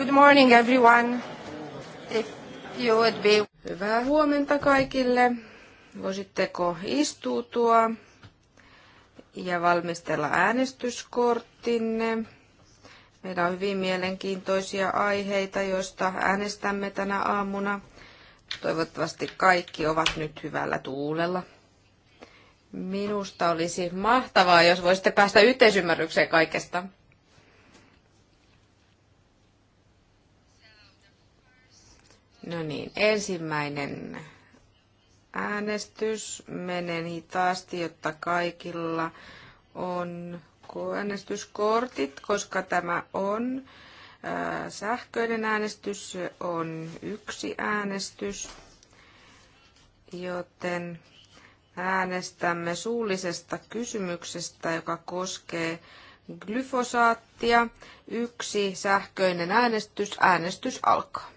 Good morning everyone. If you would be... Hyvää huomenta kaikille. Voisitteko istuutua ja valmistella äänestyskorttinne? Meillä on hyvin mielenkiintoisia aiheita, joista äänestämme tänä aamuna. Toivottavasti kaikki ovat nyt hyvällä tuulella. Minusta olisi mahtavaa, jos voisitte päästä yhteisymmärrykseen kaikesta. No niin, ensimmäinen äänestys. Menen hitaasti, jotta kaikilla on äänestyskortit, koska tämä on sähköinen äänestys, on yksi äänestys, joten äänestämme suullisesta kysymyksestä, joka koskee glyfosaattia. Yksi sähköinen äänestys. Äänestys alkaa.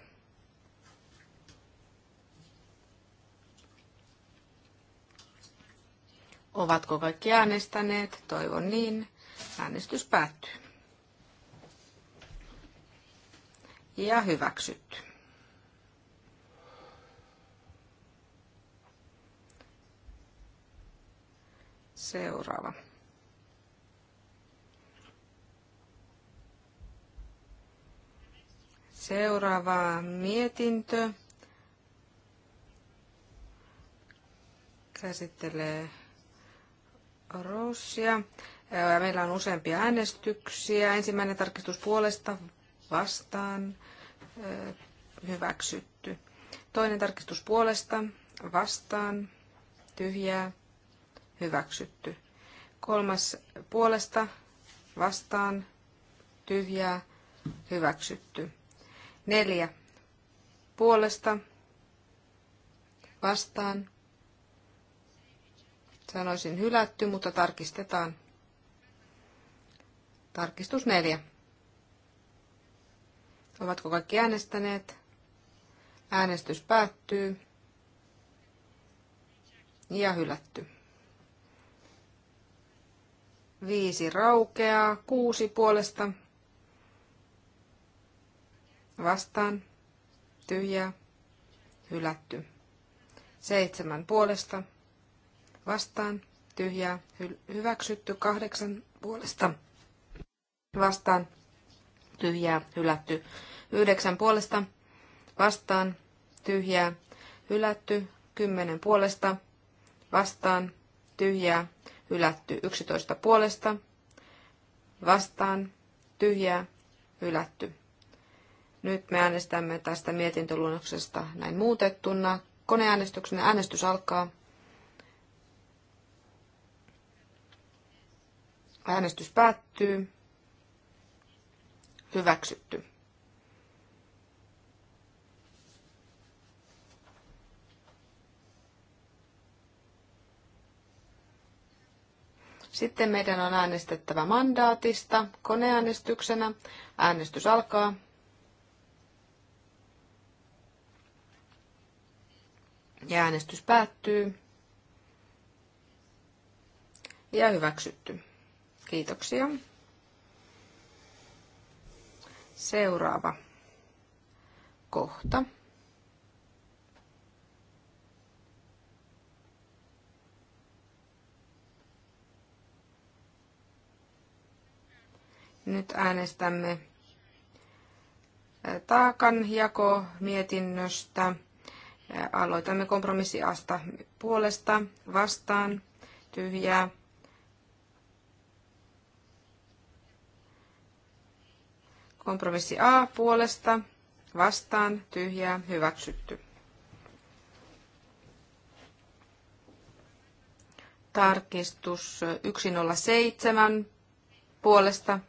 Ovatko kaikki äänestäneet? Toivon niin. Äänestys päättyy. Ja hyväksytty. Seuraava. Seuraava mietintö käsittelee Rossia. Meillä on useampia äänestyksiä. Ensimmäinen tarkistus puolesta vastaan hyväksytty. Toinen tarkistus puolesta vastaan tyhjää hyväksytty. Kolmas puolesta vastaan tyhjää hyväksytty. Neljä puolesta vastaan Sanoisin hylätty, mutta tarkistetaan. Tarkistus neljä. Ovatko kaikki äänestäneet? Äänestys päättyy. Ja hylätty. Viisi raukeaa, kuusi puolesta. Vastaan. Tyhjää. Hylätty. Seitsemän puolesta vastaan, tyhjää, hyväksytty. Kahdeksan puolesta vastaan, tyhjää, hylätty. Yhdeksän puolesta vastaan, tyhjää, hylätty. Kymmenen puolesta vastaan, tyhjää, hylätty. Yksitoista puolesta vastaan, tyhjää, hylätty. Nyt me äänestämme tästä mietintöluonnoksesta näin muutettuna. Koneäänestyksen äänestys alkaa. Äänestys päättyy. Hyväksytty. Sitten meidän on äänestettävä mandaatista koneäänestyksenä. Äänestys alkaa. Ja äänestys päättyy. Ja hyväksytty. Kiitoksia. Seuraava kohta. Nyt äänestämme taakanjako mietinnöstä. Aloitamme kompromissiasta puolesta vastaan tyhjää Kompromissi A puolesta, vastaan, tyhjää, hyväksytty. Tarkistus 107 puolesta,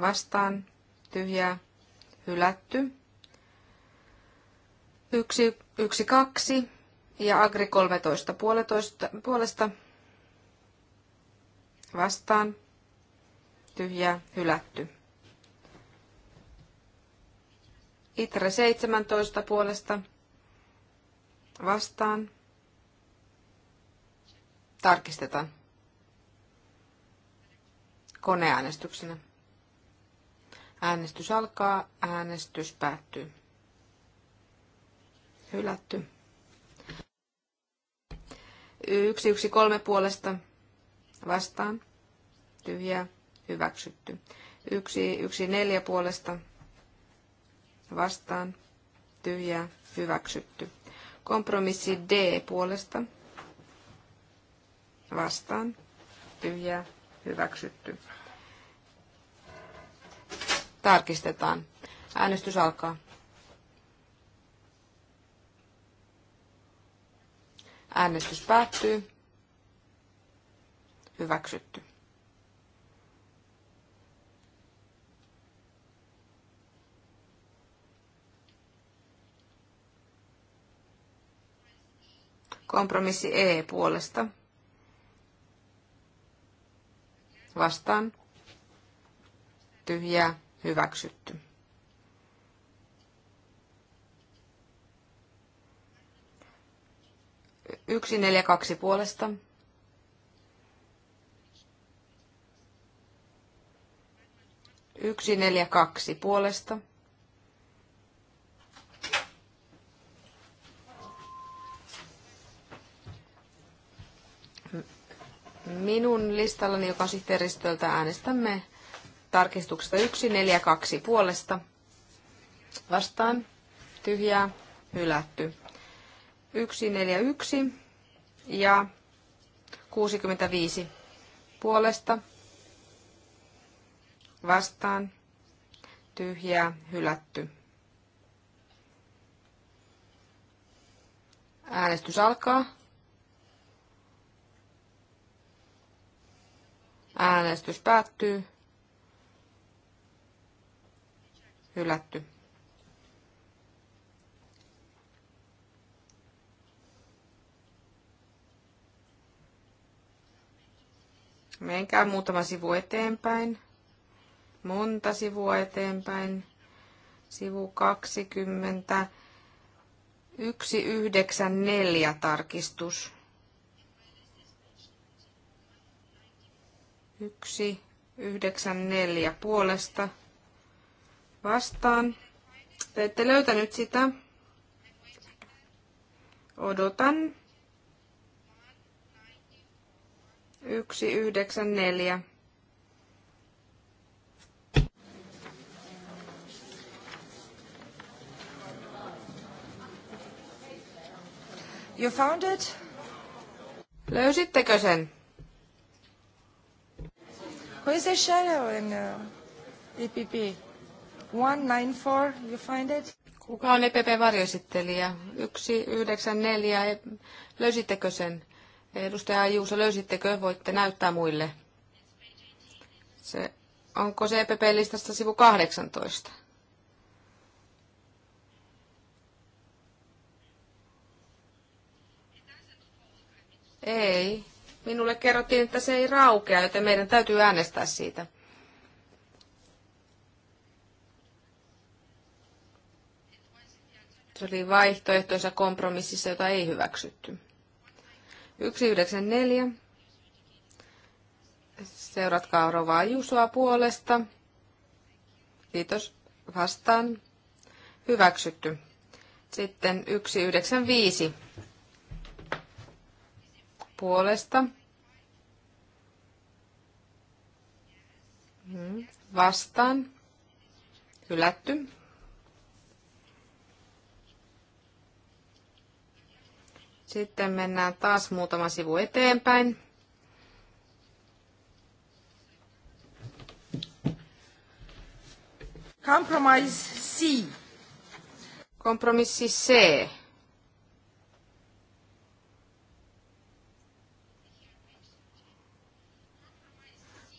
vastaan, tyhjää, hylätty. 112 ja Agri 13 puolesta, puolesta vastaan, tyhjää, hylätty. Itre 17 puolesta vastaan. Tarkistetaan. Koneäänestyksenä. Äänestys alkaa, äänestys päättyy. Hylätty. 113 puolesta vastaan. Tyhjää. Hyväksytty. 114 puolesta vastaan tyhjää hyväksytty. Kompromissi D puolesta vastaan tyhjää hyväksytty. Tarkistetaan. Äänestys alkaa. Äänestys päättyy. Hyväksytty. Kompromissi E puolesta. Vastaan. Tyhjää. Hyväksytty. Yksi, neljä, kaksi puolesta. Yksi, neljä, kaksi puolesta. minun listallani, joka on sihteeristöltä, äänestämme tarkistuksesta 1, 4, 2 puolesta. Vastaan tyhjää, hylätty. yksi ja 65 puolesta vastaan tyhjää, hylätty. Äänestys alkaa. Äänestys päättyy. Hylätty. Menkää muutama sivu eteenpäin. Monta sivua eteenpäin. Sivu 20. 194 tarkistus. Yksi, yhdeksän, neljä puolesta vastaan. Te ette löytänyt sitä. Odotan. 4. You found it? Löysittekö sen? Who is the shadow in uh, EPP? 194, you find it? Kuka on EPP-varjoesittelijä? 194, e- löysittekö sen? Edustaja Juuso, löysittekö? Voitte näyttää muille. Se, onko se EPP-listasta sivu 18? Ei, Minulle kerrottiin, että se ei raukea, joten meidän täytyy äänestää siitä. Se oli vaihtoehtoisessa kompromississa, jota ei hyväksytty. 194. Seuratkaa Rovaa Jusua puolesta. Kiitos. Vastaan. Hyväksytty. Sitten 195 puolesta. Vastaan. Hylätty. Sitten mennään taas muutama sivu eteenpäin. Compromise C. Kompromissi C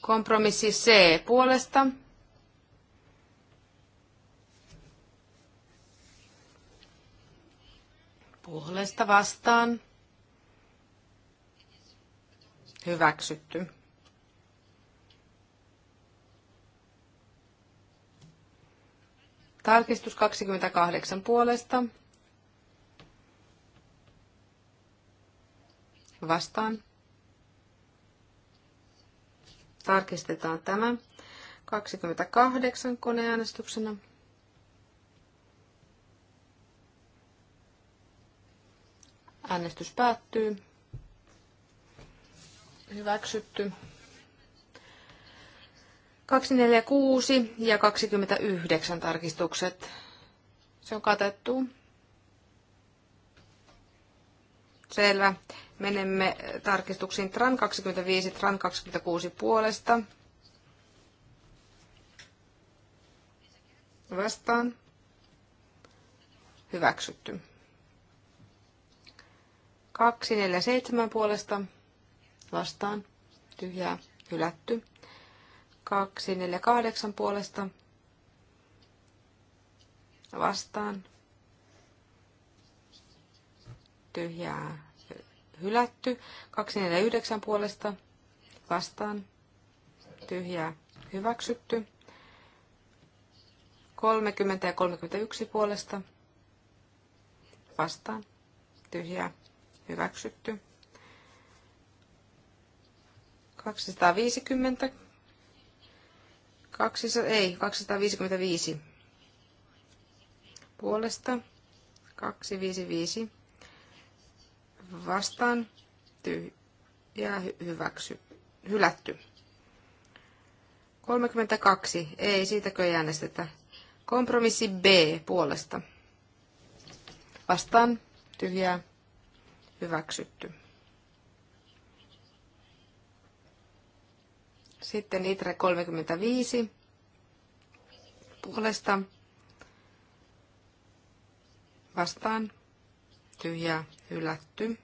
Kompromissi C puolesta. Puolesta vastaan. Hyväksytty. Tarkistus 28 puolesta. Vastaan. Tarkistetaan tämä. 28 koneäänestyksenä. Äänestys päättyy. Hyväksytty. 246 ja 29 tarkistukset. Se on katettu. Selvä. Menemme tarkistuksiin TRAN 25, TRAN 26 puolesta. Vastaan. Hyväksytty. 247 puolesta. Vastaan. Tyhjää. Hylätty. 248 puolesta. Vastaan. Tyhjää hylätty. 249 puolesta vastaan tyhjää hyväksytty. 30 ja 31 puolesta vastaan tyhjää hyväksytty. 250 200, ei, 255 puolesta 255 vastaan ja hyväksy, hylätty. 32. Ei, siitäkö ei äänestetä. Kompromissi B puolesta. Vastaan tyhjää hyväksytty. Sitten ITRE 35 puolesta vastaan tyhjä, hylätty.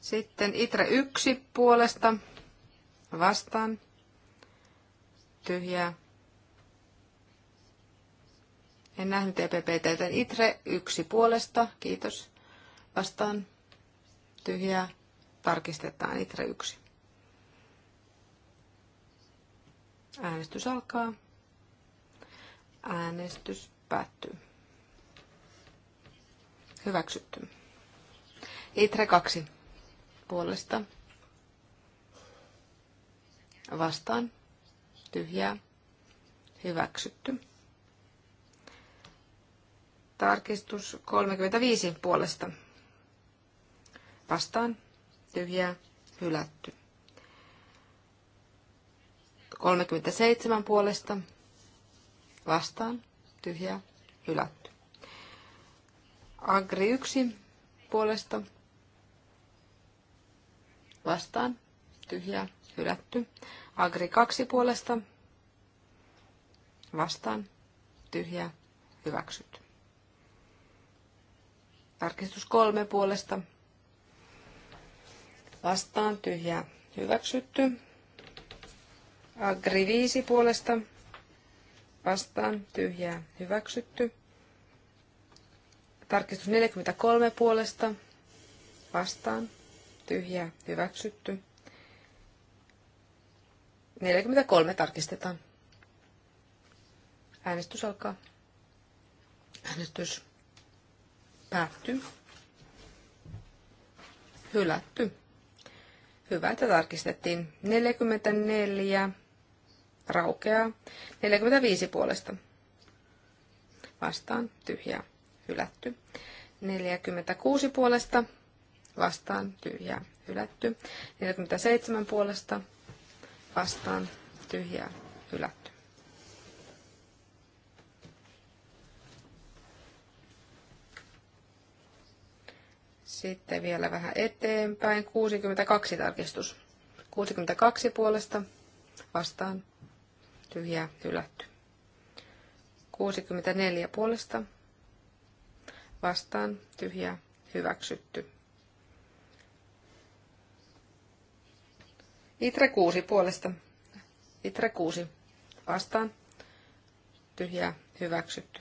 Sitten Itre 1 puolesta vastaan tyhjää. En nähnyt EPPT, joten Itre 1 puolesta, kiitos, vastaan tyhjää, tarkistetaan Itre 1. Äänestys alkaa. Äänestys päättyy. Hyväksytty. Itre 2 puolesta. Vastaan. Tyhjää. Hyväksytty. Tarkistus 35 puolesta. Vastaan. Tyhjää. Hylätty. 37 puolesta vastaan tyhjä hylätty. Agri 1 puolesta vastaan tyhjä hylätty. Agri 2 puolesta vastaan tyhjä hyväksytty. Tarkistus kolme puolesta. Vastaan tyhjä hyväksytty. Agri puolesta vastaan tyhjää hyväksytty. Tarkistus 43 puolesta vastaan tyhjää hyväksytty. 43 tarkistetaan. Äänestys alkaa. Äänestys päättyy. Hylätty. Hyvä, että tarkistettiin. 44 raukeaa. 45 puolesta vastaan tyhjää hylätty. 46 puolesta vastaan tyhjää hylätty. 47 puolesta vastaan tyhjää hylätty. Sitten vielä vähän eteenpäin. 62 tarkistus. 62 puolesta vastaan tyhjä, hylätty. 64 puolesta vastaan tyhjä, hyväksytty. Itre 6 puolesta. Itre 6 vastaan tyhjä, hyväksytty.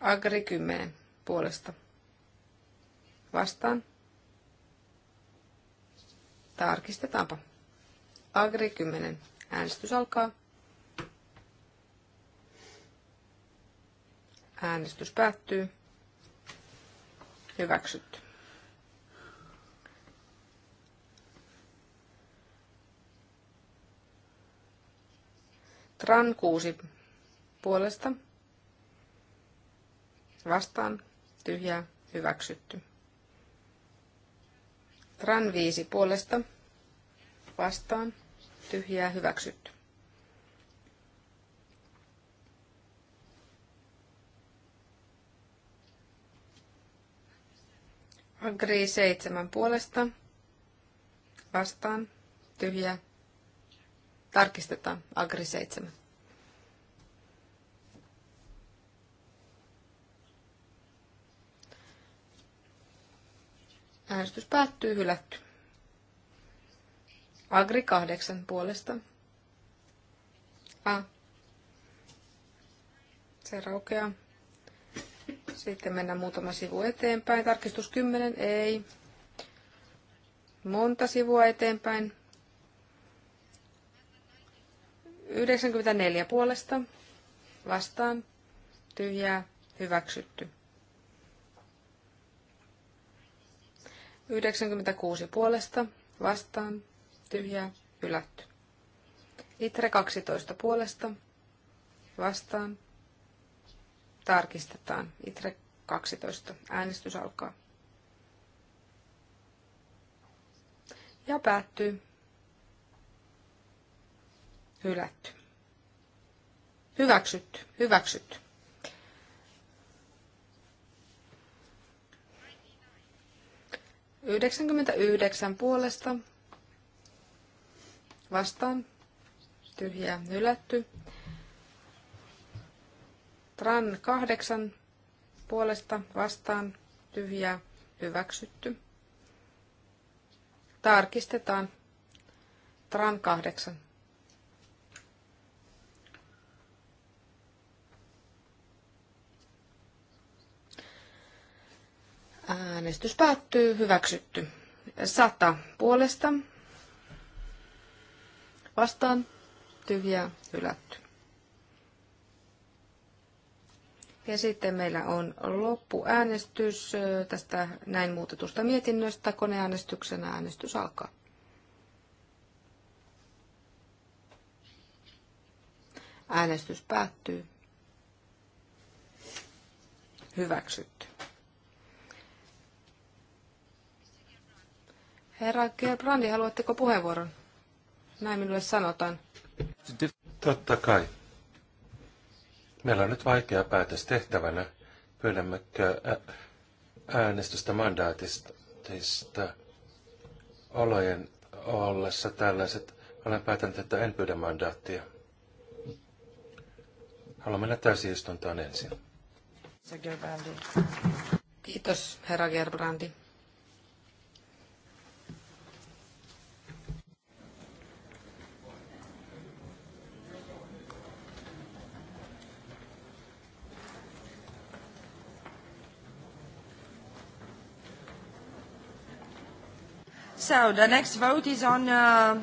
Agri 10 puolesta vastaan. Tarkistetaanpa. Agri 10. Äänestys alkaa. Äänestys päättyy. Hyväksytty. Tran 6 puolesta. Vastaan. Tyhjää. Hyväksytty. Tran 5 puolesta. Vastaan tyhjää hyväksytty. Agri 7 puolesta. Vastaan. Tyhjä. Tarkistetaan. Agri 7. Äänestys päättyy hylätty. Agri kahdeksan puolesta. A. Se raukeaa. Sitten mennään muutama sivu eteenpäin. Tarkistus 10, ei. Monta sivua eteenpäin. 94 puolesta. Vastaan. Tyhjää. Hyväksytty. 96 puolesta. Vastaan tyhjää, hylätty. Itre 12 puolesta, vastaan, tarkistetaan. Itre 12, äänestys alkaa. Ja päättyy. Hylätty. Hyväksytty, hyväksytty. Yhdeksänkymmentä yhdeksän puolesta vastaan, tyhjää hylätty. Tran 8 puolesta vastaan, tyhjää hyväksytty. Tarkistetaan. Tran 8. Äänestys päättyy. Hyväksytty. 100 puolesta vastaan tyhjä hylätty. Ja sitten meillä on loppuäänestys tästä näin muutetusta mietinnöstä. Koneäänestyksenä äänestys alkaa. Äänestys päättyy. Hyväksytty. Herra Gerbrandi, haluatteko puheenvuoron? Näin minulle sanotaan. Totta kai. Meillä on nyt vaikea päätös tehtävänä. Pyydämmekö äänestystä mandaatista olojen ollessa tällaiset. Olen päätänyt, että en pyydä mandaattia. Haluan mennä täysistuntoon ensin. Kiitos, herra Gerbrandi. So, the next vote is on... Uh,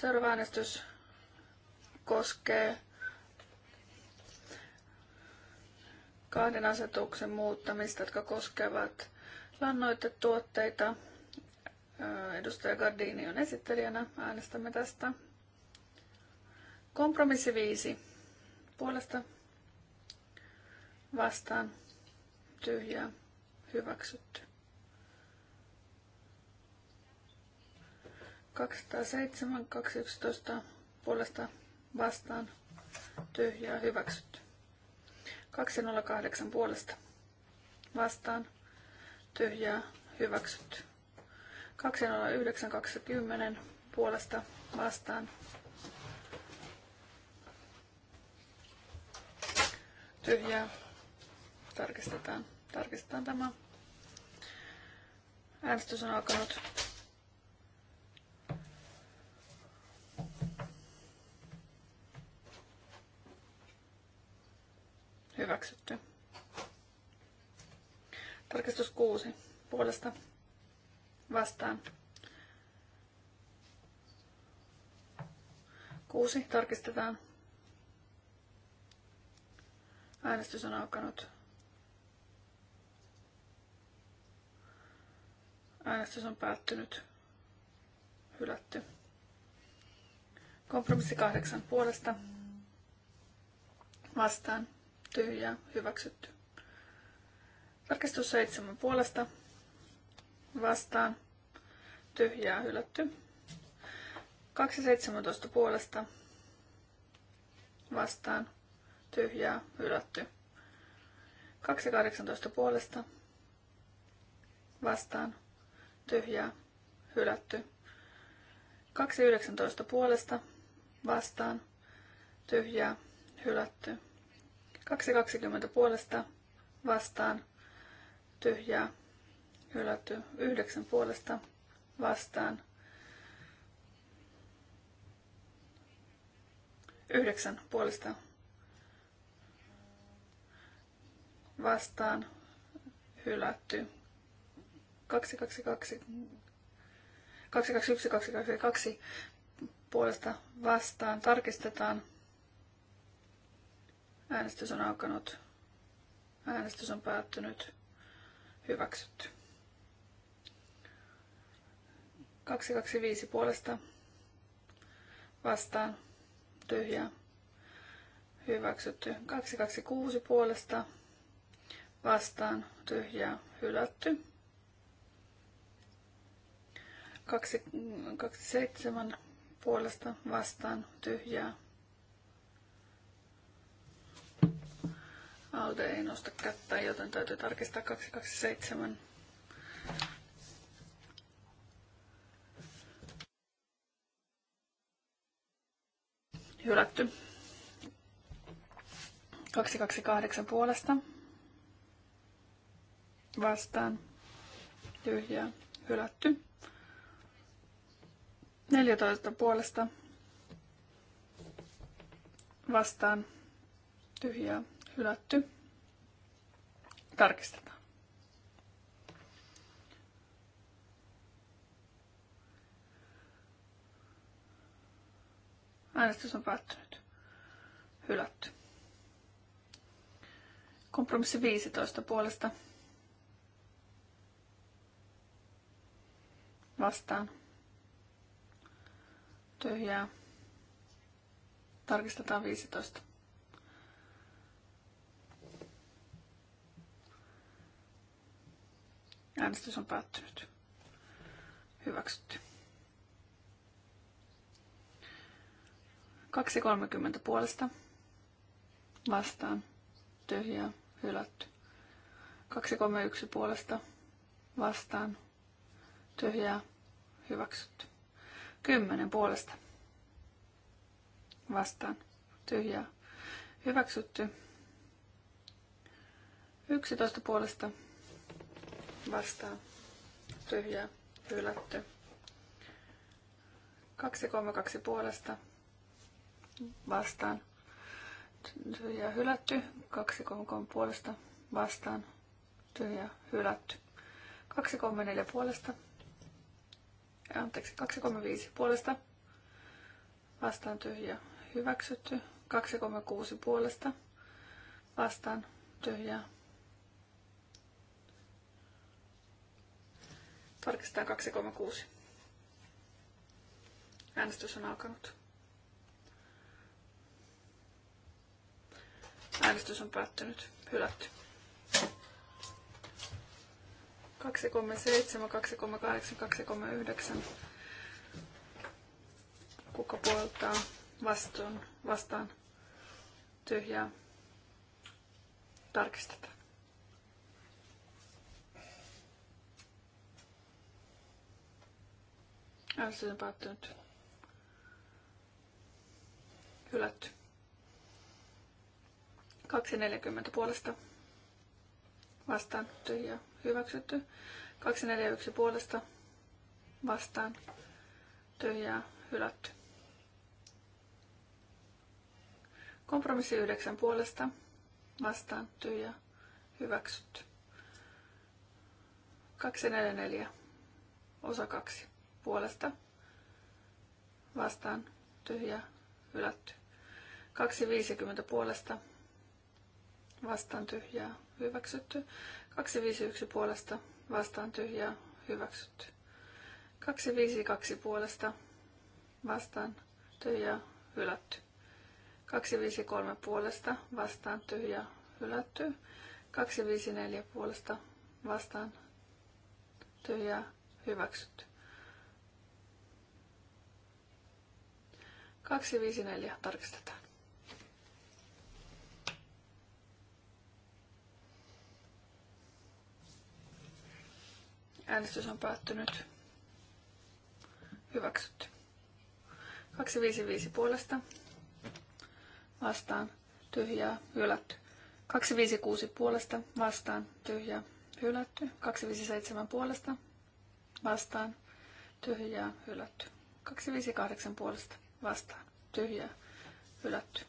Seuraava äänestys koskee kahden asetuksen muuttamista, jotka koskevat lannoitetuotteita. Edustaja Gardini on esittelijänä. Äänestämme tästä. Kompromissi 5. Puolesta vastaan tyhjää hyväksytty. 207, 211 puolesta vastaan tyhjää hyväksytty. 208 puolesta vastaan tyhjää hyväksytty. 209, 210 puolesta vastaan tyhjää. Tarkistetaan, tarkistetaan tämä. Äänestys on alkanut. hyväksytty. Tarkistus 6 puolesta vastaan. 6 tarkistetaan. Äänestys on alkanut. Äänestys on päättynyt. Hylätty. Kompromissi kahdeksan puolesta. Vastaan tyhjä hyväksytty. Tarkistus 7 puolesta, vastaan, tyhjää, hylätty. 217 puolesta, vastaan, tyhjää, hylätty. 218 puolesta, vastaan, tyhjää, hylätty. 219 puolesta, vastaan, tyhjää, hylätty. 2.20 puolesta vastaan tyhjää hylätty. 9 puolesta vastaan. 9 puolesta vastaan hylätty. 222 221 222 puolesta vastaan tarkistetaan Äänestys on alkanut. Äänestys on päättynyt. Hyväksytty. 225 puolesta. Vastaan. tyhjä Hyväksytty. 226 puolesta. Vastaan. tyhjä Hylätty. 227 puolesta. Vastaan. tyhjä. Alde ei nosta kättä, joten täytyy tarkistaa 227. Hylätty. 228 puolesta. Vastaan. Tyhjää. Hylätty. 14 puolesta. Vastaan. Tyhjää Hylätty. Tarkistetaan. Äänestys on päättynyt. Hylätty. Kompromissi 15 puolesta. Vastaan. Tyhjää. Tarkistetaan 15. Äänestys on päättynyt. Hyväksytty. 2.30 puolesta. Vastaan. Tyhjää. Hylätty. 2.31 puolesta. Vastaan. Tyhjää. Hyväksytty. 10 puolesta. Vastaan. Tyhjää. Hyväksytty. 11 puolesta vastaan Tyhjä, hylätty. 232 puolesta vastaan tyhjä hylätty. 233 puolesta vastaan Tyhjä, hylätty. 234 puolesta anteeksi, 235 puolesta vastaan tyhjä hyväksytty. 236 puolesta vastaan tyhjä Tarkistetaan 2,6. Äänestys on alkanut. Äänestys on päättynyt. Hylätty. 2,7, 2,8, 2,9. Kuka puoltaa Vastaan. vastaan tyhjää. Tarkistetaan. Äänestys on päättynyt. Hylätty. 240 puolesta. Vastaan tyhjä. Hyväksytty. 241 puolesta. Vastaan tyhjää. Hylätty. Kompromissi 9 puolesta. Vastaan tyhjä. Hyväksytty. 244. Osa 2 puolesta vastaan tyhjä hylätty. 250 puolesta vastaan tyhjää hyväksytty. 251 puolesta vastaan tyhjää hyväksytty. 252 puolesta vastaan tyhjää hylätty. 253 puolesta vastaan tyhjää hylätty. 254 puolesta vastaan tyhjää hyväksytty. 254 tarkistetaan. Äänestys on päättynyt. Hyväksytty. 255 puolesta. Vastaan. Tyhjää. Hylätty. 256 puolesta. Vastaan. Tyhjää. Hylätty. 257 puolesta. Vastaan. Tyhjää. Hylätty. 258 puolesta vastaan tyhjä hylätty.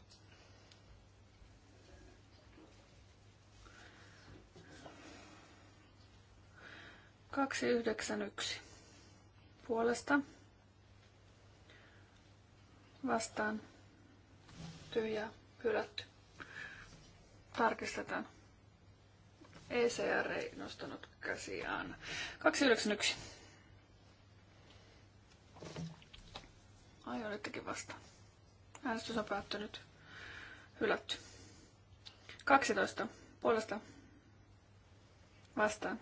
Kaksi yhdeksän yksi puolesta vastaan tyhjä hylätty. Tarkistetaan. ECR ei nostanut käsiään. kaksi yksi Ai olittekin vasta. Äänestys on päättynyt. Hylätty. 12. Puolesta. Vastaan.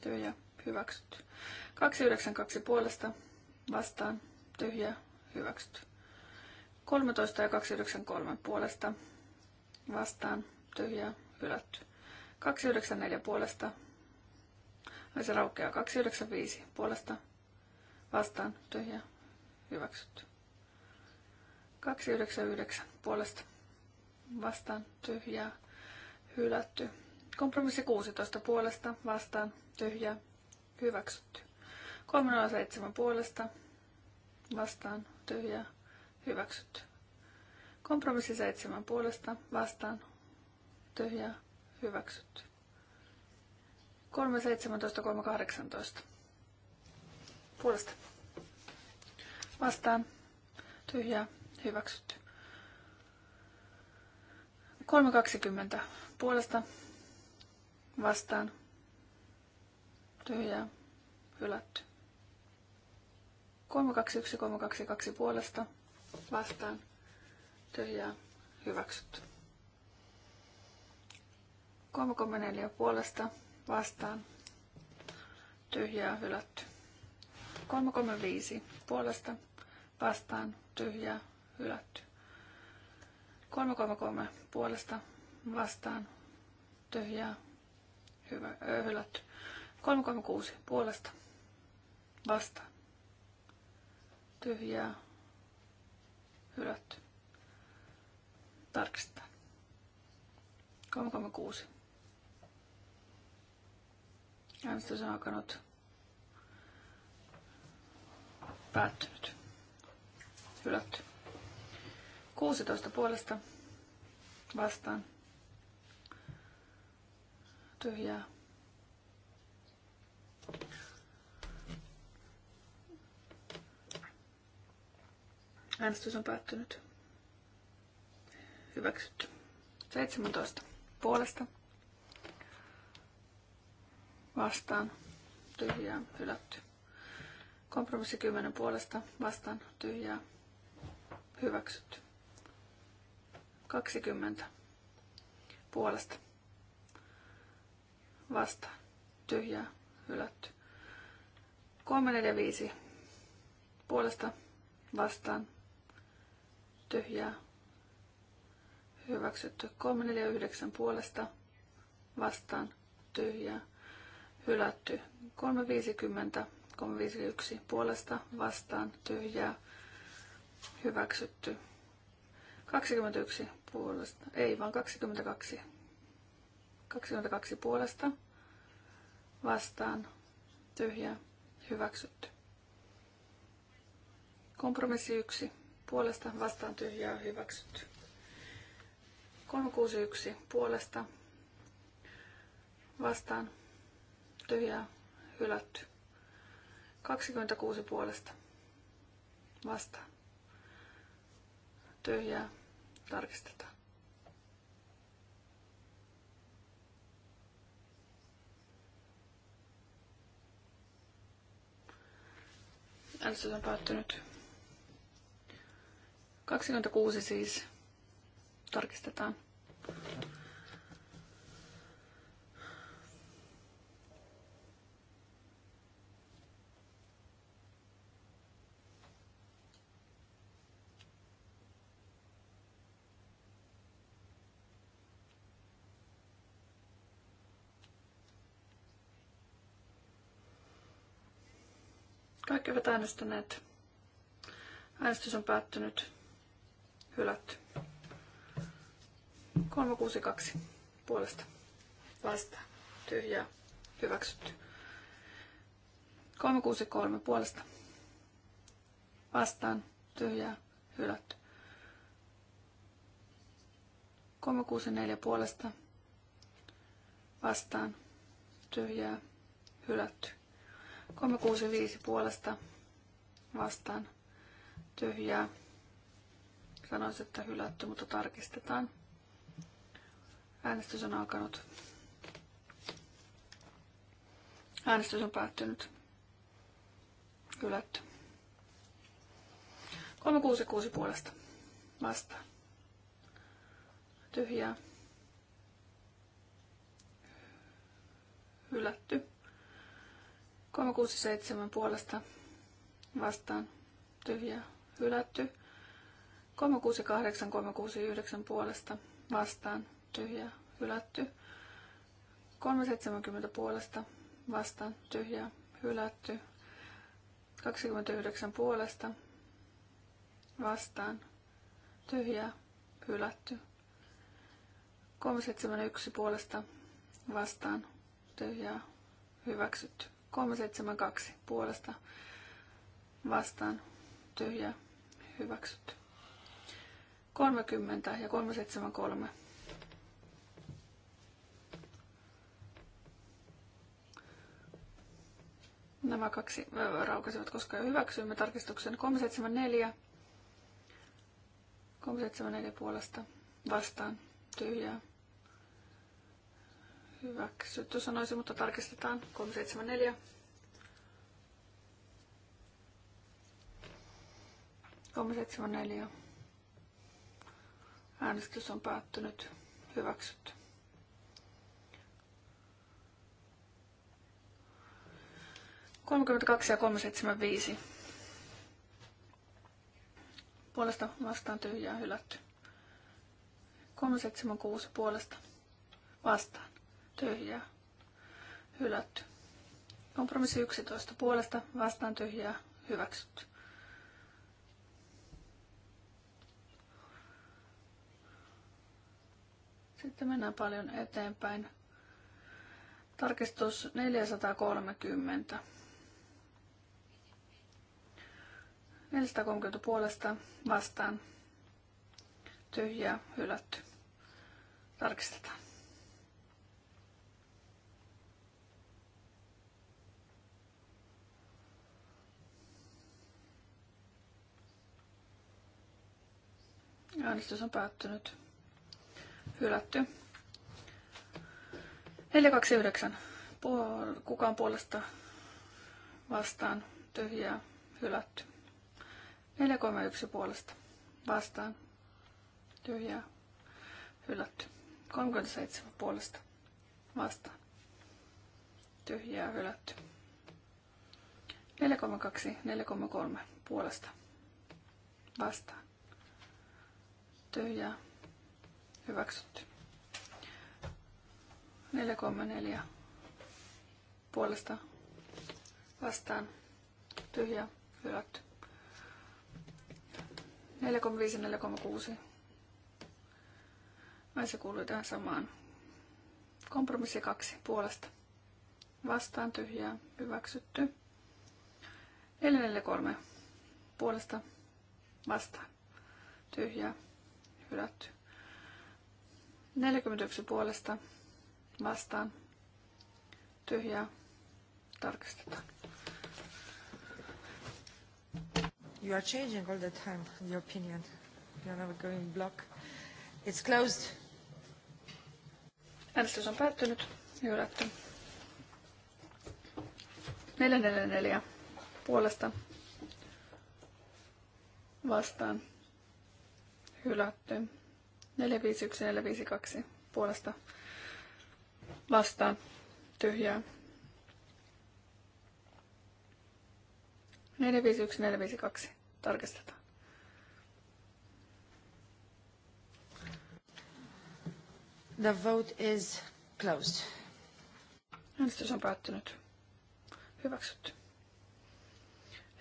Tyhjä. Hyväksytty. 292 puolesta. Vastaan. Tyhjä. Hyväksytty. 13 ja 293 puolesta. Vastaan. Tyhjä. Hylätty. 294 puolesta. Ai se raukeaa. 295 puolesta. Vastaan. Tyhjä. Hyväksytty. 299 puolesta vastaan tyhjää. Hylätty. Kompromissi 16 puolesta vastaan tyhjää. Hyväksytty. 307 puolesta vastaan tyhjää. Hyväksytty. Kompromissi 7 puolesta vastaan tyhjää. Hyväksytty. 317 318 puolesta Vastaan. Tyhjää. Hyväksytty. 3.20. Puolesta. Vastaan. Tyhjää. Hylätty. 321, 322 puolesta. Vastaan. Tyhjää. Hyväksytty. 334 puolesta. Vastaan. Tyhjää. Hylätty. 335 puolesta vastaan tyhjä hylätty. 333 puolesta vastaan tyhjä hyvä, ö, hylätty. 336 puolesta vastaan tyhjää hylätty. Tarkistetaan. 336. Äänestys on alkanut. Päättynyt. Hylätty. 16 puolesta vastaan. Tyhjää. Äänestys on päättynyt. Hyväksytty. 17 puolesta vastaan tyhjää hylätty. Kompromissi 10 puolesta vastaan tyhjää Hyväksytty. 20 puolesta. vasta Tyhjää. Hylätty. 3, 4, 5 puolesta. Vastaan. Tyhjää. Hyväksytty. 3, 4, 9 puolesta. Vastaan. Tyhjää. Hylätty. 3, 50, 3, 51 puolesta. Vastaan. Tyhjää Hyväksytty. 21 puolesta. Ei, vaan 22. 22 puolesta. Vastaan. Tyhjää. Hyväksytty. Kompromissi 1. Puolesta vastaan tyhjää hyväksytty. 361 puolesta vastaan tyhjää hylätty. 26 puolesta vastaan tyhjää, tarkistetaan. Äänestys on päättynyt. 26 siis tarkistetaan. ovat äänestäneet. Äänestys on päättynyt. Hylätty. 362 puolesta. Vastaan. Tyhjää. Hyväksytty. 363 puolesta. Vastaan. Tyhjää. Hylätty. 364 puolesta. Vastaan. Tyhjää. Hylätty. 365 puolesta vastaan tyhjää. Sanoisin, että hylätty, mutta tarkistetaan. Äänestys on alkanut. Äänestys on päättynyt. Hylätty. 366 puolesta vastaan. Tyhjää. Hylätty. 367 puolesta vastaan tyhjä hylätty. 368, 369 puolesta vastaan tyhjä hylätty. 370 puolesta vastaan tyhjä hylätty. 29 puolesta vastaan tyhjä hylätty. 371 puolesta vastaan tyhjä hyväksytty. 372 puolesta vastaan tyhjä hyväksytty. 30 ja 373. Nämä kaksi raukasivat, koska jo hyväksyimme tarkistuksen 374. 374 puolesta vastaan tyhjää hyväksytty sanoisin, mutta tarkistetaan 374. 374. neljä. Äänestys on päättynyt. Hyväksytty. Kolmekymmentäkaksi ja kolme seitsemän viisi. Puolesta vastaan tyhjää hylätty. kuusi puolesta vastaan tyhjää, hylätty. Kompromissi 11 puolesta vastaan tyhjää, hyväksytty. Sitten mennään paljon eteenpäin. Tarkistus 430. 430 puolesta vastaan. Tyhjää, hylätty. Tarkistetaan. Äänestys on päättynyt. Hylätty. 429. kukaan puolesta vastaan tyhjää hylätty. 431 puolesta vastaan tyhjää hylätty. 37 puolesta vastaan tyhjää hylätty. 432. 433 puolesta vastaan hyväksytty ja hyväksytty. 4,4 puolesta vastaan tyhjä hylätty. 4,5 4,6 Ai se kuului tähän samaan. Kompromissi 2 puolesta vastaan tyhjää hyväksytty. 443 puolesta vastaan tyhjää hylätty. 41 puolesta vastaan tyhjää tarkistetaan. You are changing all the time your opinion. You are never going block. It's closed. Äänestys on päättynyt. Hylätty. 444 puolesta vastaan hylätty. 451 ja 452 puolesta vastaan tyhjää. 451 ja 452 tarkistetaan. The vote is closed. Äänestys on päättynyt. Hyväksytty.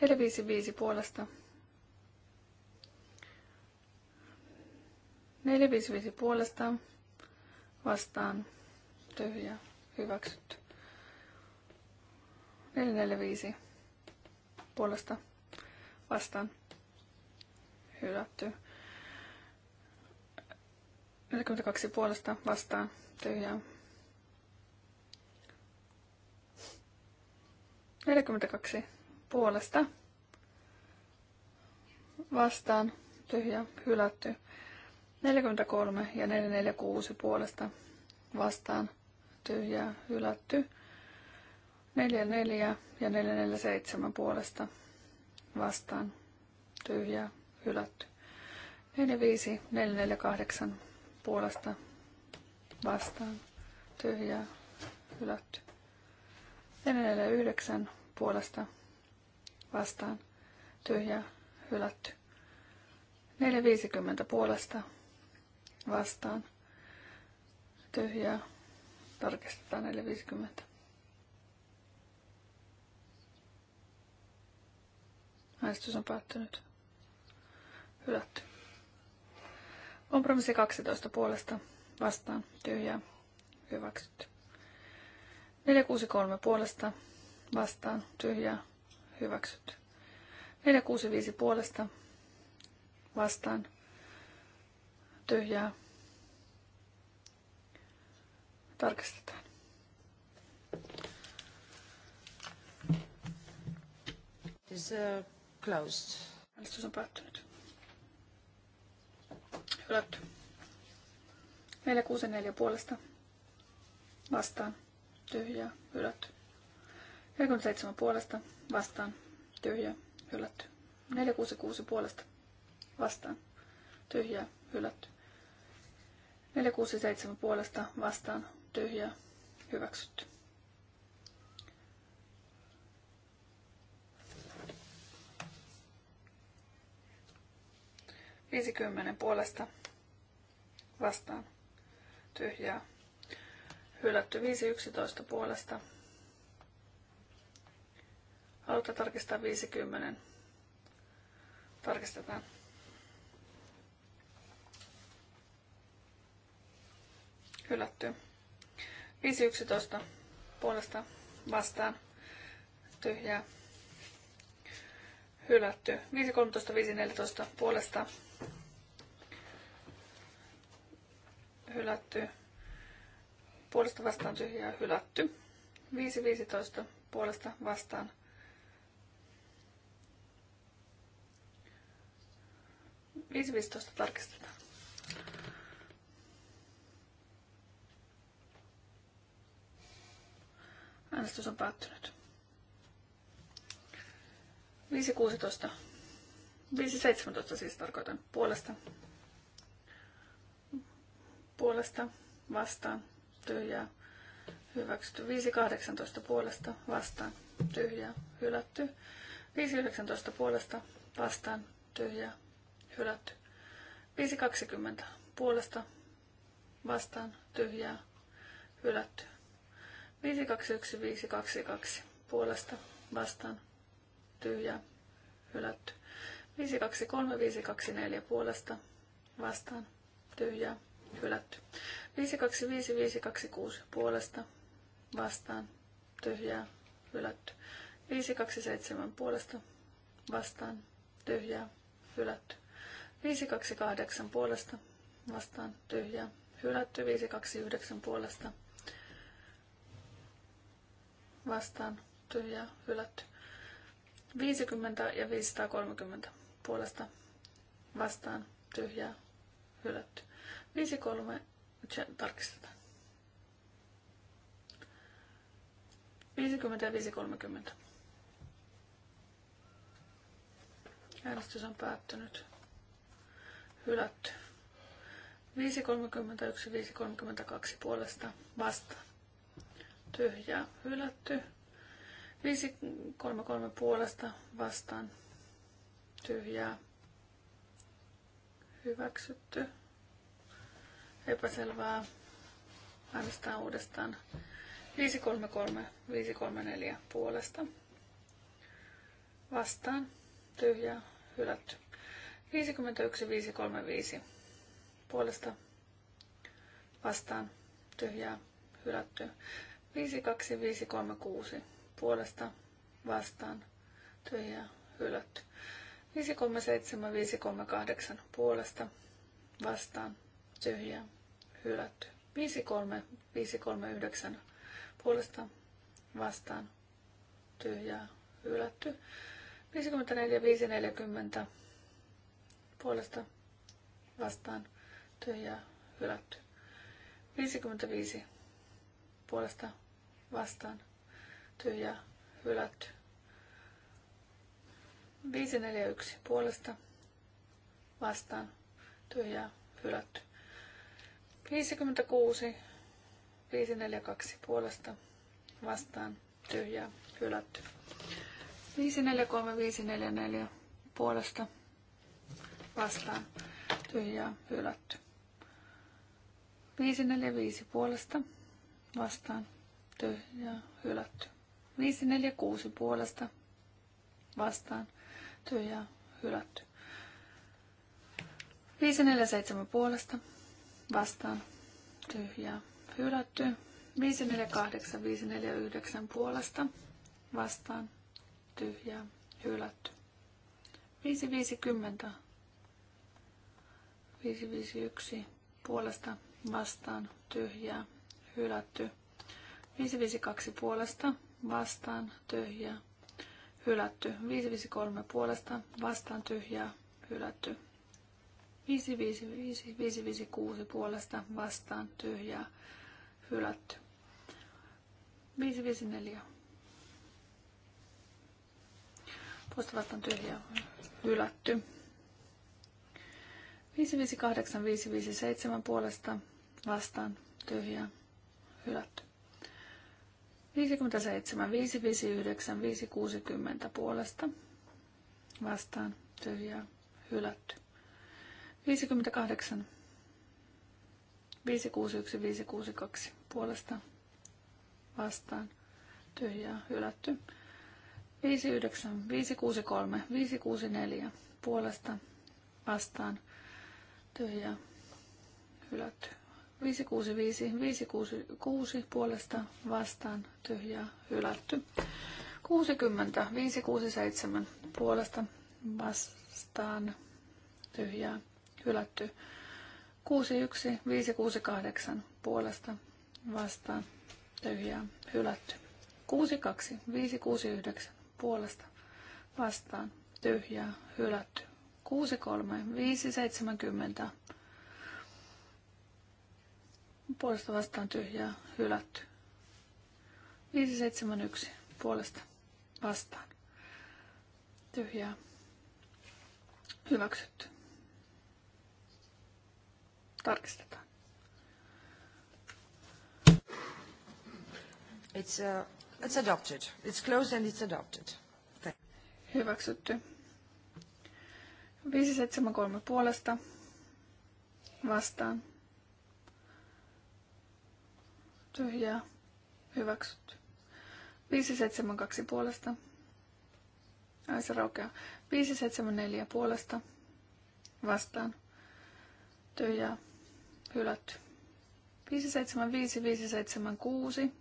455 puolesta 455 puolesta vastaan tyhjä hyväksytty. 445 puolesta vastaan hylätty. 42 puolesta vastaan tyhjä 42 puolesta vastaan tyhjä hylätty. 43 ja 446 puolesta vastaan tyhjää hylätty. 44 ja 447 puolesta vastaan tyhjää hylätty. 45, 448 puolesta vastaan tyhjää hylätty. 449 puolesta vastaan tyhjää hylätty. 450 puolesta vastaan, vastaan. Tyhjää. Tarkistetaan 450. Äänestys on päättynyt. Hylätty. Kompromissi 12 puolesta vastaan. Tyhjää. Hyväksytty. 463 puolesta vastaan. Tyhjää. Hyväksytty. 465 puolesta vastaan tyhjää. Tarkistetaan. Is uh, closed. Äänestys on päättynyt. Hylätty. 464 puolesta. Vastaan. Tyhjää. Hylätty. 47 puolesta. Vastaan. Tyhjää. Hylätty. 466 puolesta. Vastaan. Tyhjää. Hylätty. 467 puolesta vastaan tyhjä hyväksytty. Viisikymmenen puolesta vastaan tyhjää. Hylätty 5.11 puolesta. Halutaan tarkistaa 50. Tarkistetaan. hylätty. 5.11 puolesta vastaan tyhjää hylätty. 5.13, 5.14 puolesta hylätty. Puolesta vastaan tyhjää hylätty. 5.15 puolesta vastaan Viisi viisitoista tarkistetaan. Äänestys on päättynyt. 5.16. 5.17 siis tarkoitan puolesta. Puolesta vastaan tyhjää. Hyväksytty 5.18 puolesta vastaan tyhjää. Hylätty 5.19 puolesta vastaan tyhjää. Hylätty 5.20 puolesta vastaan tyhjää. Hylätty 521522 puolesta vastaan tyhjä hylätty. 523524 puolesta vastaan tyhjä hylätty. 525526 puolesta vastaan tyhjä hylätty. 527 puolesta vastaan tyhjä hylätty. 528 puolesta vastaan tyhjä hylätty. 529 puolesta vastaan tyhjä hylätty. 50 ja 530 puolesta vastaan tyhjä hylätty. 53 nyt tarkistetaan. 50 ja 530. Äänestys on päättynyt. Hylätty. 5.31, ja 5.32 puolesta vastaan tyhjää hylätty. 533 puolesta vastaan tyhjää hyväksytty. Epäselvää. Äänestää uudestaan. 533, 534 puolesta. Vastaan. Tyhjää. Hylätty. 51, 535 puolesta. Vastaan. Tyhjää. Hylätty. 52536 puolesta vastaan tyhjää hylätty. 537 puolesta vastaan tyhjää hylätty. 53539 puolesta vastaan tyhjää hylätty. 54 puolesta vastaan tyhjää hylätty. 55 puolesta vastaan Tyhjä, hylätty. 541 puolesta vastaan Tyhjä, hylätty. 56 542 puolesta vastaan Tyhjä, hylätty. 543 544 puolesta vastaan Tyhjä, hylätty. 545 puolesta vastaan tyhjää hylätty. 546 puolesta vastaan tyhjää hylätty. 547 puolesta vastaan tyhjää hylätty. 548, 549 puolesta vastaan tyhjää hylätty. 550, 551 puolesta vastaan tyhjää hylätty. 552 puolesta vastaan tyhjää hylätty. 553 puolesta vastaan tyhjää hylätty. 555 556 puolesta vastaan tyhjää hylätty. 554 puolesta vastaan tyhjää hylätty. 558 557 puolesta vastaan tyhjää hylätty. 57, 559, 560 puolesta vastaan tyhjää hylätty. 58, 561, 562 puolesta vastaan tyhjää hylätty. 59, 563, 564 puolesta vastaan tyhjää hylätty. 565, 566 puolesta vastaan tyhjää hylätty. 60, 567 puolesta vastaan tyhjää hylätty. 61, 568 puolesta vastaan tyhjää hylätty. 62, 569 puolesta vastaan tyhjää hylätty. 63, 570 puolesta puolesta vastaan tyhjää hylätty. 571 puolesta vastaan tyhjää hyväksytty. Tarkistetaan. It's, uh, it's adopted. It's closed and it's adopted. Hyväksytty. 573 puolesta vastaan tyhjää, hyväksytty. 572 puolesta. Ai se raukeaa. 574 puolesta. Vastaan. Tyhjää. Hylätty. 575, 576.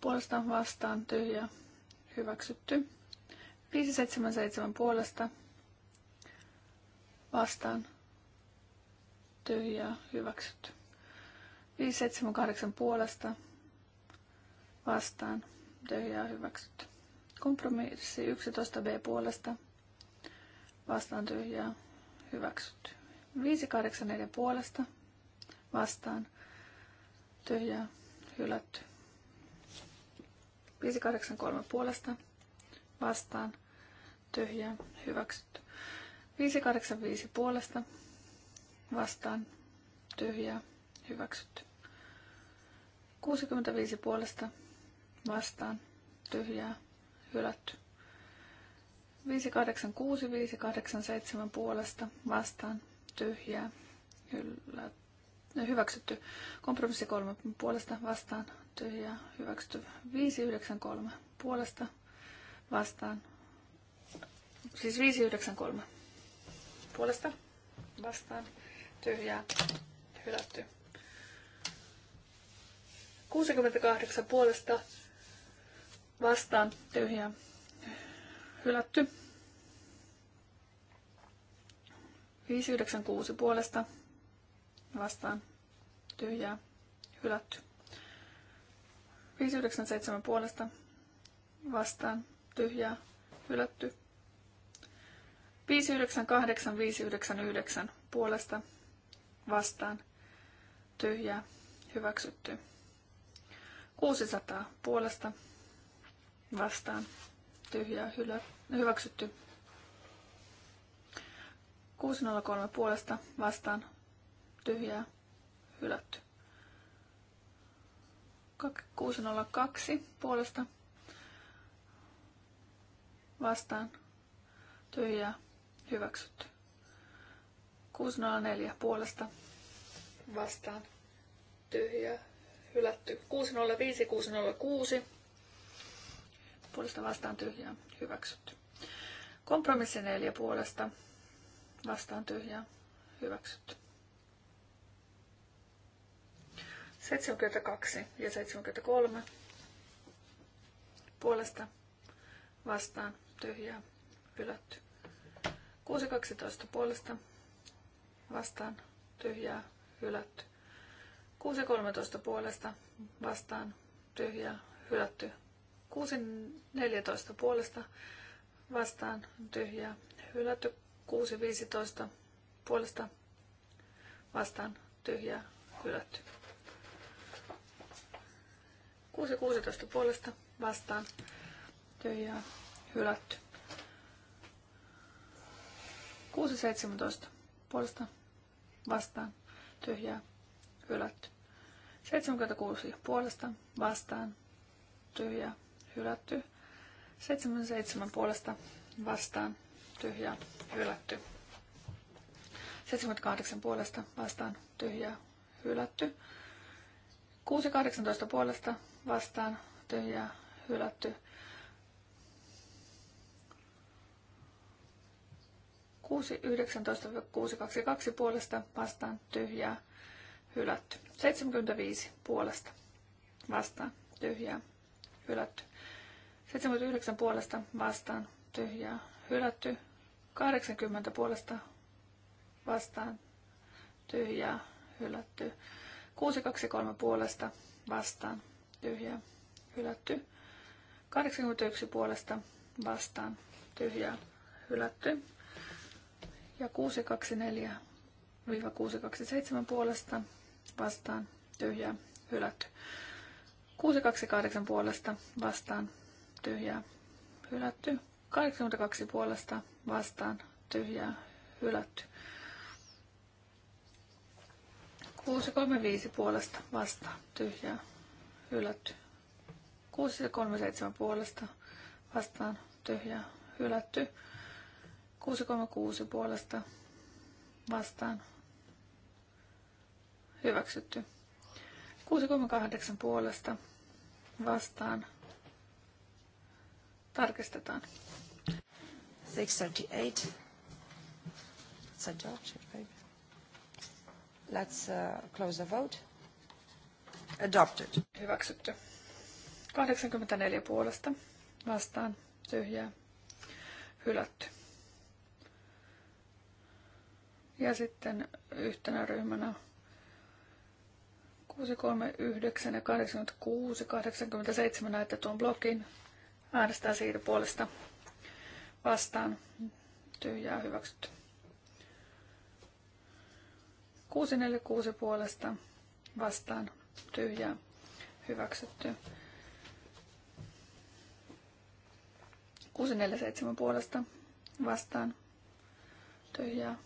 Puolesta vastaan tyhjä. Hyväksytty. 577 puolesta. Vastaan tyhjää. Hyväksytty. 578 puolesta vastaan tyhjää hyväksytty. Kompromissi 11b puolesta vastaan tyhjää hyväksytty. 584 puolesta vastaan tyhjää hylätty. 583 puolesta vastaan tyhjää hyväksytty. 585 puolesta vastaan tyhjää hyväksytty. 65 puolesta vastaan tyhjää hylätty. 586, 587 puolesta vastaan tyhjää hylätty no, hyväksytty. Kompromissi 3 puolesta vastaan, tyhjää hyväksytty. 593 puolesta vastaan, siis 593 puolesta vastaan, tyhjää hylätty. 68 puolesta vastaan tyhjä hylätty. 596 puolesta vastaan tyhjää hylätty. 597 puolesta vastaan tyhjää hylätty. 598 599 puolesta vastaan tyhjää hyväksytty. 600 puolesta vastaan tyhjää hylä, hyväksytty. 603 puolesta vastaan tyhjää hylätty. 602 puolesta vastaan tyhjää hyväksytty. 604 puolesta vastaan tyhjää hylätty. 605, 606 puolesta vastaan tyhjää hyväksytty. Kompromissi 4 puolesta vastaan tyhjää hyväksytty. 72 ja 73 puolesta vastaan tyhjää hylätty. 612 puolesta vastaan tyhjää hylätty. 6.13 puolesta vastaan tyhjä, hylätty. 6.14 puolesta vastaan tyhjä, hylätty. 6.15 puolesta vastaan tyhjä, hylätty. 6.16 puolesta vastaan tyhjä, hylätty. 6.17 puolesta vastaan tyhjä, hylätty. 76 puolesta vastaan tyhjä hylätty. 77 puolesta vastaan tyhjä hylätty. 78 puolesta vastaan tyhjä hylätty. 618 puolesta vastaan tyhjä hylätty. 619-622 puolesta vastaan tyhjää hylätty. 75 puolesta vastaan tyhjää hylätty. 79 puolesta vastaan tyhjää hylätty. 80 puolesta vastaan tyhjää hylätty. 623 puolesta vastaan tyhjää hylätty. 81 puolesta vastaan tyhjää hylätty. Ja 624-627 puolesta vastaan tyhjää hylätty. 628 puolesta vastaan tyhjää hylätty. 82 puolesta vastaan tyhjää hylätty. 635 puolesta vastaan tyhjää hylätty. 637 puolesta vastaan tyhjää hylätty. 636 puolesta vastaan Hyväksytty. 6,8 puolesta vastaan. Tarkistetaan. 638. It's adopted, baby. Let's uh, close the vote. Adopted. Hyväksytty. 84 puolesta vastaan tyhjää hylätty. Ja sitten yhtenä ryhmänä 639 ja 86, 87 näette tuon blogin. Äänestää siitä puolesta vastaan. Tyhjää hyväksytty. 646 puolesta vastaan. Tyhjää hyväksytty. 647 puolesta vastaan. Tyhjää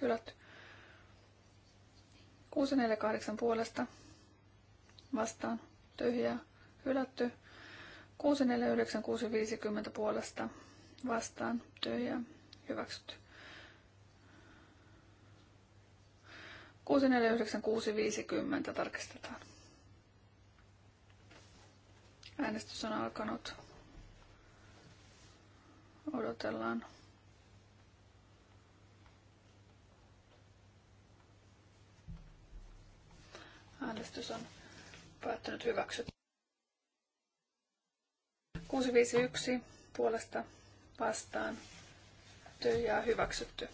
hylätty. 648 puolesta vastaan tyhjää hylätty. 649650 puolesta vastaan tyhjää hyväksytty. 649650 tarkistetaan. Äänestys on alkanut. Odotellaan. Äänestys on päättynyt hyväksyt. 651 puolesta vastaan tyhjää hyväksytty.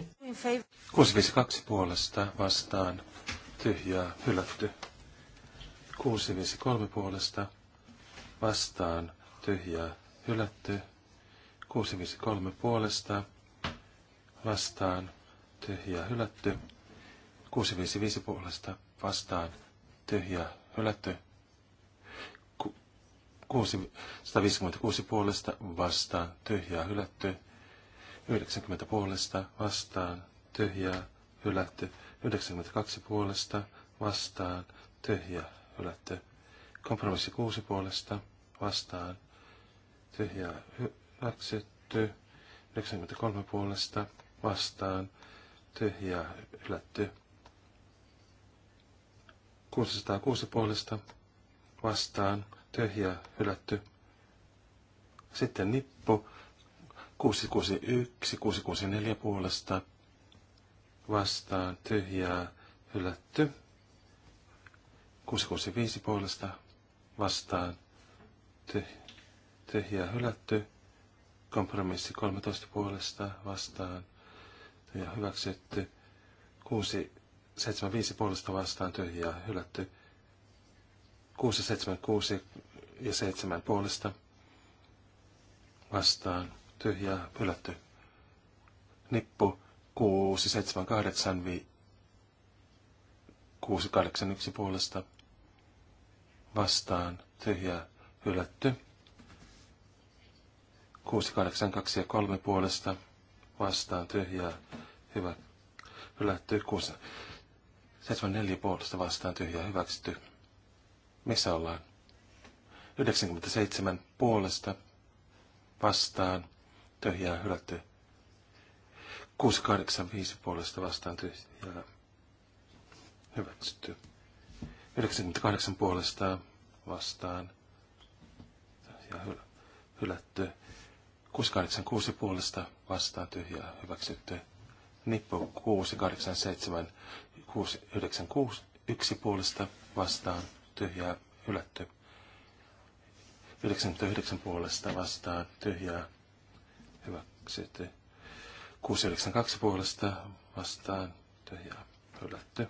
652 puolesta vastaan tyhjää hylätty. 653 puolesta vastaan tyhjää hylätty. 653 puolesta vastaan tyhjää hylätty. 655 puolesta vastaan tyhjää hylätty. Ku, 6, 156 puolesta vastaan tyhjää hylätty. 90 puolesta vastaan tyhjää hylätty. 92 puolesta vastaan tyhjä, hylätty. Kompromissi 6 puolesta vastaan tyhjää hyväksytty. 93 puolesta vastaan tyhjää hylätty. 606 puolesta vastaan tyhjä hylätty. Sitten nippu 661, 664 puolesta vastaan tyhjää hylätty. 665 puolesta vastaan tyh- tyhjää hylätty. Kompromissi 13 puolesta vastaan tyhjää hyväksytty. 6 75 puolesta vastaan tyhjää hylätty. 676 ja 7 puolesta vastaan tyhjää hylätty. Nippu 678 vi 681 6, puolesta vastaan tyhjää hylätty. 6, ja 3 puolesta vastaan tyhjää hyvä hylätty. 6, 74 puolesta vastaan tyhjää hyväksytty. Missä ollaan? 97 puolesta vastaan tyhjää hylätty. 685 puolesta vastaan tyhjää hyväksytty. 98 puolesta vastaan ja hylätty. 686 puolesta vastaan tyhjää hyväksytty. Nippu 687 696 yksi puolesta vastaan tyhjää hylätty. 99 puolesta vastaan tyhjää hyväksytty. 692 puolesta vastaan tyhjää hylätty.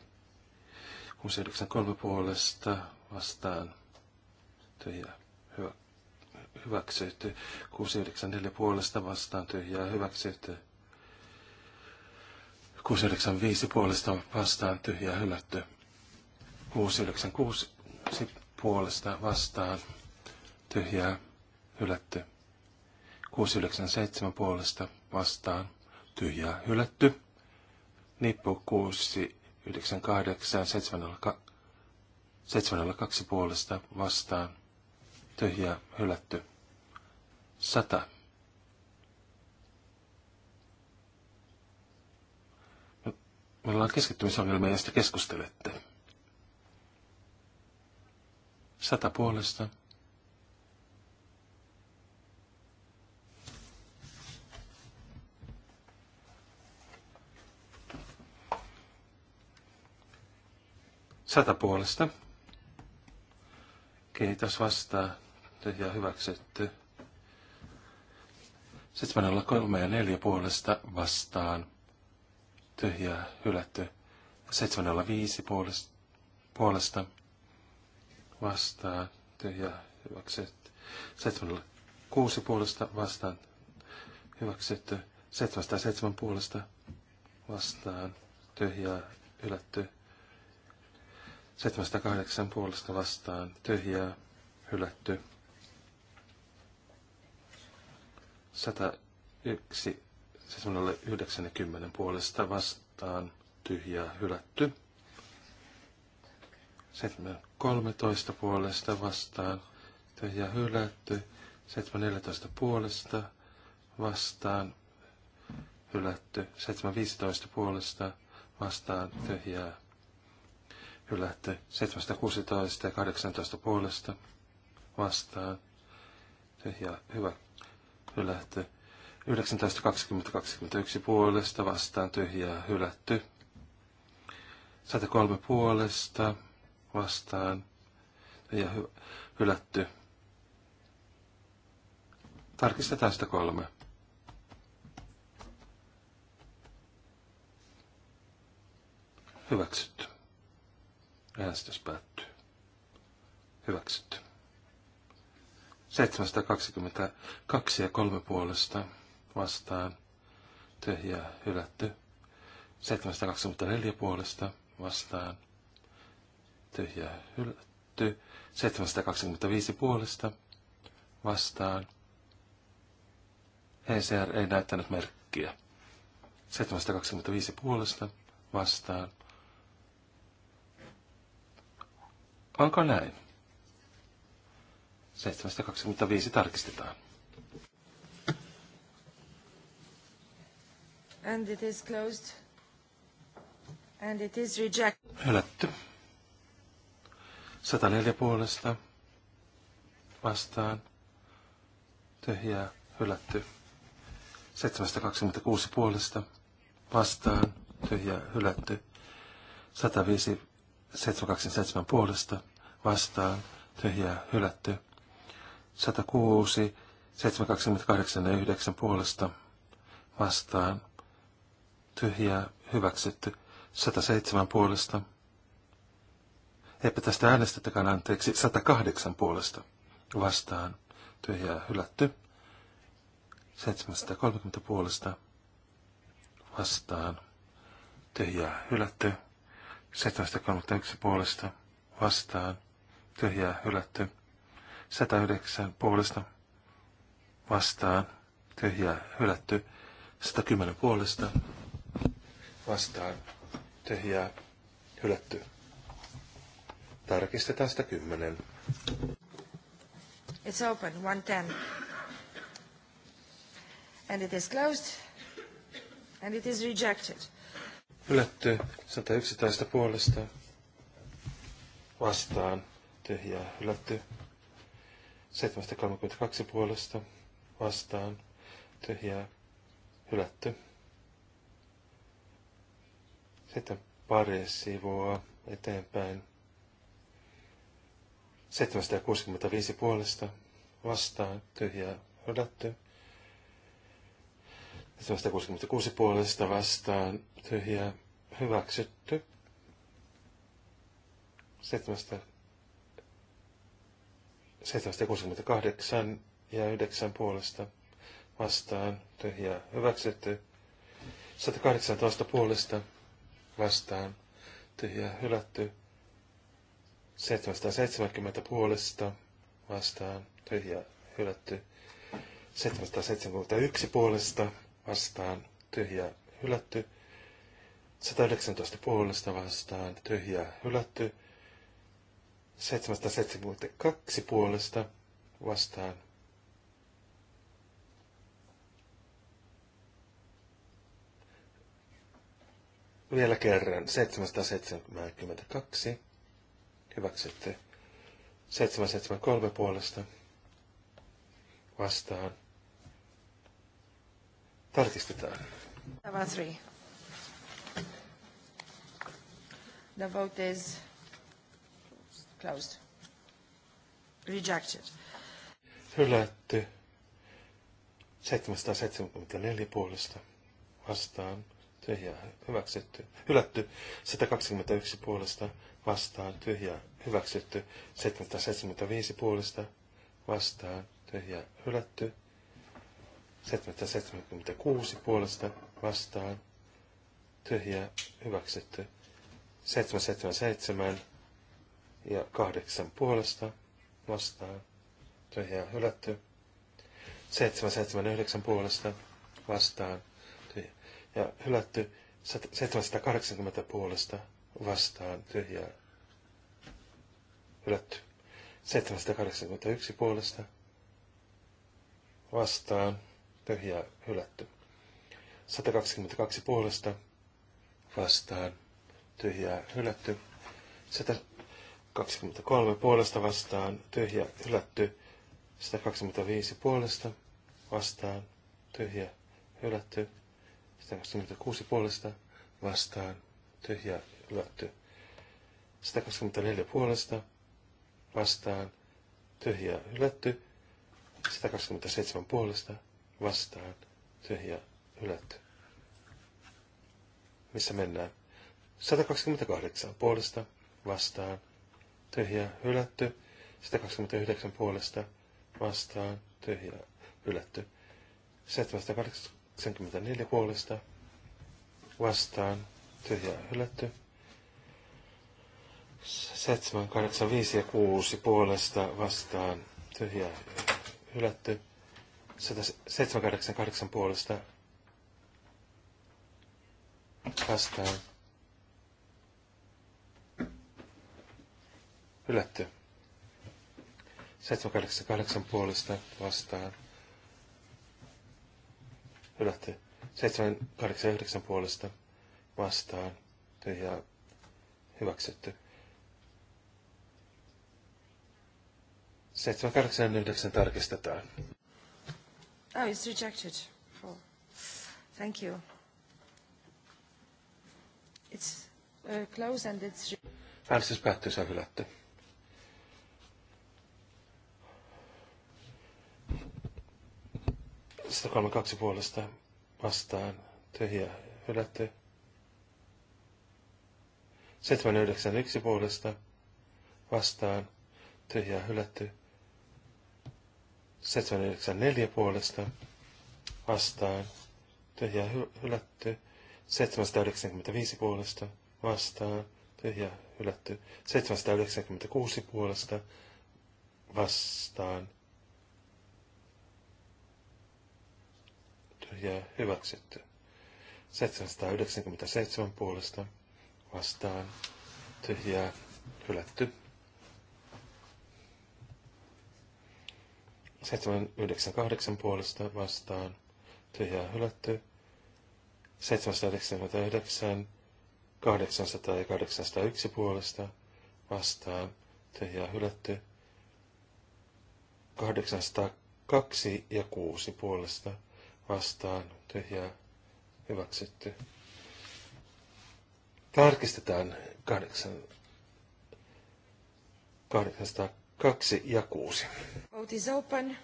693 puolesta vastaan tyhjää hyvä, hyväksytty. 694 puolesta vastaan tyhjää hyväksytty. 695 puolesta vastaan tyhjää hylätty. 696 puolesta vastaan tyhjää hylätty. 697 puolesta vastaan tyhjää hylätty. Nippu 698 702, 702 puolesta vastaan tyhjää hylätty. 100 Meillä on keskittymisongelmia, joista keskustelette. Sata puolesta. Sata puolesta. Kiitos vastaa ja hyväksytty. Sitten kolme ja neljä puolesta vastaan tyhjää hylätty. 705 puolesta puolesta vastaan tyhjää hyväksytty. 706 puolesta vastaan hyväksytty. 707 puolesta vastaan tyhjää hylätty. 708 puolesta vastaan tyhjää hylätty. 101 Siis minulle oli 90 puolesta vastaan tyhjää hylätty. 713 puolesta vastaan tyhjää hylätty. 714 puolesta vastaan hylätty. 715 puolesta vastaan tyhjää hylätty. 716 ja 18 puolesta vastaan tyhjää hyvä hylätty. 19.20.21 puolesta vastaan tyhjää hylätty. 103 puolesta vastaan ja hy- hylätty. Tarkistetaan sitä kolme. Hyväksytty. Äänestys päättyy. Hyväksytty. 722 ja 3 puolesta vastaan tyhjää hylätty. 724 puolesta vastaan tyhjää hylätty. 725 puolesta vastaan. HCR ei näyttänyt merkkiä. 725 puolesta vastaan. Onko näin? 725 tarkistetaan. And it is closed. And it is rejected. Hylätty. 104 puolesta vastaan. Tyhjää hylätty. 726 puolesta vastaan. Tyhjää hylätty. 105 727 puolesta vastaan. Tyhjää hylätty. 106 728 ja 9 puolesta vastaan tyhjää hyväksytty 107 puolesta. Eipä tästä äänestettäkään anteeksi 108 puolesta vastaan tyhjää hylätty 730 puolesta vastaan tyhjää hylätty 731 puolesta vastaan tyhjää hylätty 109 puolesta vastaan tyhjää hylätty 110 puolesta vastaan tyhjää hylätty. Tarkistetaan sitä kymmenen. It's open, 110. And it is closed. And it is rejected. Hylätty 111 puolesta vastaan tyhjää hylätty. 732 puolesta vastaan tyhjää hylätty. Sitten pari sivua eteenpäin. 765 puolesta vastaan tyhjä hylätty. 766 puolesta vastaan tyhjä hyväksytty. 768 ja 9 puolesta vastaan tyhjä hyväksytty. 118 puolesta vastaan tyhjä hylätty. 770 puolesta vastaan tyhjä hylätty. 771 puolesta vastaan tyhjä hylätty. 119 puolesta vastaan tyhjä hylätty. 772 puolesta vastaan Vielä kerran. 772. Hyväksytte 773 puolesta. Vastaan. Tarkistetaan. Number three. The vote is closed. Rejected. Hylätty. 774 puolesta. Vastaan tyhjää hyväksytty, hylätty, 121 puolesta vastaan, tyhjää hyväksytty, 775 puolesta vastaan, tyhjää hylätty, 776 puolesta vastaan, tyhjää hyväksytty, 777 ja 8 puolesta vastaan, tyhjää hylätty, 779 puolesta vastaan, ja hylätty 780 puolesta vastaan tyhjää hylätty. 781 puolesta vastaan tyhjää hylätty. 122 puolesta vastaan tyhjää hylätty. 123 puolesta vastaan tyhjä hylätty. 125 puolesta vastaan tyhjä hylätty. 126 puolesta vastaan tyhjä hylätty. 124 puolesta vastaan tyhjä hylätty. 127 puolesta vastaan tyhjä hylätty. Missä mennään? 128 puolesta vastaan tyhjä hylätty. 129 puolesta vastaan tyhjä hylätty. 780 94 puolesta vastaan tyhjä hylätty. 7, 8, 5 ja 6 puolesta vastaan tyhjä hylätty. 7, 8, 8 puolesta vastaan hylätty. 7, 8, 8 puolesta vastaan hylätty. 789 puolesta vastaan ja hyväksytty. 789 tarkistetaan. Oh, it's rejected. Oh. Thank you. It's uh, close and it's... Äänestys päättyy, se on hylätty. 132 puolesta vastaan tyhjä hylätty. 791 puolesta vastaan tyhjä hylätty. 794 puolesta vastaan tyhjä hylätty. 795 puolesta vastaan tyhjä hylätty. 796 puolesta vastaan tyhjää hyväksytty. 797 puolesta vastaan tyhjää hylätty. 798 puolesta vastaan tyhjää hylätty. 799, 800 ja 801 puolesta vastaan tyhjää hylätty. 802 ja 6 puolesta vastaan tyhjää hyväksytty. Tarkistetaan 8, 802 ja 6. Vote is open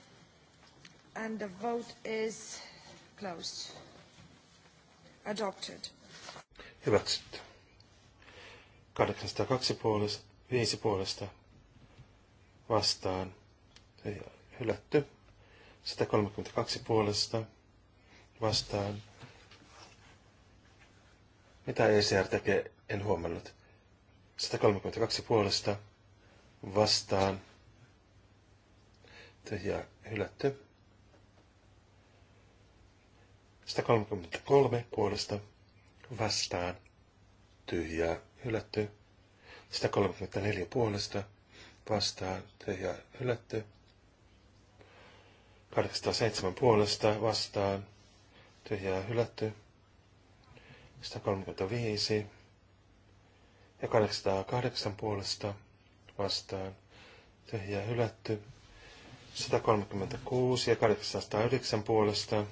and the vote is closed. Adopted. Hyväksytty. 802 puolesta, 5 puolesta vastaan hylätty. 132 puolesta vastaan. Mitä ECR tekee, en huomannut. 132 puolesta vastaan. Tyhjää hylätty. 133 puolesta vastaan. Tyhjää hylätty. 134 puolesta vastaan. Tyhjää hylätty. 807 puolesta vastaan tyhjää hylätty. 135 ja 808 puolesta vastaan tyhjää hylätty. 136 ja 809 puolesta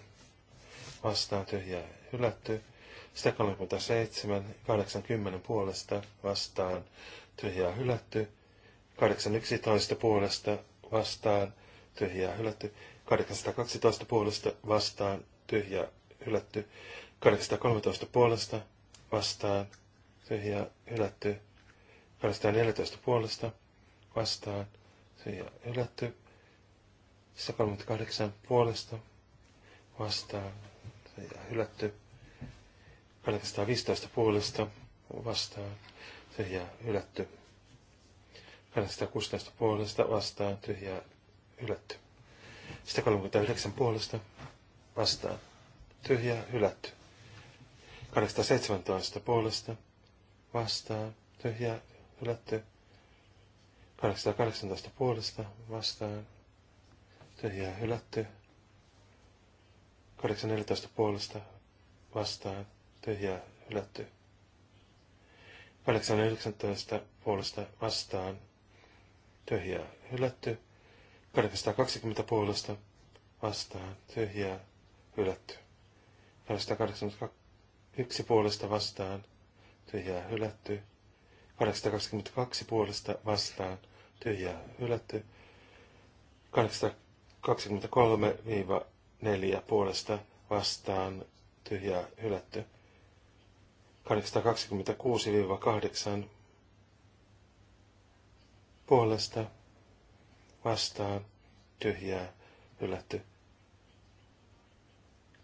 vastaan tyhjää hylätty. 137, ja 80 puolesta vastaan tyhjää hylätty. 811 puolesta vastaan tyhjää hylätty. 812 puolesta vastaan tyhjää hylätty. 813 puolesta vastaan tyhjää hylätty. 814 puolesta vastaan tyhjää hylätty. 138 puolesta vastaan tyhjää hylätty. 815 puolesta vastaan tyhjää hylätty. 816 puolesta vastaan tyhjää hylätty. 139 puolesta vastaan tyhjä, hylätty. 817 puolesta vastaa, tyhjä, hylätty. 818 puolesta vastaan tyhjä, hylätty. 814 puolesta vastaan tyhjä, hylätty. 819 puolesta vastaan tyhjä, hylätty. 820 puolesta vastaan tyhjä, hylätty. 181 puolesta vastaan, tyhjää hylätty. 822 puolesta vastaan, tyhjää hylätty. 823-4 puolesta vastaan, tyhjää hylätty. 826-8 puolesta vastaan, tyhjää hylätty.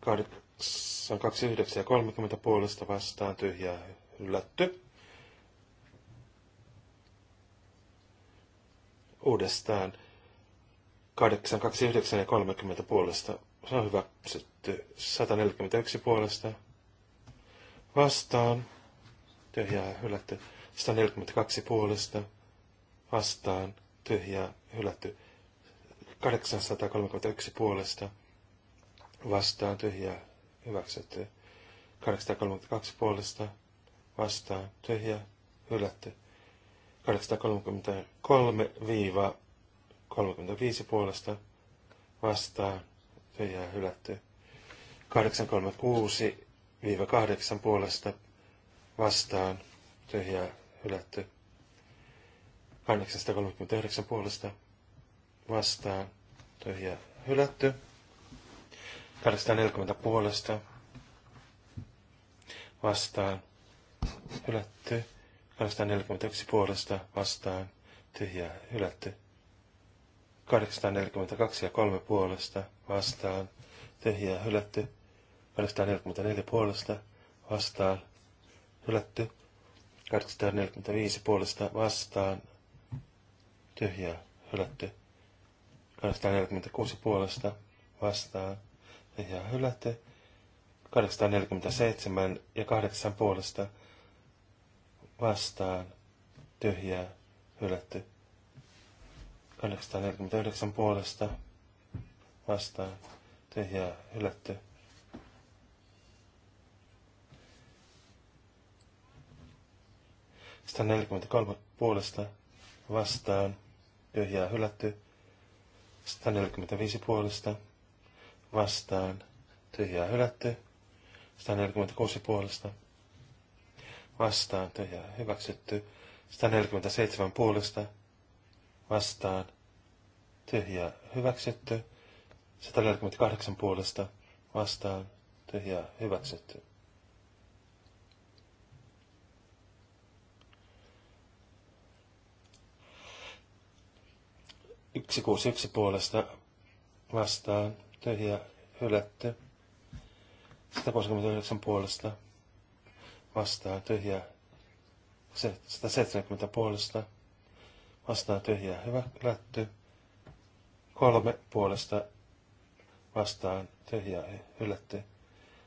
8, on 29 ja 30 puolesta vastaan tyhjää hylätty. Uudestaan 8, 29 ja 30 puolesta. Se on hyväksytty 141 puolesta. Vastaan. Tyhjää hylätty. 142 puolesta. Vastaan. Tyhjää hylätty. 831 puolesta. Vastaan tyhjää hyväksytty. 832 puolesta vastaan tyhjä hylätty. 833-35 puolesta vastaan tyhjä, hylätty. 836-8 puolesta vastaan tyhjä, hylätty. 839 puolesta vastaan tyhjä, hylätty. 840 puolesta vastaan hylätty. 841 puolesta vastaan tyhjää hylätty. 842 ja 3 puolesta vastaan tyhjää hylätty. 844 puolesta vastaan hylätty. 845 puolesta vastaan tyhjää hylätty. 846 puolesta vastaan ja hylätty. 847 ja 8 puolesta vastaan tyhjää hylätty. 849 puolesta vastaan tyhjää hylätty. Sitä 43 puolesta vastaan tyhjää hylätty. 145 puolesta vastaan, tyhjää hylätty. 146 puolesta vastaan, tyhjää hyväksytty. 147 puolesta vastaan, tyhjää hyväksytty. 148 puolesta vastaan, tyhjää hyväksytty. Yksi kuusi yksi puolesta vastaan, tyhjää hylätty. 169 puolesta vastaa tyhjää. 170 puolesta vastaa tyhjää hyvä lätty. Kolme puolesta vastaan tyhjää hylätty.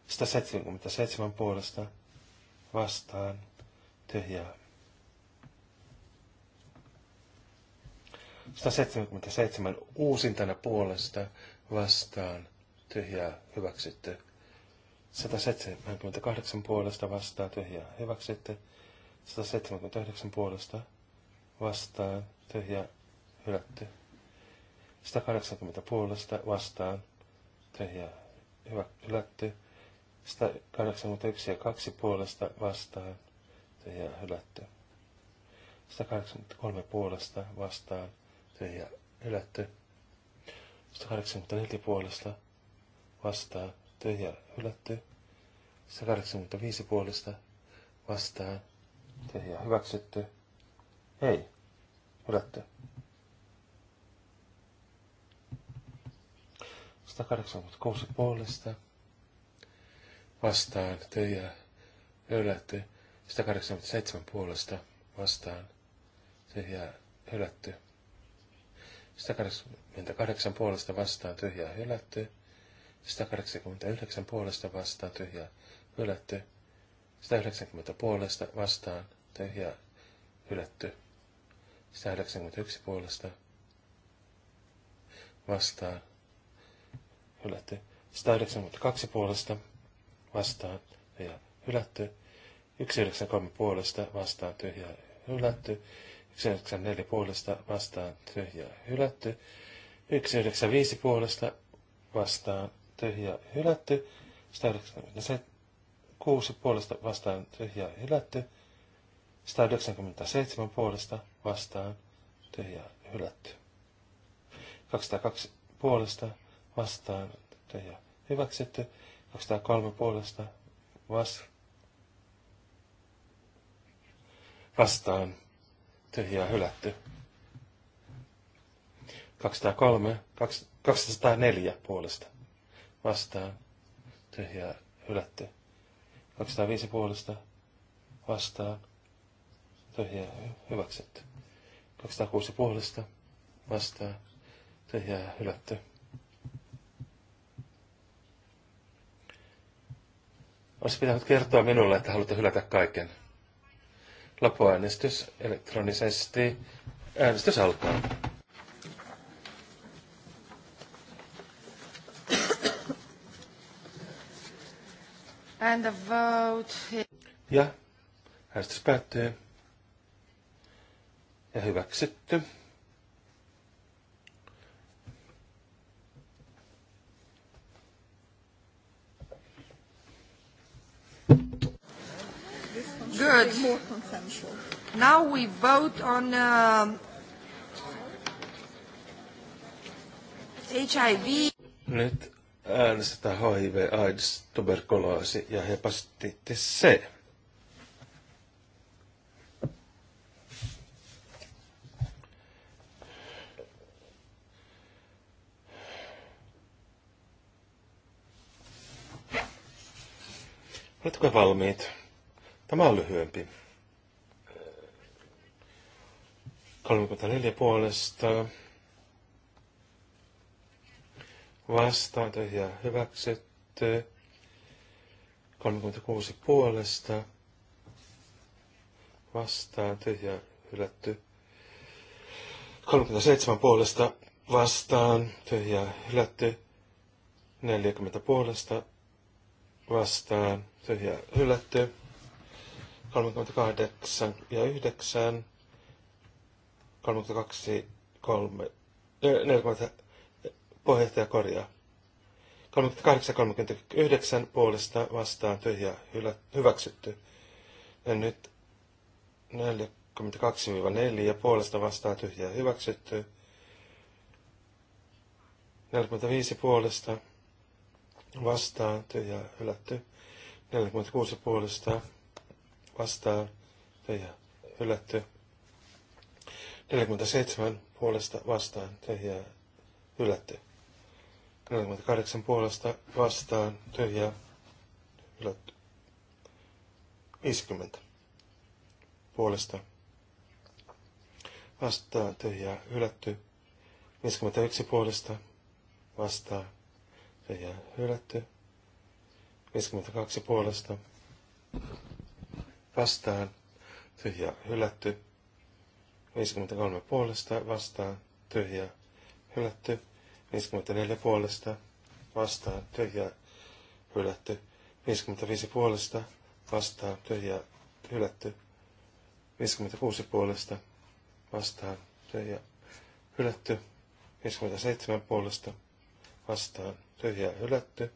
177 puolesta vastaan tyhjää. 177 uusintana puolesta vastaan tyhjää tyhjää hyväksytty. 178 puolesta vastaan tyhjää hyväksytty. 179 puolesta vastaan tyhjää hylätty. 180 puolesta vastaan tyhjää hyvä, hylätty. 181 ja 2 puolesta vastaan tyhjää hylätty. 183 puolesta vastaan tyhjää hylätty. 184 puolesta vastaan, vastaan, tyhjä hylätty. 185 puolesta vastaan, tyhjä hyväksytty. Ei, hylätty. 186 puolesta vastaan, tyhjä hylätty. 187 puolesta vastaan, tyhjä hylätty. 188 puolesta vastaan tyhjää hylätty. 189 puolesta vastaan tyhjää hylätty. 190 puolesta vastaan tyhjää hylätty. 191 puolesta vastaan hylätty. 192 puolesta vastaan tyhjää hylätty. 193 puolesta vastaan tyhjää hylätty. 194 puolesta vastaan tyhjää hylätty. 195 puolesta vastaan tyhjä hylätty. 196 puolesta vastaan tyhjä hylätty. 197 puolesta vastaan tyhjä hylätty. 202 puolesta vastaan tyhjä hyväksytty. 203 puolesta vas vastaan tyhjä hylätty. 203, 204 puolesta vastaan, tyhjä hylätty. 205 puolesta vastaan, tyhjä hyväksytty. 206 puolesta vastaan, tyhjä hylätty. Olisi pitänyt kertoa minulle, että haluatte hylätä kaiken. Lopuäänestys elektronisesti. Äänestys alkaa. And the vote. Ja äänestys päättyy. Ja hyväksytty. Good. Now we vote on um, HIV. Nyt äänestetä HIV, AIDS, tuberkuloosi ja hepatiitti C. Oletko valmiit? Tämä on lyhyempi. 34 puolesta vastaan tyhjää hyväksytty. 36 puolesta vastaan tyhjää hylätty. 37 puolesta vastaan tyhjää hylätty. 40 puolesta vastaan tyhjää hylätty. 38 ja 9. 32, 3, 40 Puheenjohtaja korjaa. 38-39 puolesta vastaan tyhjä hyväksytty. Ja nyt 42-4 puolesta vastaan tyhjä hyväksytty. 45 puolesta vastaan tyhjä hylätty. 46 puolesta vastaan tyhjä hylätty. 47 puolesta vastaan tyhjä hylätty. 38 puolesta vastaan tyhjää hylätty. 50 puolesta vastaan tyhjää hylätty. 51 puolesta vastaan tyhjää hylätty. 52 puolesta vastaan tyhjää hylätty. 53 puolesta vastaan tyhjää hylätty. 54 puolesta vastaan tyhjä hylätty. 55 puolesta vastaan tyhjä hylätty. 56 puolesta vastaan tyhjä hylätty. 57 puolesta vastaan tyhjä hylätty.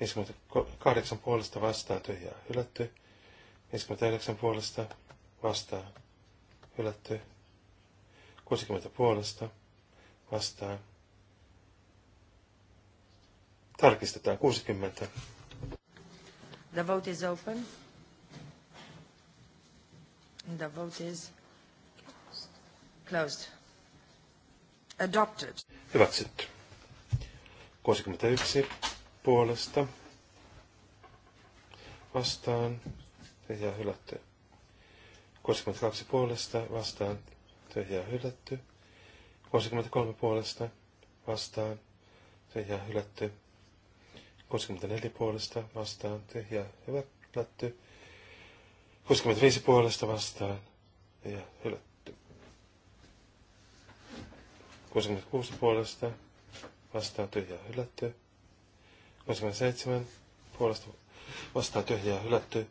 58 puolesta vastaan tyhjä hylätty. 59 puolesta vastaan hylätty. 60 puolesta vastaan Tarkistetaan 60. The vote is open. The vote is closed. Adopted. Hyväksytty. 61 puolesta vastaan tyhjää hylätty. 62 puolesta vastaan tyhjää hylätty. 63 puolesta vastaan tyhjää hylätty. 64 puolesta vastaan tyhjää hylätty. 65 puolesta vastaan ja hylätty. 66 puolesta vastaan tyhjää hylätty. 67 puolesta vastaan tyhjää hylätty.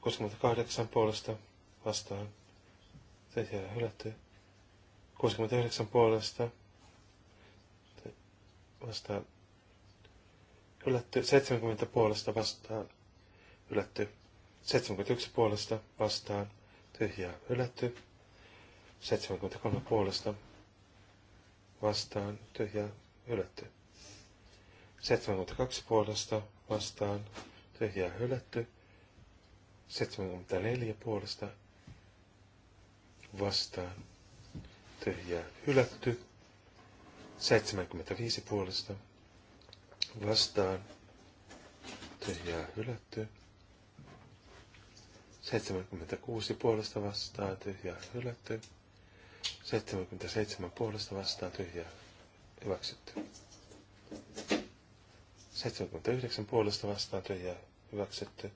68 puolesta vastaan tyhjää hylätty. 69 puolesta vastaan hylätty, 70 puolesta vastaan hylätty, 71 puolesta vastaan tyhjää hylätty, 73 puolesta vastaan tyhjää hylätty, 72 puolesta vastaan tyhjää hylätty, 74 puolesta vastaan tyhjää hylätty, 75 puolesta vastaan tyhjää hylätty. 76 puolesta vastaan tyhjää hylätty. 77 puolesta vastaan tyhjää hyväksytty. 79 puolesta vastaan tyhjää hyväksytty.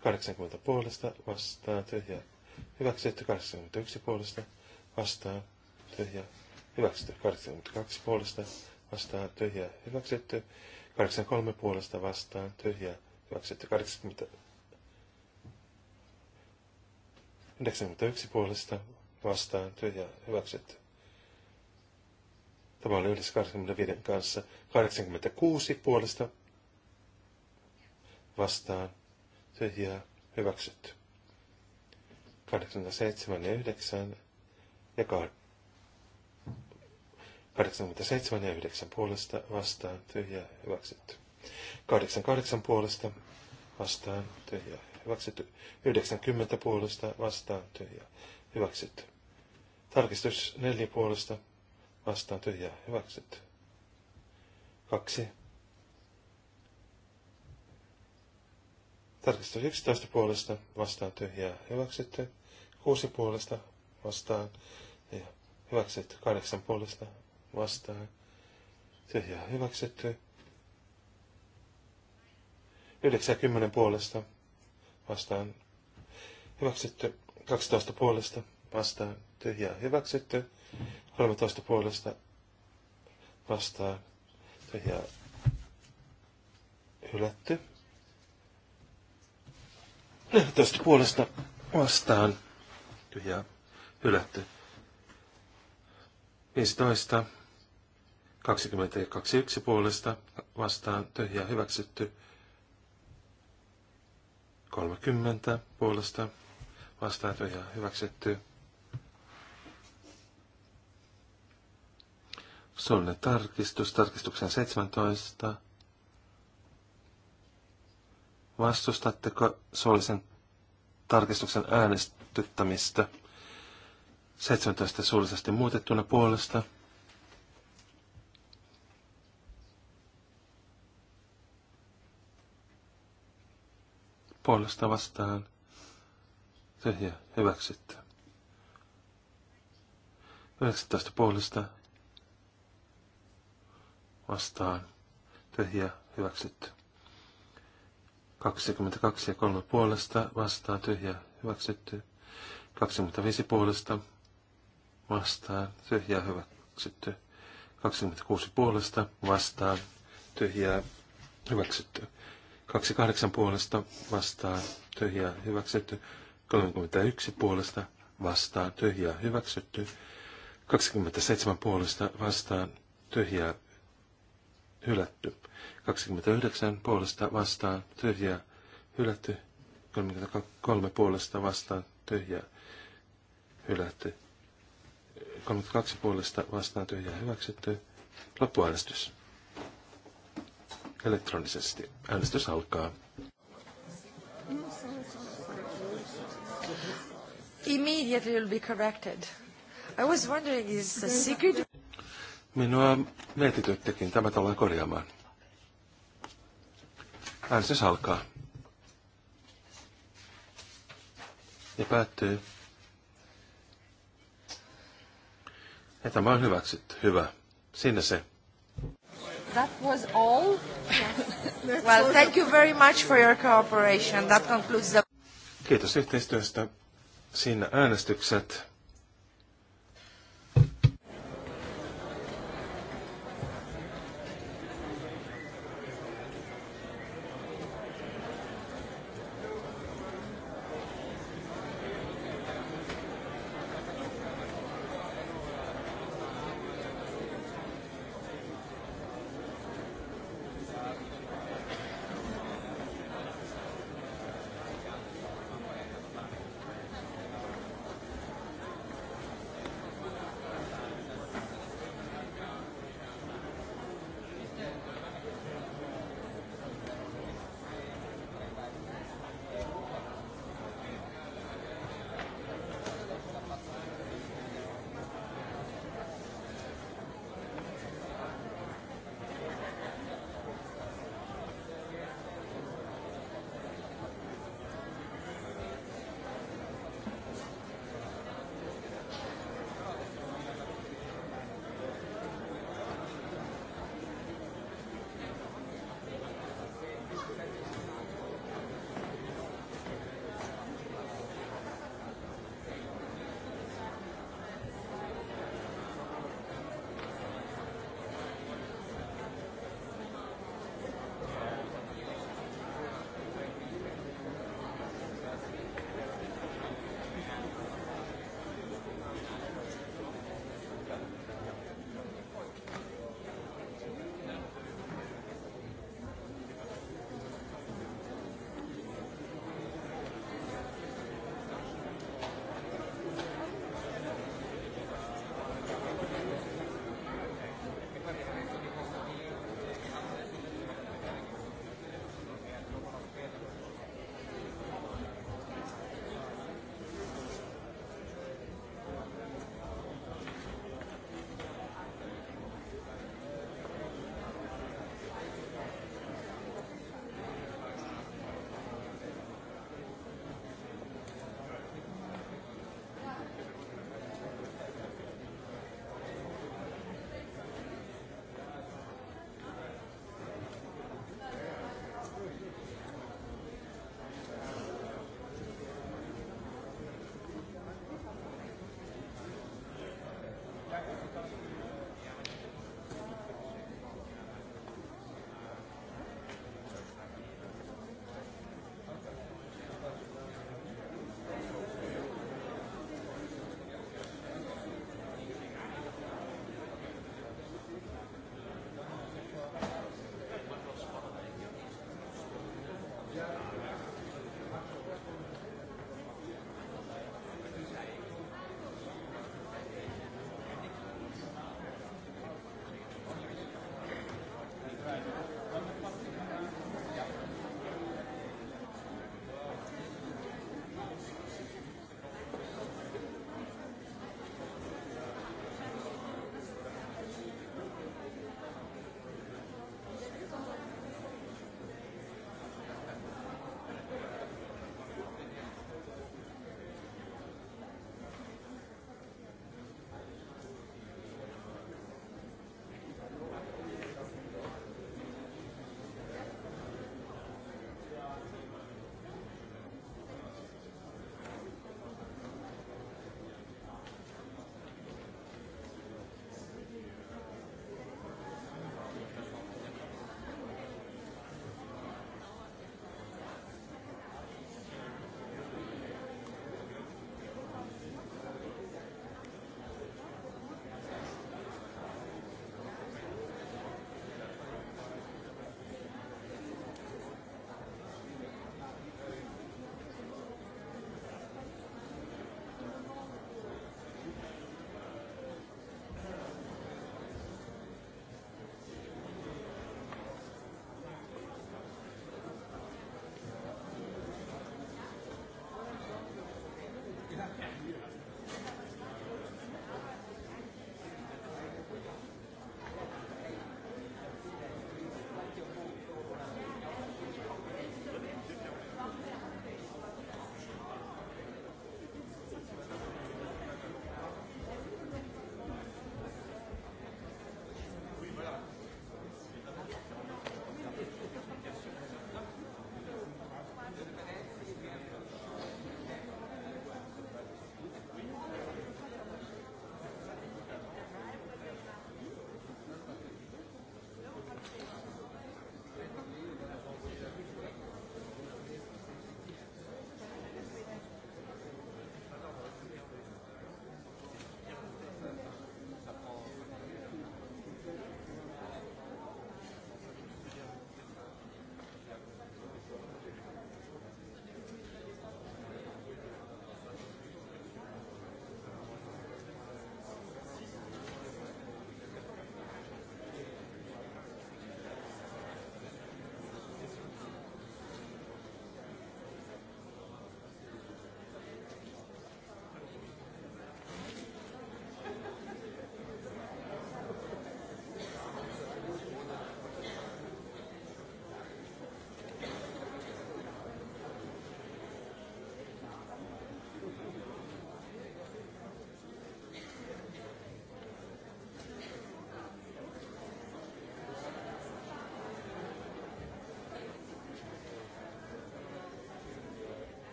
80 puolesta vastaan tyhjää hyväksytty. 81 puolesta vastaan tyhjää hyväksytty. 82 puolesta vastaan tyhjä hyväksytty. 83 puolesta vastaan tyhjä hyväksytty. 80... 91 puolesta vastaan tyhjä hyväksytty. Tämä oli yhdessä 85 kanssa. 86 puolesta vastaan tyhjää hyväksytty. 87 ja 9 ja 8 87 ja 9 puolesta vastaan tyhjä hyväksytty. 88 puolesta vastaan tyhjä hyväksytty. 90 puolesta vastaan tyhjä hyväksytty. Tarkistus 4 puolesta vastaan tyhjä hyväksytty. 2. Tarkistus 11 puolesta vastaan tyhjä hyväksytty. 6 puolesta vastaan ja hyväksytty. 8 puolesta vastaan. Tyhjää hyväksytty. 90 puolesta vastaan. Hyväksytty. 12 puolesta vastaan. Tyhjää hyväksytty. 13 puolesta vastaan. Tyhjää hylätty. 14 puolesta vastaan. Tyhjää hylätty. 15 21 puolesta vastaan tyhjä hyväksytty. 30 puolesta vastaan tyhjä hyväksytty. Suullinen tarkistus, tarkistuksen 17. Vastustatteko suullisen tarkistuksen äänestyttämistä 17 suullisesti muutettuna puolesta? puolesta vastaan tyhjä hyväksytty. 19 puolesta vastaan tyhjä hyväksytty. 22 ja 3 puolesta vastaan tyhjä hyväksytty. 25 puolesta vastaan tyhjä hyväksytty. 26 puolesta vastaan tyhjä hyväksytty. 28 puolesta vastaan tyhjää hyväksytty. 31 puolesta vastaan tyhjää hyväksytty. 27 puolesta vastaan tyhjää hylätty. 29 puolesta vastaan tyhjää hylätty. 33 puolesta vastaan tyhjää hylätty. 32 puolesta vastaan tyhjää hyväksytty. Loppuäänestys elektronisesti. Äänestys alkaa. Immediately will be corrected. I was wondering, is the secret... Minua mietityttekin. Tämä tullaan korjaamaan. Äänestys alkaa. Ja päättyy. Ja tämä on hyväksytty. Hyvä. sinne se that was all. Yes. well, thank you very much for your cooperation. That concludes the... Kiitos yhteistyöstä. Siinä äänestykset.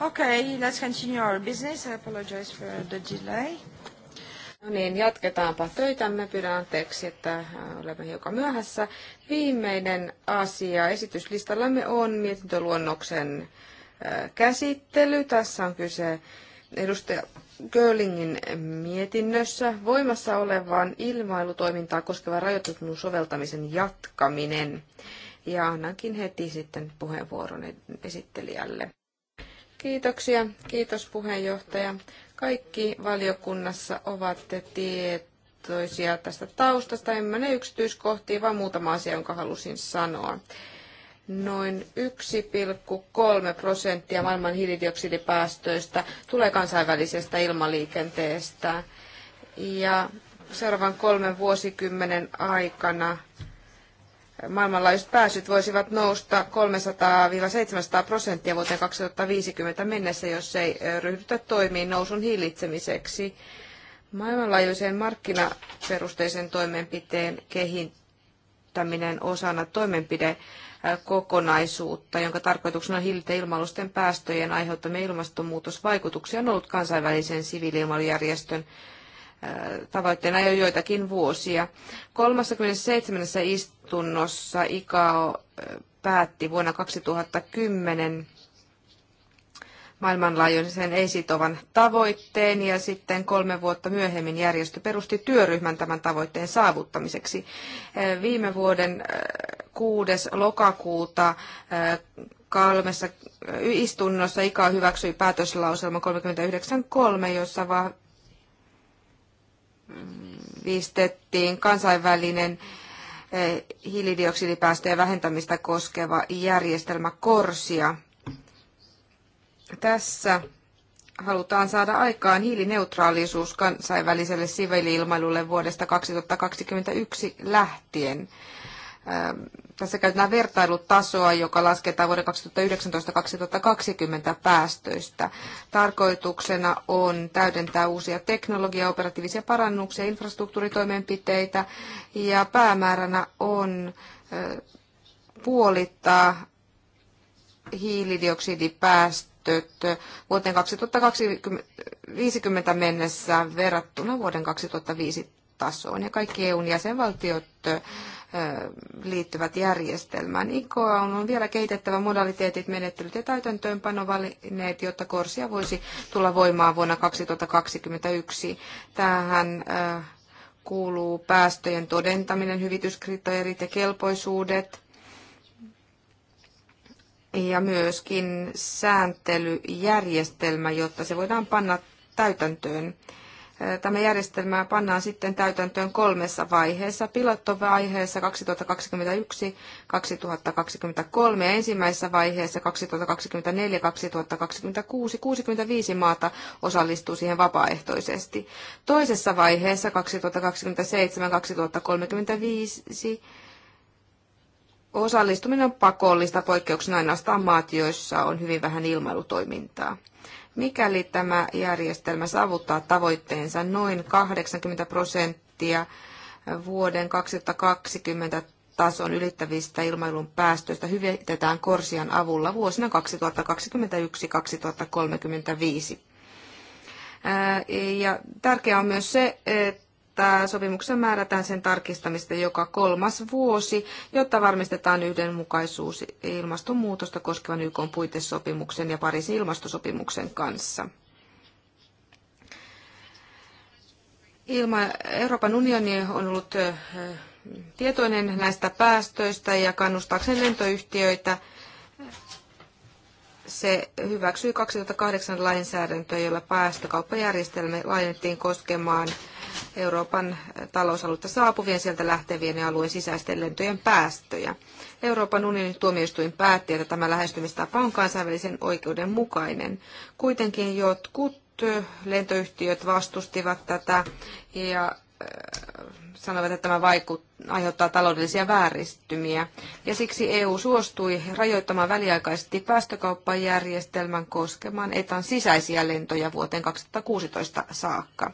Okay, let's continue our business. I apologize for the delay. No niin, jatketaanpa töitämme. Pyydän anteeksi, että äh, olemme hiukan myöhässä. Viimeinen asia esityslistallamme on mietintöluonnoksen äh, käsittely. Tässä on kyse edustaja Görlingin mietinnössä voimassa olevan ilmailutoimintaa koskevan rajoitetun soveltamisen jatkaminen. Ja annankin heti sitten puheenvuoron esittelijälle. Kiitoksia. Kiitos puheenjohtaja. Kaikki valiokunnassa ovat tietoisia tästä taustasta. En mene yksityiskohtiin, vaan muutama asia, jonka halusin sanoa. Noin 1,3 prosenttia maailman hiilidioksidipäästöistä tulee kansainvälisestä ilmaliikenteestä. Ja seuraavan kolmen vuosikymmenen aikana maailmanlaajuiset pääsyt voisivat nousta 300-700 prosenttia vuoteen 2050 mennessä, jos ei ryhdytä toimiin nousun hillitsemiseksi. Maailmanlaajuisen markkinaperusteisen toimenpiteen kehittäminen osana toimenpide kokonaisuutta, jonka tarkoituksena on hillitä ilmailusten päästöjen aiheuttamia ilmastonmuutosvaikutuksia, on ollut kansainvälisen siviiliilmailujärjestön tavoitteena jo joitakin vuosia. 37. istunnossa ICAO päätti vuonna 2010 maailmanlaajuisen ei-sitovan tavoitteen ja sitten kolme vuotta myöhemmin järjestö perusti työryhmän tämän tavoitteen saavuttamiseksi. Viime vuoden 6. lokakuuta kolmessa istunnossa ICAO hyväksyi päätöslauselma 39.3, jossa viistettiin kansainvälinen eh, hiilidioksidipäästöjen vähentämistä koskeva järjestelmä Korsia. Tässä halutaan saada aikaan hiilineutraalisuus kansainväliselle siviiliilmailulle vuodesta 2021 lähtien tässä käytetään vertailutasoa, joka lasketaan vuoden 2019-2020 päästöistä. Tarkoituksena on täydentää uusia teknologia, operatiivisia parannuksia, infrastruktuuritoimenpiteitä ja päämääränä on puolittaa hiilidioksidipäästöt vuoteen 2050 mennessä verrattuna vuoden 2005 tasoon. Ja kaikki EUn jäsenvaltiot liittyvät järjestelmään. ICOA on vielä kehitettävä modaliteetit, menettelyt ja täytäntöönpanovalineet, jotta Korsia voisi tulla voimaan vuonna 2021. Tähän kuuluu päästöjen todentaminen, hyvityskriteerit ja kelpoisuudet ja myöskin sääntelyjärjestelmä, jotta se voidaan panna täytäntöön. Tämä järjestelmä pannaan sitten täytäntöön kolmessa vaiheessa. Pilottovaiheessa 2021-2023 ja ensimmäisessä vaiheessa 2024-2026 65 maata osallistuu siihen vapaaehtoisesti. Toisessa vaiheessa 2027-2035 Osallistuminen on pakollista, poikkeuksena ainoastaan maat, joissa on hyvin vähän ilmailutoimintaa. Mikäli tämä järjestelmä saavuttaa tavoitteensa noin 80 prosenttia vuoden 2020 tason ylittävistä ilmailun päästöistä hyvitetään Korsian avulla vuosina 2021-2035. Ja tärkeää on myös se, että että sopimuksen määrätään sen tarkistamista joka kolmas vuosi, jotta varmistetaan yhdenmukaisuus ilmastonmuutosta koskevan YK puitesopimuksen ja Pariisin ilmastosopimuksen kanssa. Ilma, Euroopan unioni on ollut tietoinen näistä päästöistä ja kannustaakseen lentoyhtiöitä se hyväksyi 2008 lainsäädäntöä, jolla päästökauppajärjestelmä laajennettiin koskemaan Euroopan talousalueelta saapuvien, sieltä lähtevien ja alueen sisäisten lentojen päästöjä. Euroopan unionin tuomioistuin päätti, että tämä lähestymistapa on kansainvälisen oikeuden mukainen. Kuitenkin jotkut lentoyhtiöt vastustivat tätä ja äh, sanoivat, että tämä vaikut, aiheuttaa taloudellisia vääristymiä. Ja siksi EU suostui rajoittamaan väliaikaisesti päästökauppajärjestelmän koskemaan etan sisäisiä lentoja vuoteen 2016 saakka.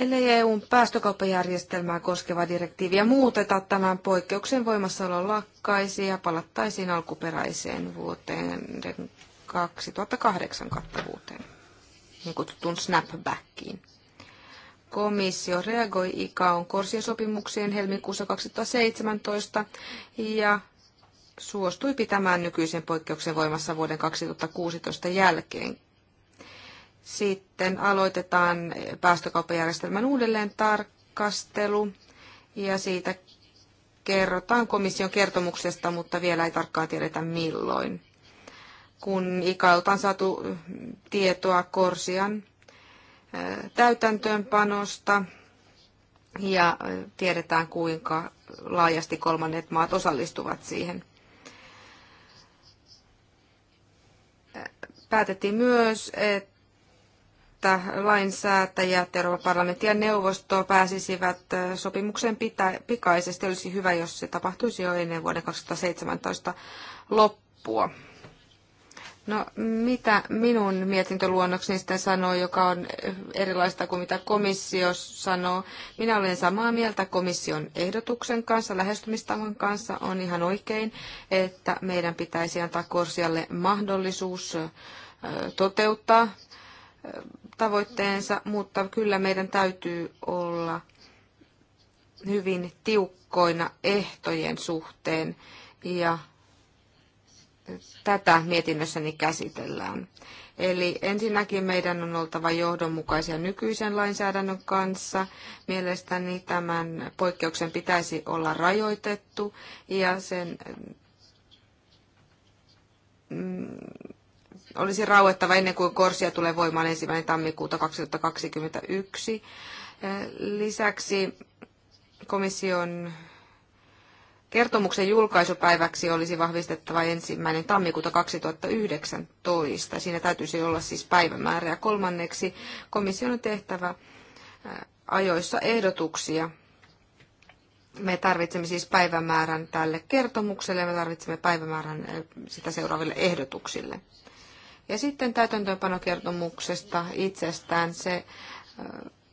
Ellei EUn päästökauppajärjestelmää koskeva direktiiviä muuteta, tämän poikkeuksen voimassaolo lakkaisi ja palattaisiin alkuperäiseen vuoteen 2008 kattavuuteen, niin kutsuttuun snapbackiin. Komissio reagoi ICAOn korsiosopimukseen helmikuussa 2017 ja suostui pitämään nykyisen poikkeuksen voimassa vuoden 2016 jälkeen sitten aloitetaan päästökauppajärjestelmän uudelleen tarkastelu ja siitä kerrotaan komission kertomuksesta, mutta vielä ei tarkkaan tiedetä milloin. Kun ICAOlta on saatu tietoa Korsian täytäntöönpanosta ja tiedetään kuinka laajasti kolmannet maat osallistuvat siihen. Päätettiin myös, että että lainsäätäjät, Euroopan parlamentti ja neuvosto pääsisivät sopimuksen pitä, pikaisesti. Olisi hyvä, jos se tapahtuisi jo ennen vuoden 2017 loppua. No, mitä minun mietintöluonnokseni sitten sanoo, joka on erilaista kuin mitä komissio sanoo? Minä olen samaa mieltä komission ehdotuksen kanssa, lähestymistavan kanssa. On ihan oikein, että meidän pitäisi antaa Korsialle mahdollisuus toteuttaa tavoitteensa, mutta kyllä meidän täytyy olla hyvin tiukkoina ehtojen suhteen ja tätä mietinnössäni käsitellään. Eli ensinnäkin meidän on oltava johdonmukaisia nykyisen lainsäädännön kanssa. Mielestäni tämän poikkeuksen pitäisi olla rajoitettu ja sen mm, olisi rauettava ennen kuin Korsia tulee voimaan ensimmäinen tammikuuta 2021. Lisäksi komission Kertomuksen julkaisupäiväksi olisi vahvistettava ensimmäinen tammikuuta 2019. Siinä täytyisi olla siis päivämäärä. Ja kolmanneksi komission on tehtävä ajoissa ehdotuksia. Me tarvitsemme siis päivämäärän tälle kertomukselle ja me tarvitsemme päivämäärän sitä seuraaville ehdotuksille. Ja sitten täytäntöönpanokertomuksesta itsestään se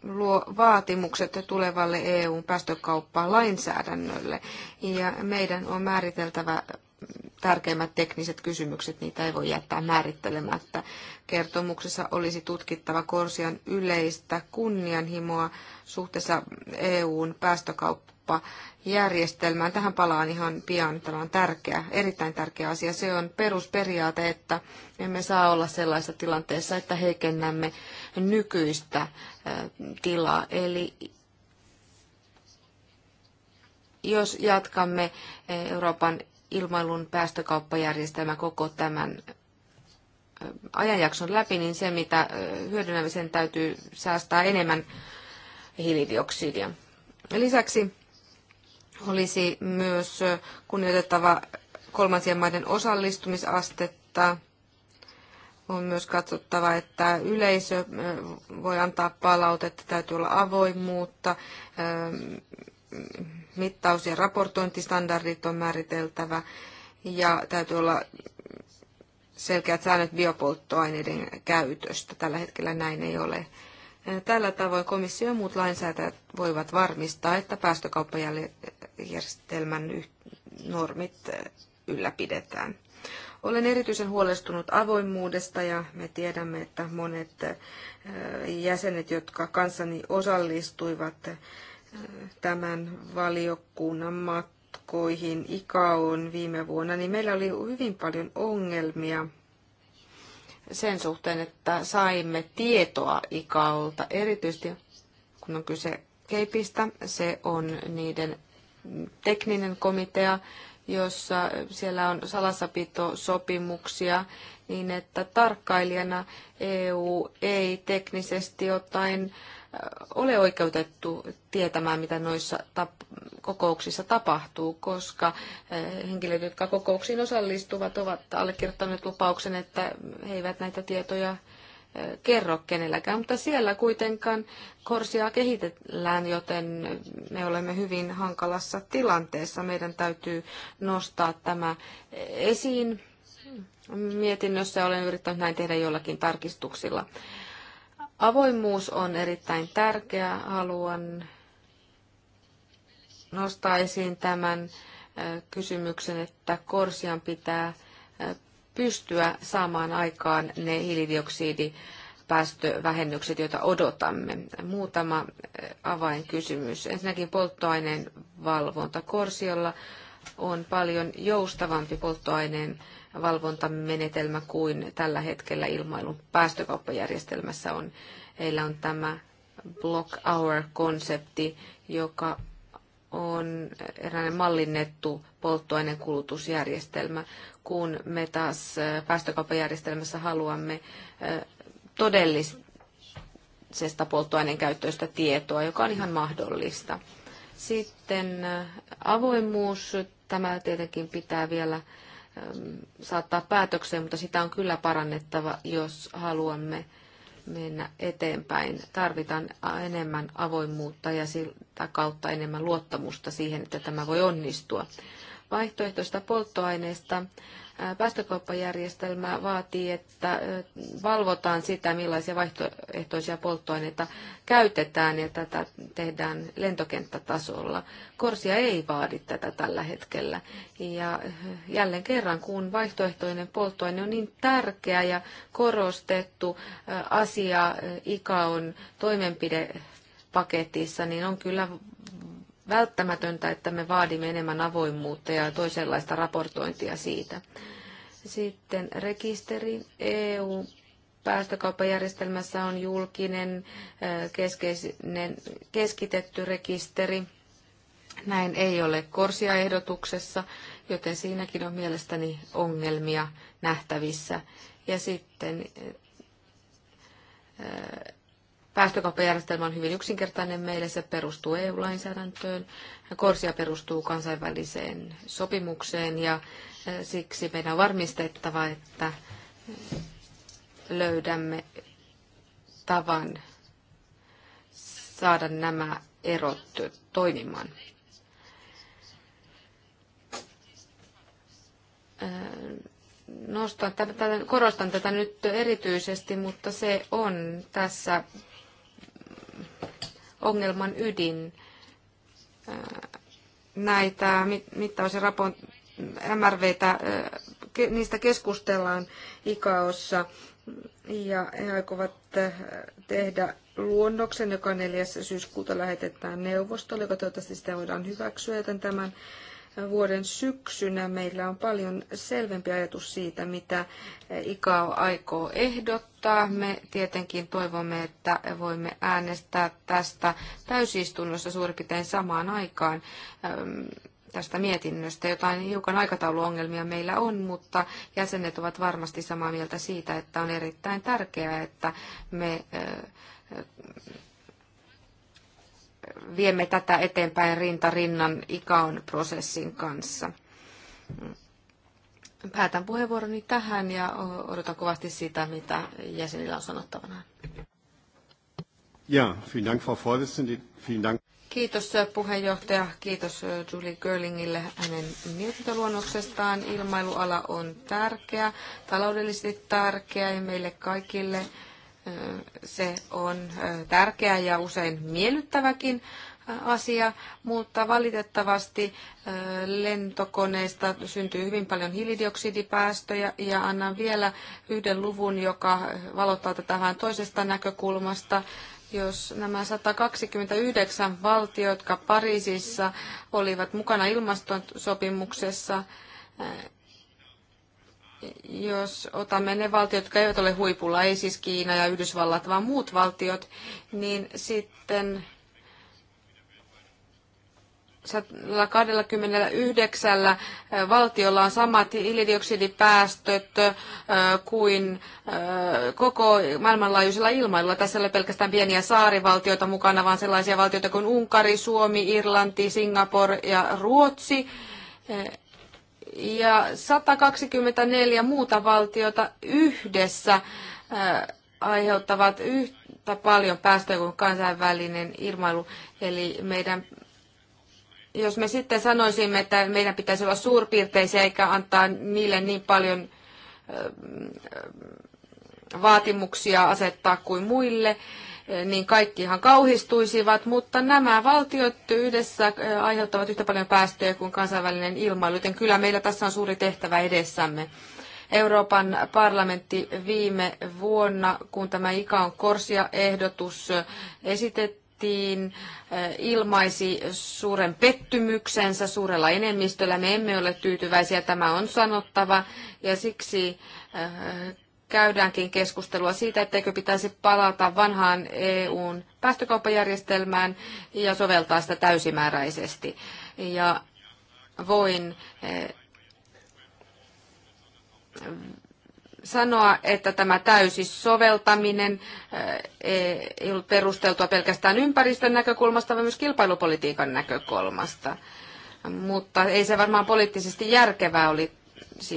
luo vaatimukset tulevalle EUn päästökauppaan lainsäädännölle. Ja meidän on määriteltävä mm, tärkeimmät tekniset kysymykset, niitä ei voi jättää määrittelemättä. Kertomuksessa olisi tutkittava Korsian yleistä kunnianhimoa suhteessa EUn päästökauppaan kauppajärjestelmään. Tähän palaan ihan pian. Tämä on tärkeä, erittäin tärkeä asia. Se on perusperiaate, että emme saa olla sellaisessa tilanteessa, että heikennämme nykyistä tilaa. Eli jos jatkamme Euroopan ilmailun päästökauppajärjestelmä koko tämän ajanjakson läpi, niin se, mitä hyödynnämme, sen täytyy säästää enemmän hiilidioksidia. Lisäksi olisi myös kunnioitettava kolmansien maiden osallistumisastetta. On myös katsottava, että yleisö voi antaa palautetta, täytyy olla avoimuutta, mittaus- ja raportointistandardit on määriteltävä ja täytyy olla selkeät säännöt biopolttoaineiden käytöstä. Tällä hetkellä näin ei ole. Tällä tavoin komissio ja muut lainsäätäjät voivat varmistaa, että päästökauppajäljet järjestelmän normit äh, ylläpidetään. Olen erityisen huolestunut avoimuudesta ja me tiedämme, että monet äh, jäsenet, jotka kanssani osallistuivat äh, tämän valiokunnan matkoihin ikaon viime vuonna, niin meillä oli hyvin paljon ongelmia sen suhteen, että saimme tietoa ikaolta, erityisesti kun on kyse keipistä, se on niiden tekninen komitea, jossa siellä on salassapitosopimuksia, niin että tarkkailijana EU ei teknisesti ottaen ole oikeutettu tietämään, mitä noissa kokouksissa tapahtuu, koska henkilöt, jotka kokouksiin osallistuvat, ovat allekirjoittaneet lupauksen, että he eivät näitä tietoja kerro kenelläkään, mutta siellä kuitenkaan korsia kehitellään, joten me olemme hyvin hankalassa tilanteessa. Meidän täytyy nostaa tämä esiin mietinnössä. Olen yrittänyt näin tehdä jollakin tarkistuksilla. Avoimuus on erittäin tärkeä. Haluan nostaa esiin tämän kysymyksen, että Korsian pitää pystyä saamaan aikaan ne hiilidioksidipäästövähennykset, joita odotamme. Muutama eh, avainkysymys. Ensinnäkin polttoaineen valvonta. Korsiolla on paljon joustavampi polttoaineen valvontamenetelmä kuin tällä hetkellä ilmailun päästökauppajärjestelmässä on. Heillä on tämä block hour-konsepti, joka on eräänlainen mallinnettu polttoaineen kulutusjärjestelmä, kun me taas päästökauppajärjestelmässä haluamme todellisesta polttoaineen käyttöistä tietoa, joka on ihan mahdollista. Sitten avoimuus, tämä tietenkin pitää vielä saattaa päätökseen, mutta sitä on kyllä parannettava, jos haluamme mennä eteenpäin. Tarvitaan enemmän avoimuutta ja sitä kautta enemmän luottamusta siihen, että tämä voi onnistua. Vaihtoehtoista polttoaineesta päästökauppajärjestelmä vaatii, että valvotaan sitä, millaisia vaihtoehtoisia polttoaineita käytetään ja tätä tehdään lentokenttätasolla. Korsia ei vaadi tätä tällä hetkellä. Ja jälleen kerran, kun vaihtoehtoinen polttoaine on niin tärkeä ja korostettu asia on toimenpide paketissa, niin on kyllä välttämätöntä, että me vaadimme enemmän avoimuutta ja toisenlaista raportointia siitä. Sitten rekisteri EU päästökauppajärjestelmässä on julkinen keskeinen, keskitetty rekisteri. Näin ei ole korsiaehdotuksessa, joten siinäkin on mielestäni ongelmia nähtävissä. Ja sitten Päästökauppajärjestelmä on hyvin yksinkertainen meille, se perustuu EU-lainsäädäntöön, Korsia perustuu kansainväliseen sopimukseen ja eh, siksi meidän on varmistettava, että eh, löydämme tavan saada nämä erot toimimaan. Eh, nostan, korostan tätä nyt erityisesti, mutta se on tässä ongelman ydin. Äh, näitä mittaus- ja rapon, MRVtä, äh, niistä keskustellaan ikaossa ja he aikovat äh, tehdä luonnoksen, joka 4. syyskuuta lähetetään neuvostolle, joka toivottavasti sitä voidaan hyväksyä, joten tämän vuoden syksynä meillä on paljon selvempi ajatus siitä, mitä ICAO aikoo ehdottaa. Me tietenkin toivomme, että voimme äänestää tästä täysistunnossa suurin piirtein samaan aikaan ähm, tästä mietinnöstä. Jotain hiukan aikatauluongelmia meillä on, mutta jäsenet ovat varmasti samaa mieltä siitä, että on erittäin tärkeää, että me äh, viemme tätä eteenpäin rinta rinnan ikaon prosessin kanssa. Päätän puheenvuoroni tähän ja odotan kovasti sitä, mitä jäsenillä on sanottavanaan. Ja, vielen Dank, Frau Vorsitzende. Vielen Dank. Kiitos puheenjohtaja, kiitos äh, Julie Görlingille hänen mietintöluonnoksestaan. Ilmailuala on tärkeä, taloudellisesti tärkeä ja meille kaikille se on tärkeä ja usein miellyttäväkin asia, mutta valitettavasti lentokoneista syntyy hyvin paljon hiilidioksidipäästöjä ja annan vielä yhden luvun, joka valottaa tätä vähän toisesta näkökulmasta. Jos nämä 129 valtiot, jotka Pariisissa olivat mukana ilmastosopimuksessa, jos otamme ne valtiot, jotka eivät ole huipulla, ei siis Kiina ja Yhdysvallat, vaan muut valtiot, niin sitten 129 eh, valtiolla on samat hiilidioksidipäästöt eh, kuin eh, koko maailmanlaajuisella ilmailulla. Tässä ei ole pelkästään pieniä saarivaltioita mukana, vaan sellaisia valtioita kuin Unkari, Suomi, Irlanti, Singapore ja Ruotsi ja 124 muuta valtiota yhdessä äh, aiheuttavat yhtä paljon päästöjä kuin kansainvälinen ilmailu. Eli meidän, jos me sitten sanoisimme, että meidän pitäisi olla suurpiirteisiä eikä antaa niille niin paljon äh, vaatimuksia asettaa kuin muille, niin kaikkihan kauhistuisivat, mutta nämä valtiot yhdessä äh, aiheuttavat yhtä paljon päästöjä kuin kansainvälinen ilmailu, joten kyllä meillä tässä on suuri tehtävä edessämme. Euroopan parlamentti viime vuonna, kun tämä ICAon Korsia-ehdotus äh, esitettiin, äh, ilmaisi suuren pettymyksensä suurella enemmistöllä. Me emme ole tyytyväisiä, tämä on sanottava, ja siksi käydäänkin keskustelua siitä, etteikö pitäisi palata vanhaan EUn päästökauppajärjestelmään ja soveltaa sitä täysimääräisesti. Ja voin eh, sanoa, että tämä täysi soveltaminen eh, ei ollut perusteltua pelkästään ympäristön näkökulmasta, vaan myös kilpailupolitiikan näkökulmasta. Mutta ei se varmaan poliittisesti järkevää oli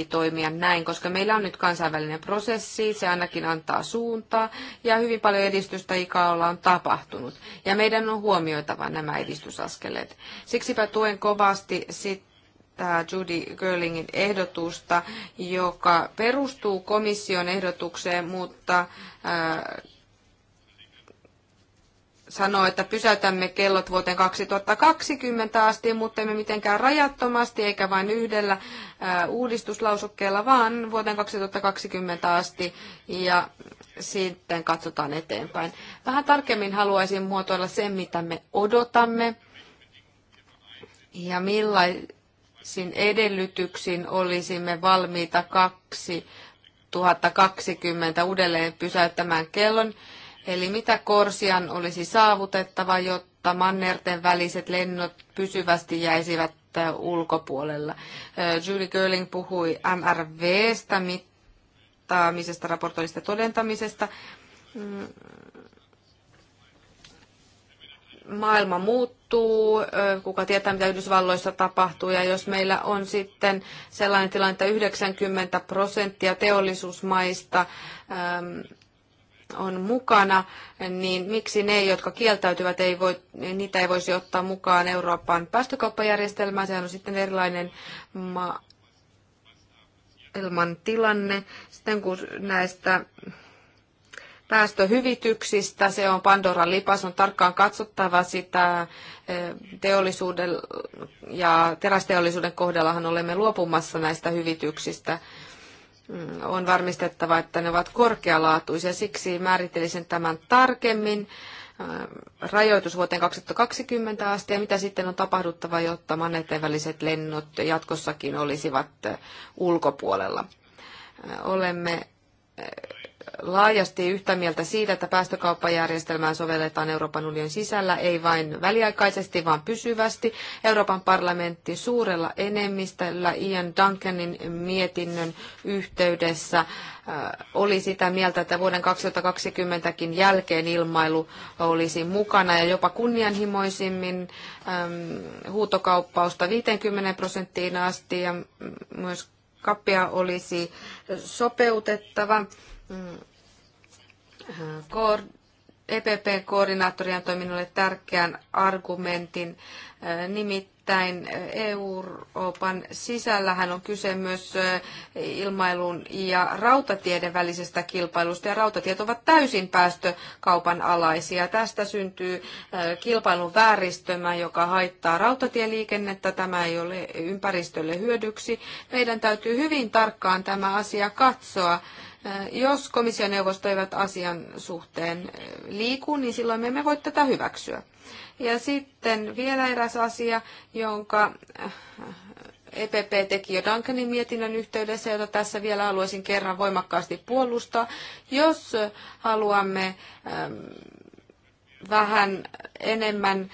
toimia näin, koska meillä on nyt kansainvälinen prosessi, se ainakin antaa suuntaa ja hyvin paljon edistystä ikäolla on tapahtunut. Ja meidän on huomioitava nämä edistysaskeleet. Siksipä tuen kovasti sitä Judy Girlingin ehdotusta, joka perustuu komission ehdotukseen, mutta äh, sanoo, että pysäytämme kellot vuoteen 2020 asti, mutta emme mitenkään rajattomasti eikä vain yhdellä uudistuslausukkeella, vaan vuoteen 2020 asti ja sitten katsotaan eteenpäin. Vähän tarkemmin haluaisin muotoilla sen, mitä me odotamme ja millaisin edellytyksin olisimme valmiita 2020 uudelleen pysäyttämään kellon. Eli mitä Korsian olisi saavutettava, jotta mannerten väliset lennot pysyvästi jäisivät äh, ulkopuolella. Äh, Julie Görling puhui MRVstä, mittaamisesta, raportoinnista todentamisesta. Mm. Maailma muuttuu, äh, kuka tietää mitä Yhdysvalloissa tapahtuu ja jos meillä on sitten sellainen tilanne, että 90 prosenttia teollisuusmaista ähm, on mukana, niin miksi ne, jotka kieltäytyvät, ei voi, niitä ei voisi ottaa mukaan Euroopan päästökauppajärjestelmään. Sehän on sitten erilainen maailman tilanne. Sitten kun näistä päästöhyvityksistä. Se on Pandoran lipas, on tarkkaan katsottava sitä eh, teollisuuden ja terästeollisuuden kohdallahan olemme luopumassa näistä hyvityksistä. Mm, on varmistettava, että ne ovat korkealaatuisia. Siksi määrittelisin tämän tarkemmin äh, rajoitus vuoteen 2020 asti ja mitä sitten on tapahduttava, jotta manneiden väliset lennot jatkossakin olisivat äh, ulkopuolella. Äh, olemme laajasti yhtä mieltä siitä, että päästökauppajärjestelmää sovelletaan Euroopan unionin sisällä, ei vain väliaikaisesti, vaan pysyvästi. Euroopan parlamentti suurella enemmistöllä Ian Duncanin mietinnön yhteydessä äh, oli sitä mieltä, että vuoden 2020kin jälkeen ilmailu olisi mukana ja jopa kunnianhimoisimmin huutokauppausta 50 prosenttiin asti ja myös kappia olisi sopeutettava. EPP-koordinaattori on toiminnalle tärkeän argumentin, äh, nimittäin äh, Euroopan sisällähän on kyse myös äh, ilmailun ja rautatieden välisestä kilpailusta, ja rautatiet ovat täysin päästökaupan alaisia. Tästä syntyy kilpailun vääristömä, joka haittaa rautatieliikennettä. Tämä ei ole ympäristölle hyödyksi. Meidän täytyy hyvin tarkkaan tämä asia katsoa jos komissioneuvosto eivät asian suhteen liiku, niin silloin me emme voi tätä hyväksyä. Ja sitten vielä eräs asia, jonka äh, EPP teki jo Duncanin mietinnön yhteydessä, jota tässä vielä haluaisin kerran voimakkaasti puolustaa. Jos haluamme vähän enemmän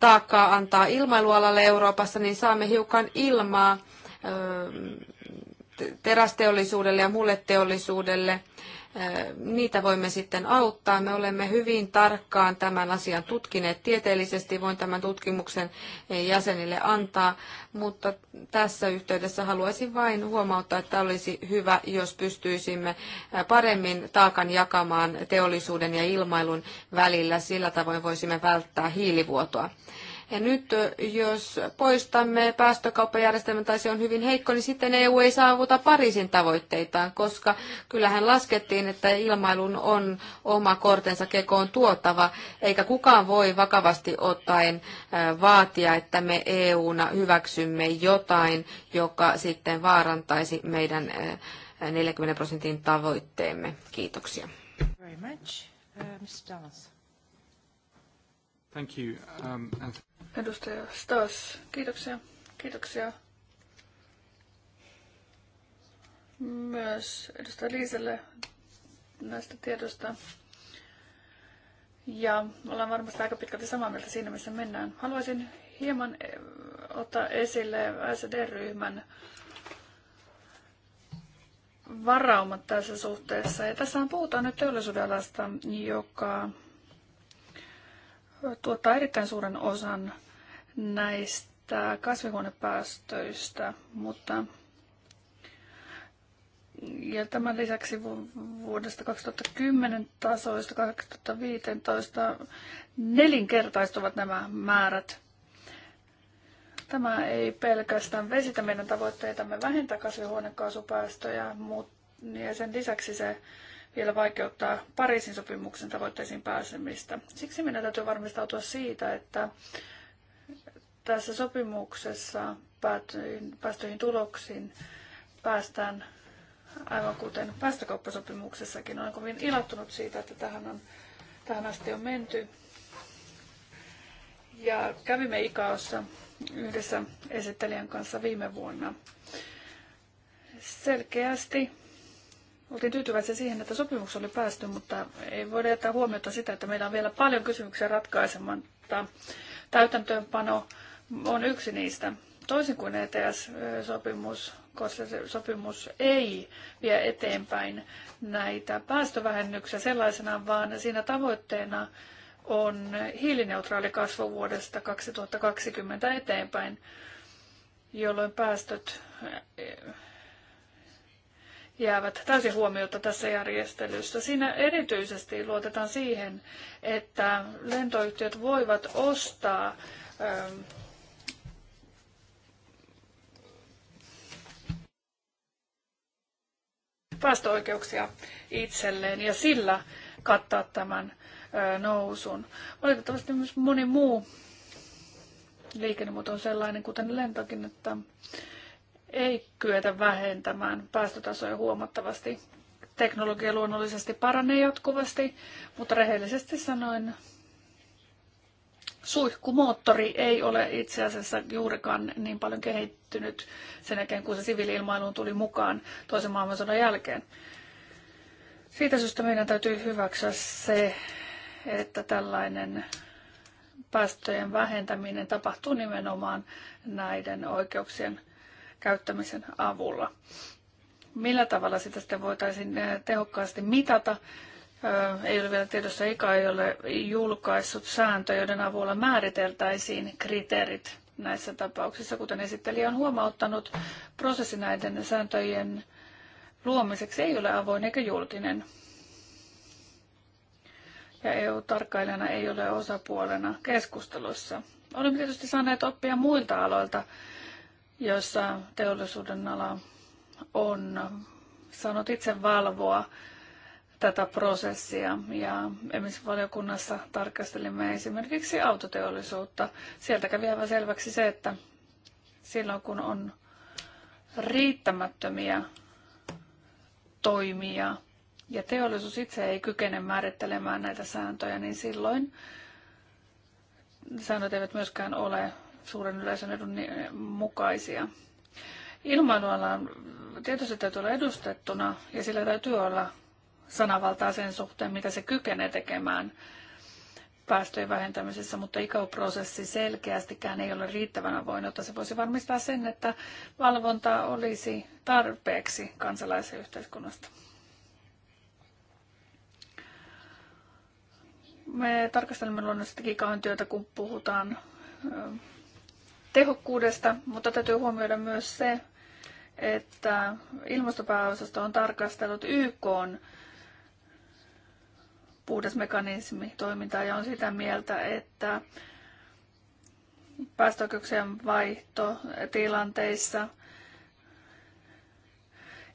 taakkaa antaa ilmailualalle Euroopassa, niin saamme hiukan ilmaa terästeollisuudelle ja muulle teollisuudelle. Niitä voimme sitten auttaa. Me olemme hyvin tarkkaan tämän asian tutkineet tieteellisesti, voin tämän tutkimuksen jäsenille antaa, mutta tässä yhteydessä haluaisin vain huomauttaa, että olisi hyvä, jos pystyisimme paremmin taakan jakamaan teollisuuden ja ilmailun välillä. Sillä tavoin voisimme välttää hiilivuotoa. Ja nyt jos poistamme päästökauppajärjestelmän tai se on hyvin heikko, niin sitten EU ei saavuta Pariisin tavoitteitaan, koska kyllähän laskettiin, että ilmailun on oma kortensa kekoon tuottava, eikä kukaan voi vakavasti ottaen vaatia, että me EUna hyväksymme jotain, joka sitten vaarantaisi meidän 40 prosentin tavoitteemme. Kiitoksia. Very much. Uh, Mr. Thank you. Um, and Edustaja Stas, kiitoksia. Kiitoksia myös edustaja Liiselle näistä tiedosta. Ja ollaan varmasti aika pitkälti samaa mieltä siinä, missä mennään. Haluaisin hieman eh, ottaa esille SD-ryhmän varaumat tässä suhteessa. Ja tässä on puhutaan nyt teollisuudenalasta, joka tuottaa erittäin suuren osan näistä kasvihuonepäästöistä, mutta ja tämän lisäksi vuodesta 2010 tasoista 2015 nelinkertaistuvat nämä määrät. Tämä ei pelkästään vesitä meidän tavoitteitamme vähentää kasvihuonekaasupäästöjä, mutta ja sen lisäksi se vielä vaikeuttaa Pariisin sopimuksen tavoitteisiin pääsemistä. Siksi meidän täytyy varmistautua siitä, että tässä sopimuksessa päästöihin tuloksiin päästään aivan kuten päästökauppasopimuksessakin. Olen kovin ilahtunut siitä, että tähän, on, tähän asti on menty. Ja kävimme ikaossa yhdessä esittelijän kanssa viime vuonna. Selkeästi oltiin tyytyväisiä siihen, että sopimus oli päästy, mutta ei voida jättää huomiota sitä, että meillä on vielä paljon kysymyksiä ratkaisematta. Täytäntöönpano on yksi niistä. Toisin kuin ETS-sopimus, koska se sopimus ei vie eteenpäin näitä päästövähennyksiä sellaisenaan, vaan siinä tavoitteena on hiilineutraali kasvu vuodesta 2020 eteenpäin, jolloin päästöt jäävät täysin huomiota tässä järjestelyssä. Siinä erityisesti luotetaan siihen, että lentoyhtiöt voivat ostaa ähm, päästöoikeuksia itselleen ja sillä kattaa tämän äh, nousun. Valitettavasti myös moni muu liikennemuoto on sellainen, kuten lentokin, että ei kyetä vähentämään päästötasoja huomattavasti. Teknologia luonnollisesti paranee jatkuvasti, mutta rehellisesti sanoen suihkumoottori ei ole itse asiassa juurikaan niin paljon kehittynyt sen jälkeen, kun se siviiliilmailuun tuli mukaan toisen maailmansodan jälkeen. Siitä syystä meidän täytyy hyväksyä se, että tällainen päästöjen vähentäminen tapahtuu nimenomaan näiden oikeuksien käyttämisen avulla. Millä tavalla sitä sitten voitaisiin eh, tehokkaasti mitata? Eh, ei ole vielä tiedossa, eikä ei ole julkaissut sääntöjä, joiden avulla määriteltäisiin kriteerit näissä tapauksissa. Kuten esittelijä on huomauttanut, prosessi näiden sääntöjen luomiseksi ei ole avoin eikä julkinen. Ja EU-tarkkailijana ei ole osapuolena keskustelussa. Olemme tietysti saaneet oppia muilta aloilta, joissa teollisuuden ala on saanut itse valvoa tätä prosessia. Ja valiokunnassa tarkastelimme esimerkiksi autoteollisuutta. Sieltä kävi aivan selväksi se, että silloin kun on riittämättömiä toimia ja teollisuus itse ei kykene määrittelemään näitä sääntöjä, niin silloin säännöt eivät myöskään ole suuren yleisön edun mukaisia. Ilmailualan tietysti täytyy olla edustettuna ja sillä täytyy olla sanavaltaa sen suhteen, mitä se kykenee tekemään päästöjen vähentämisessä, mutta ICAO-prosessi selkeästikään ei ole riittävän avoin, jotta se voisi varmistaa sen, että valvonta olisi tarpeeksi kansalaisen yhteiskunnasta. Me tarkastelemme luonnollisesti ICAOn työtä, kun puhutaan tehokkuudesta, mutta täytyy huomioida myös se, että ilmastopääosasto on tarkastellut YK on puhdasmekanismi toimintaa ja on sitä mieltä, että päästöoikeuksien vaihto tilanteissa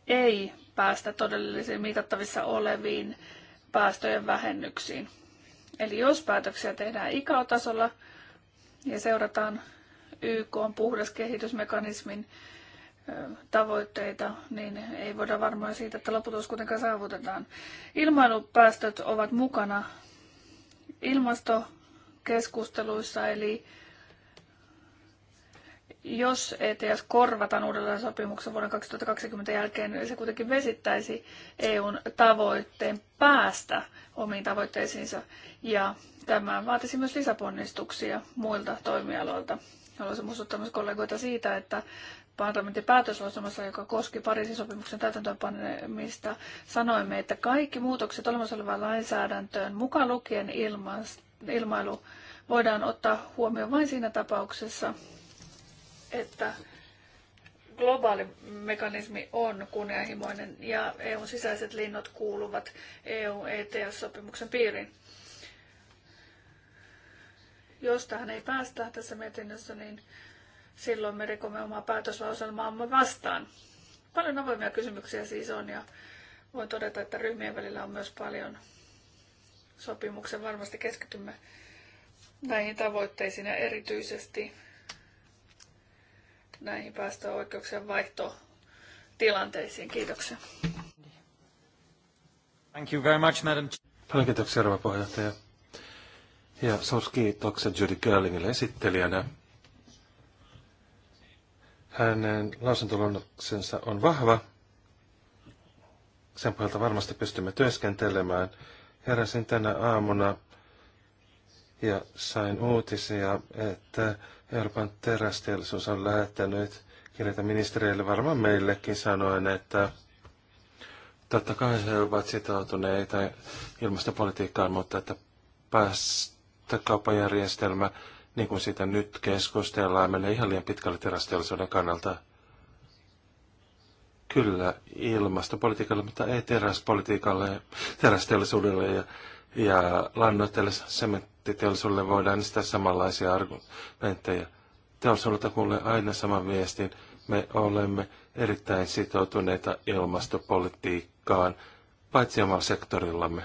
ei päästä todellisiin mitattavissa oleviin päästöjen vähennyksiin. Eli jos päätöksiä tehdään ikäotasolla ja seurataan YK on puhdas kehitysmekanismin tavoitteita, niin ei voida varmaan siitä, että lopputulos kuitenkaan saavutetaan. Ilmailupäästöt ovat mukana ilmastokeskusteluissa, eli jos ETS korvataan uudelleen sopimuksen vuoden 2020 jälkeen, niin se kuitenkin vesittäisi EUn tavoitteen päästä omiin tavoitteisiinsa. Ja tämä vaatisi myös lisäponnistuksia muilta toimialoilta. Haluaisin muistuttaa myös kollegoita siitä, että parlamentin päätöslausumassa, joka koski Pariisin sopimuksen täytäntöönpanemista, sanoimme, että kaikki muutokset olemassa olevaan lainsäädäntöön, mukaan lukien ilmailu, voidaan ottaa huomioon vain siinä tapauksessa, että globaali mekanismi on kunnianhimoinen ja EUn sisäiset linnot kuuluvat EU ETS-sopimuksen piiriin. Jos tähän ei päästä tässä mietinnössä, niin silloin me rikomme omaa päätöslauselmaamme vastaan. Paljon avoimia kysymyksiä siis on ja voin todeta, että ryhmien välillä on myös paljon sopimuksen. Varmasti keskitymme näihin tavoitteisiin ja erityisesti näihin päästöoikeuksien vaihtotilanteisiin. Kiitoksia. Thank you very much, Madam. Paljon kiitoksia, rouva puheenjohtaja. Ja suurkiitokset Judy Girlingille esittelijänä. Hänen lausuntolonnoksensa on vahva. Sen pohjalta varmasti pystymme työskentelemään. Heräsin tänä aamuna ja sain uutisia, että Euroopan terästeollisuus on lähettänyt kirjata ministeriöille varmaan meillekin sanoen, että totta kai he ovat sitoutuneita ilmastopolitiikkaan, mutta että päästään päästökauppajärjestelmä, niin kuin siitä nyt keskustellaan, menee ihan liian pitkälle terästeollisuuden kannalta. Kyllä ilmastopolitiikalle, mutta ei teräspolitiikalle, terästeollisuudelle ja, ja lannoitteelle, sementtiteollisuudelle voidaan sitä samanlaisia argumentteja. Teollisuudelta kuulee aina saman viestin. Me olemme erittäin sitoutuneita ilmastopolitiikkaan, paitsi omalla sektorillamme.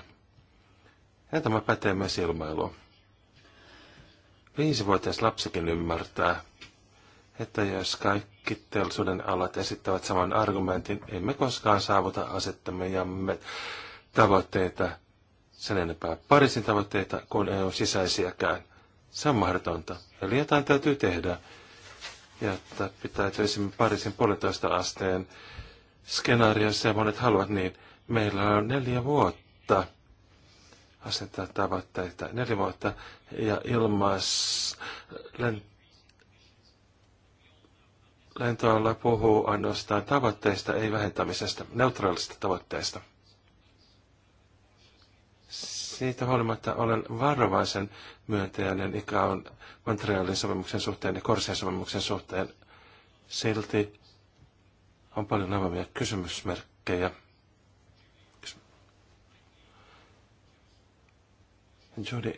Ja tämä pätee myös ilmailuun viisivuotias lapsikin ymmärtää, että jos kaikki teollisuuden alat esittävät saman argumentin, emme koskaan saavuta asettamiamme tavoitteita, sen enempää Parisin tavoitteita kuin ole sisäisiäkään. Se on mahdotonta. Eli jotain täytyy tehdä, jotta pitäytyisimme parisin puolitoista asteen skenaariossa ja monet haluat niin. Meillä on neljä vuotta asettaa tavoitteita neljä vuotta ja ilmais... Lentoalla puhuu ainoastaan tavoitteista, ei vähentämisestä, neutraalista tavoitteista. Siitä huolimatta olen varovaisen myönteinen, ikä on Montrealin sopimuksen suhteen ja Korsian sopimuksen suhteen. Silti on paljon avoimia kysymysmerkkejä. Jodi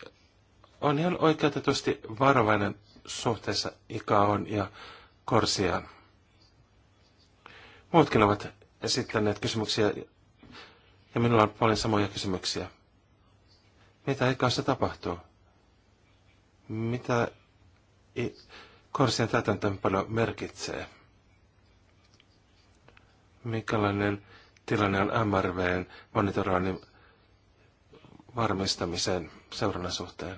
on ihan oikeutetusti varovainen suhteessa Ikaon ja Korsiaan. Muutkin ovat esittäneet kysymyksiä, ja minulla on paljon samoja kysymyksiä. Mitä Ikaossa tapahtuu? Mitä I- Korsian täytäntöönpano merkitsee? Minkälainen tilanne on MRVn monitoroinnin varmistamiseen seurannan suhteen.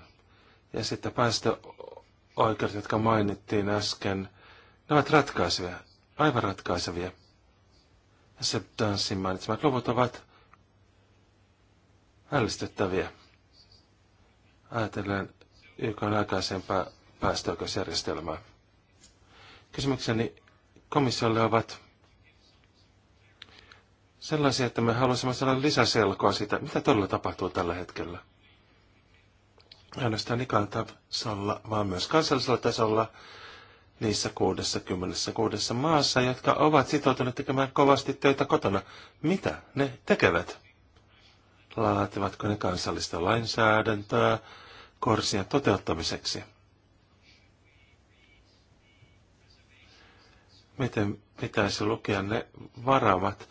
Ja sitten päästöoikeudet, jotka mainittiin äsken, ne ovat ratkaisevia, aivan ratkaisevia. Ja se tanssin mainitsemat luvut ovat ällistyttäviä. Ajatellen YK on aikaisempaa päästöoikeusjärjestelmää. Kysymykseni komissiolle ovat, sellaisia, että me haluaisimme saada lisäselkoa siitä, mitä todella tapahtuu tällä hetkellä. Ainoastaan ikan tasolla, vaan myös kansallisella tasolla niissä 66 maassa, jotka ovat sitoutuneet tekemään kovasti töitä kotona. Mitä ne tekevät? Laativatko ne kansallista lainsäädäntöä korsien toteuttamiseksi? Miten pitäisi lukea ne varavat,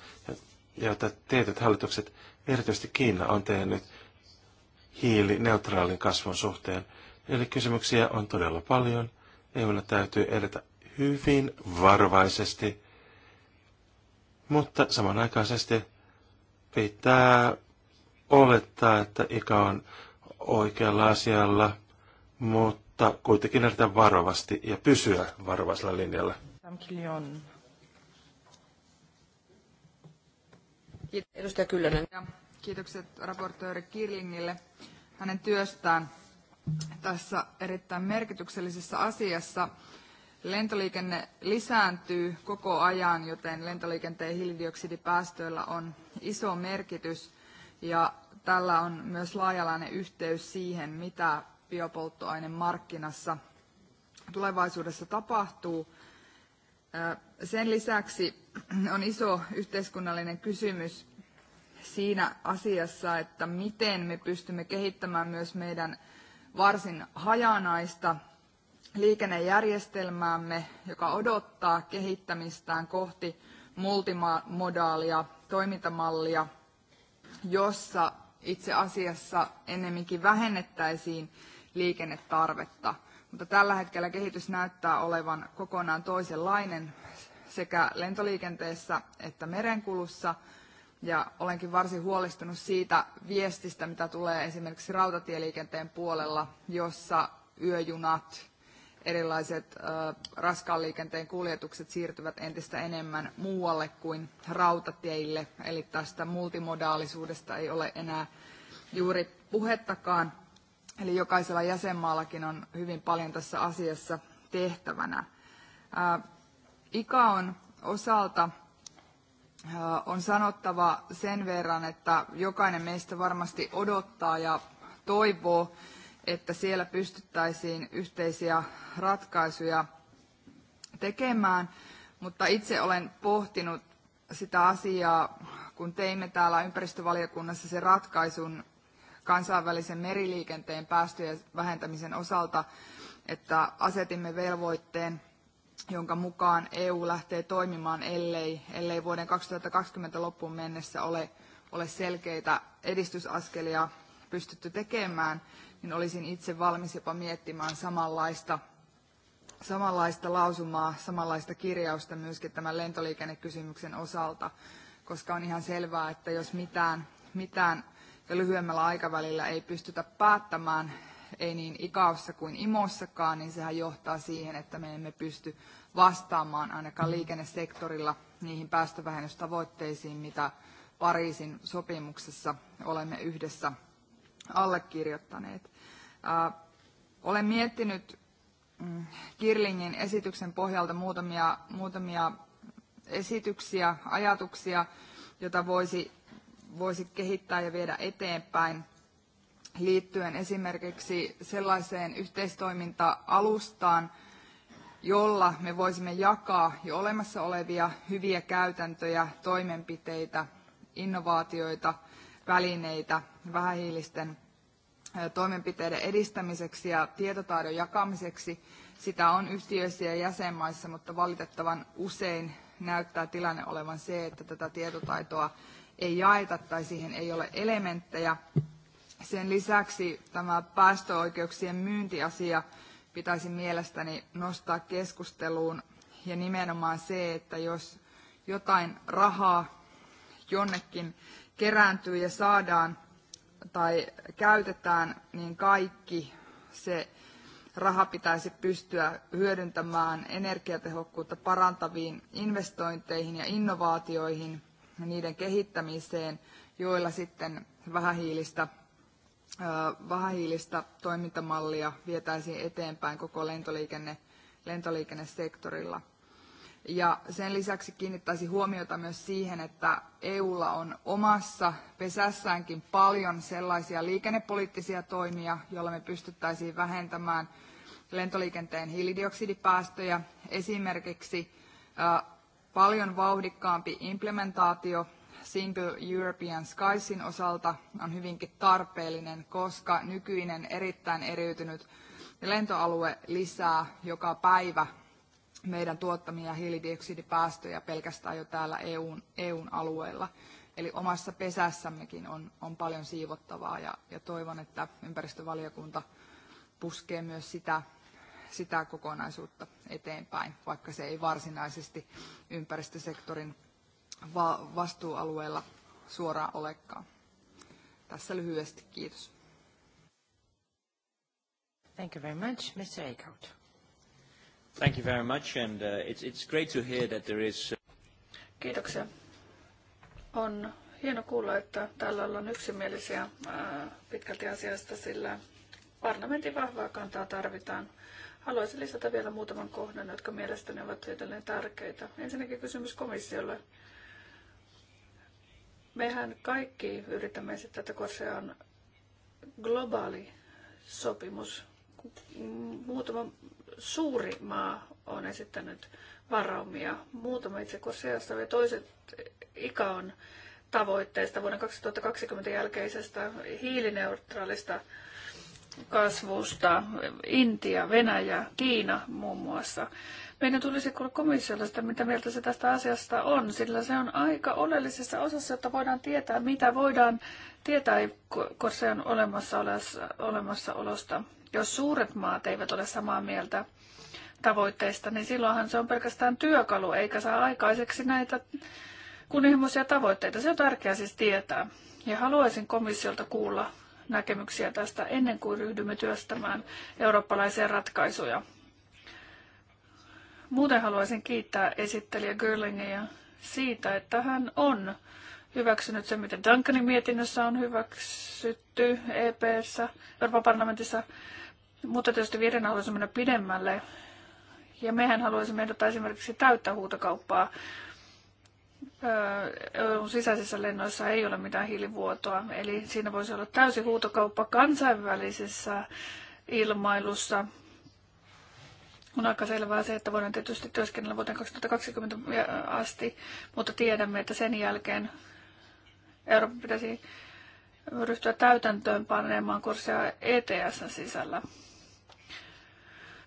joita tietyt hallitukset, erityisesti Kiina, on tehnyt hiilineutraalin kasvun suhteen. Eli kysymyksiä on todella paljon. EUlla täytyy edetä hyvin varvaisesti, mutta samanaikaisesti pitää olettaa, että ikä on oikealla asialla, mutta kuitenkin edetä varovasti ja pysyä varovaisella linjalla. Kiitos. Edustaja Kyllönen. Ja kiitokset raportööri Kirlingille hänen työstään tässä erittäin merkityksellisessä asiassa. Lentoliikenne lisääntyy koko ajan, joten lentoliikenteen hiilidioksidipäästöillä on iso merkitys ja tällä on myös laajalainen yhteys siihen, mitä biopolttoainemarkkinassa tulevaisuudessa tapahtuu sen lisäksi on iso yhteiskunnallinen kysymys siinä asiassa, että miten me pystymme kehittämään myös meidän varsin hajanaista liikennejärjestelmäämme, joka odottaa kehittämistään kohti multimodaalia toimintamallia, jossa itse asiassa ennemminkin vähennettäisiin liikennetarvetta – mutta tällä hetkellä kehitys näyttää olevan kokonaan toisenlainen sekä lentoliikenteessä että merenkulussa. Ja olenkin varsin huolestunut siitä viestistä, mitä tulee esimerkiksi rautatieliikenteen puolella, jossa yöjunat, erilaiset ö, raskaan liikenteen kuljetukset siirtyvät entistä enemmän muualle kuin rautateille. Eli tästä multimodaalisuudesta ei ole enää juuri puhettakaan. Eli jokaisella jäsenmaallakin on hyvin paljon tässä asiassa tehtävänä. ICAON osalta on sanottava sen verran, että jokainen meistä varmasti odottaa ja toivoo, että siellä pystyttäisiin yhteisiä ratkaisuja tekemään, mutta itse olen pohtinut sitä asiaa, kun teimme täällä ympäristövaliokunnassa sen ratkaisun, kansainvälisen meriliikenteen päästöjen vähentämisen osalta, että asetimme velvoitteen, jonka mukaan EU lähtee toimimaan, ellei, ellei vuoden 2020 loppuun mennessä ole, ole selkeitä edistysaskelia pystytty tekemään, niin olisin itse valmis jopa miettimään samanlaista, samanlaista lausumaa, samanlaista kirjausta myöskin tämän lentoliikennekysymyksen osalta, koska on ihan selvää, että jos mitään, mitään lyhyemmällä aikavälillä ei pystytä päättämään, ei niin ikaussa kuin imossakaan, niin sehän johtaa siihen, että me emme pysty vastaamaan ainakaan liikennesektorilla niihin päästövähennystavoitteisiin, mitä Pariisin sopimuksessa olemme yhdessä allekirjoittaneet. olen miettinyt mm, Kirlingin esityksen pohjalta muutamia, muutamia esityksiä, ajatuksia, joita voisi voisi kehittää ja viedä eteenpäin liittyen esimerkiksi sellaiseen yhteistoiminta-alustaan, jolla me voisimme jakaa jo olemassa olevia hyviä käytäntöjä, toimenpiteitä, innovaatioita, välineitä vähähiilisten toimenpiteiden edistämiseksi ja tietotaidon jakamiseksi. Sitä on yhtiöissä ja jäsenmaissa, mutta valitettavan usein näyttää tilanne olevan se, että tätä tietotaitoa ei jaeta tai siihen ei ole elementtejä. Sen lisäksi tämä päästöoikeuksien myyntiasia pitäisi mielestäni nostaa keskusteluun ja nimenomaan se, että jos jotain rahaa jonnekin kerääntyy ja saadaan tai käytetään, niin kaikki se raha pitäisi pystyä hyödyntämään energiatehokkuutta parantaviin investointeihin ja innovaatioihin niiden kehittämiseen, joilla sitten vähähiilistä, vähähiilistä toimintamallia vietäisiin eteenpäin koko lentoliikenne, lentoliikennesektorilla. Ja sen lisäksi kiinnittäisi huomiota myös siihen, että EUlla on omassa pesässäänkin paljon sellaisia liikennepoliittisia toimia, joilla me pystyttäisiin vähentämään lentoliikenteen hiilidioksidipäästöjä. Esimerkiksi Paljon vauhdikkaampi implementaatio Single European Skysin osalta on hyvinkin tarpeellinen, koska nykyinen erittäin eriytynyt lentoalue lisää joka päivä meidän tuottamia hiilidioksidipäästöjä pelkästään jo täällä EUn, EUn alueella. Eli omassa pesässämmekin on, on paljon siivottavaa ja, ja toivon, että ympäristövaliokunta puskee myös sitä sitä kokonaisuutta eteenpäin, vaikka se ei varsinaisesti ympäristösektorin va- vastuualueella suoraan olekaan. Tässä lyhyesti. Kiitos. Thank you very much. Mr. Eichhout. Thank you very much, and uh, it's, it's great to hear that there is... Uh, Kiitoksia. On hieno kuulla, että täällä ollaan yksimielisiä ää, pitkälti asiasta, sillä parlamentin vahvaa kantaa tarvitaan Haluaisin lisätä vielä muutaman kohdan, jotka mielestäni ovat edelleen tärkeitä. Ensinnäkin kysymys komissiolle. Mehän kaikki yritämme esittää, että se on globaali sopimus. Muutama suuri maa on esittänyt varaumia. Muutama itse Korsiasta ja toiset ikaon tavoitteista vuoden 2020 jälkeisestä hiilineutraalista kasvusta, Intia, Venäjä, Kiina muun muassa. Meidän tulisi kuulla komissiolla sitä, mitä mieltä se tästä asiasta on, sillä se on aika oleellisessa osassa, jotta voidaan tietää, mitä voidaan tietää Korsean olemassaolosta. Jos suuret maat eivät ole samaa mieltä tavoitteista, niin silloinhan se on pelkästään työkalu, eikä saa aikaiseksi näitä kunnianhimoisia tavoitteita. Se on tärkeää siis tietää. Ja haluaisin komissiolta kuulla näkemyksiä tästä ennen kuin ryhdymme työstämään eurooppalaisia ratkaisuja. Muuten haluaisin kiittää esittelijä Görlingia siitä, että hän on hyväksynyt sen, mitä Duncanin mietinnössä on hyväksytty EPssä, Euroopan parlamentissa, mutta tietysti viiden haluaisin mennä pidemmälle. Ja mehän haluaisimme ehdottaa esimerkiksi täyttä huutokauppaa EUn sisäisissä lennoissa ei ole mitään hiilivuotoa, eli siinä voisi olla täysi huutokauppa kansainvälisessä ilmailussa. On aika selvää se, että voidaan tietysti työskennellä vuoteen 2020 asti, mutta tiedämme, että sen jälkeen Eurooppa pitäisi ryhtyä täytäntöön panemaan kurssia ETS sisällä.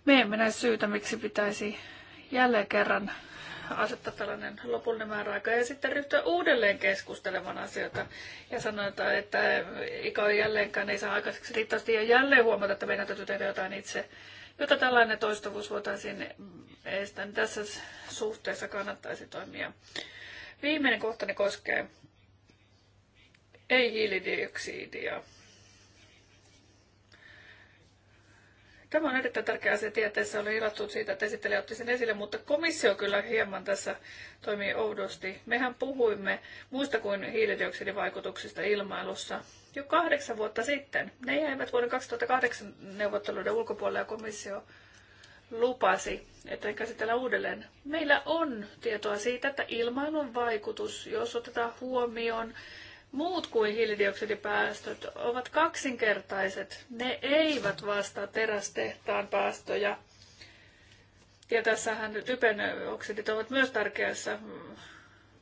Me emme näe syytä, miksi pitäisi jälleen kerran asettaa tällainen lopullinen määräaika ja sitten ryhtyä uudelleen keskustelemaan asioita. Ja sanotaan, että ikä on jälleenkään ei saa aikaiseksi riittävästi ja jälleen huomata, että meidän täytyy tehdä jotain itse, jotta tällainen toistuvuus voitaisiin estää. Niin tässä suhteessa kannattaisi toimia. Viimeinen kohtani koskee ei-hiilidioksidia. Tämä on erittäin tärkeä asia. Tieteessä Olen ilattunut siitä, että esittelijä otti sen esille, mutta komissio kyllä hieman tässä toimii oudosti. Mehän puhuimme muista kuin hiilidioksidivaikutuksista ilmailussa jo kahdeksan vuotta sitten. Ne jäivät vuoden 2008 neuvotteluiden ulkopuolelle ja komissio lupasi, että ne käsitellä uudelleen. Meillä on tietoa siitä, että ilmailun vaikutus, jos otetaan huomioon muut kuin hiilidioksidipäästöt ovat kaksinkertaiset. Ne eivät vastaa terästehtaan päästöjä. Ja tässähän typen oksidit ovat myös tärkeässä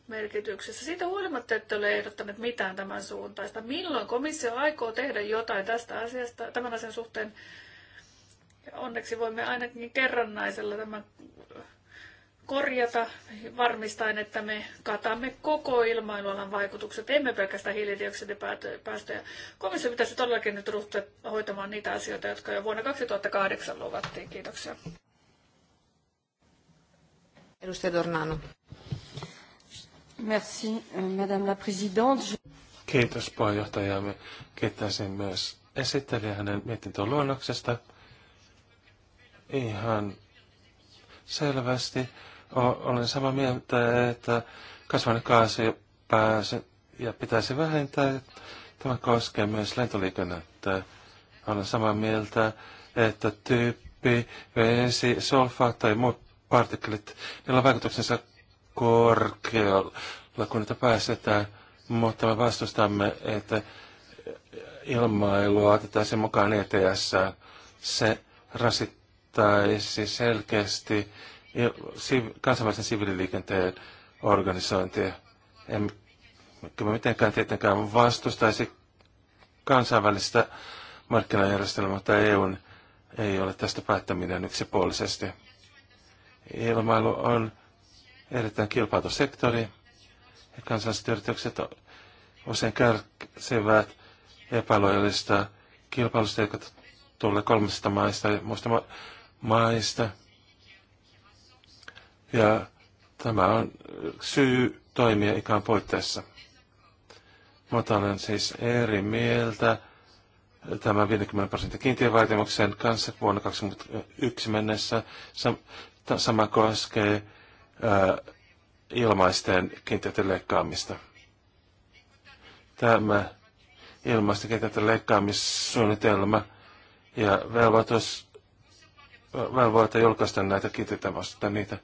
merkityksessä. Siitä huolimatta ette ole ehdottaneet mitään tämän suuntaista. Milloin komissio aikoo tehdä jotain tästä asiasta, tämän asian suhteen? Onneksi voimme ainakin kerrannaisella tämän korjata varmistaen, että me katamme koko ilmailualan vaikutukset, emme pelkästään hiilidioksidipäästöjä. Komissio pitäisi todellakin nyt ryhtyä hoitamaan niitä asioita, jotka jo vuonna 2008 luvattiin. Kiitoksia. Edustaja Dornano. Merci, euh, Madame la Présidente. Kiitos puheenjohtajamme. Kiittäisin myös esittelijä hänen mietintöön luonnoksesta. Ihan selvästi olen samaa mieltä, että kasvanekaasuja pääse ja pitäisi vähentää. Tämä koskee myös lentoliikennettä. Olen samaa mieltä, että tyyppi, vesi, solfa tai muut partikkelit, niillä on vaikutuksensa korkealla, kun niitä päästetään, mutta me vastustamme, että ilmailua otetaan sen mukaan ETS. Se rasittaisi selkeästi kansainvälisen siviililiikenteen organisointia. En kyllä mitenkään tietenkään vastustaisi kansainvälistä markkinajärjestelmää, mutta EUn ei ole tästä päättäminen yksipuolisesti. Ilmailu on erittäin kilpailtu sektori ja kansalliset yritykset usein kärsivät epäloillista kilpailusta, joka tulee kolmesta maista ja muista maista. Ja tämä on syy toimia ikään poitteessa. Mutta olen siis eri mieltä tämän 50 prosentin kiintiövaatimuksen kanssa vuonna 2021 mennessä. Sama koskee äh, ilmaisten kiintiöiden leikkaamista. Tämä ilmaisten kiintiöiden leikkaamissuunnitelma ja velvoitus velvoite julkaista näitä, kiitetään vasta niitä.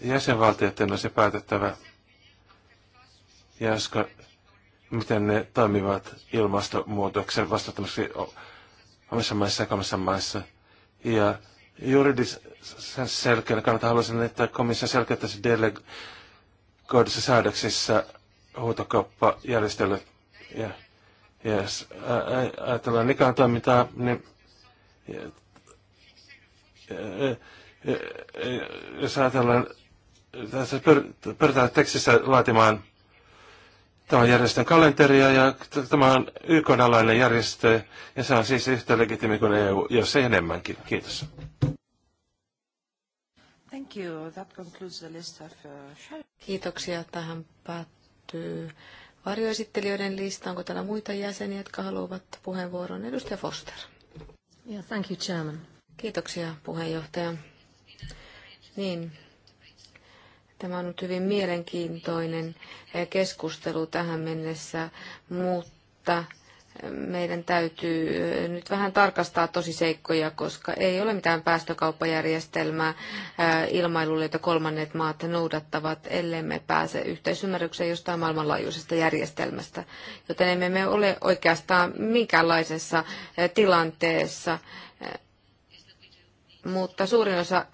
Jäsenvaltioiden on se päätettävä, jasko, miten ne toimivat ilmastonmuutoksen vastattamiseksi omissa maissa ja omissa maissa. Ja juridisen selkeän kannalta haluaisin, että komissio selkeyttäisi delegoidussa säädöksissä huutokauppajärjestelyt. Ja jos ajatellaan Nikan toimintaa, niin jos ajatellaan, tässä pyritään tekstissä laatimaan tämän järjestön kalenteria ja tämä on YK-alainen järjestö ja se on siis yhtä legitimi kuin EU, jos ei enemmänkin. Kiitos. Thank you. That concludes the list of, uh, Kiitoksia. Tähän päättyy varjoesittelijöiden lista. Onko täällä muita jäseniä, jotka haluavat puheenvuoron? Edustaja Foster. Yeah, thank you, Chairman. Kiitoksia puheenjohtaja. Niin, Tämä on nyt hyvin mielenkiintoinen eh, keskustelu tähän mennessä, mutta meidän täytyy eh, nyt vähän tarkastaa tosiseikkoja, koska ei ole mitään päästökauppajärjestelmää eh, ilmailulle, jota kolmannet maat noudattavat, ellei me pääse yhteisymmärrykseen jostain maailmanlaajuisesta järjestelmästä. Joten emme me ole oikeastaan minkäänlaisessa eh, tilanteessa, mutta suurin osa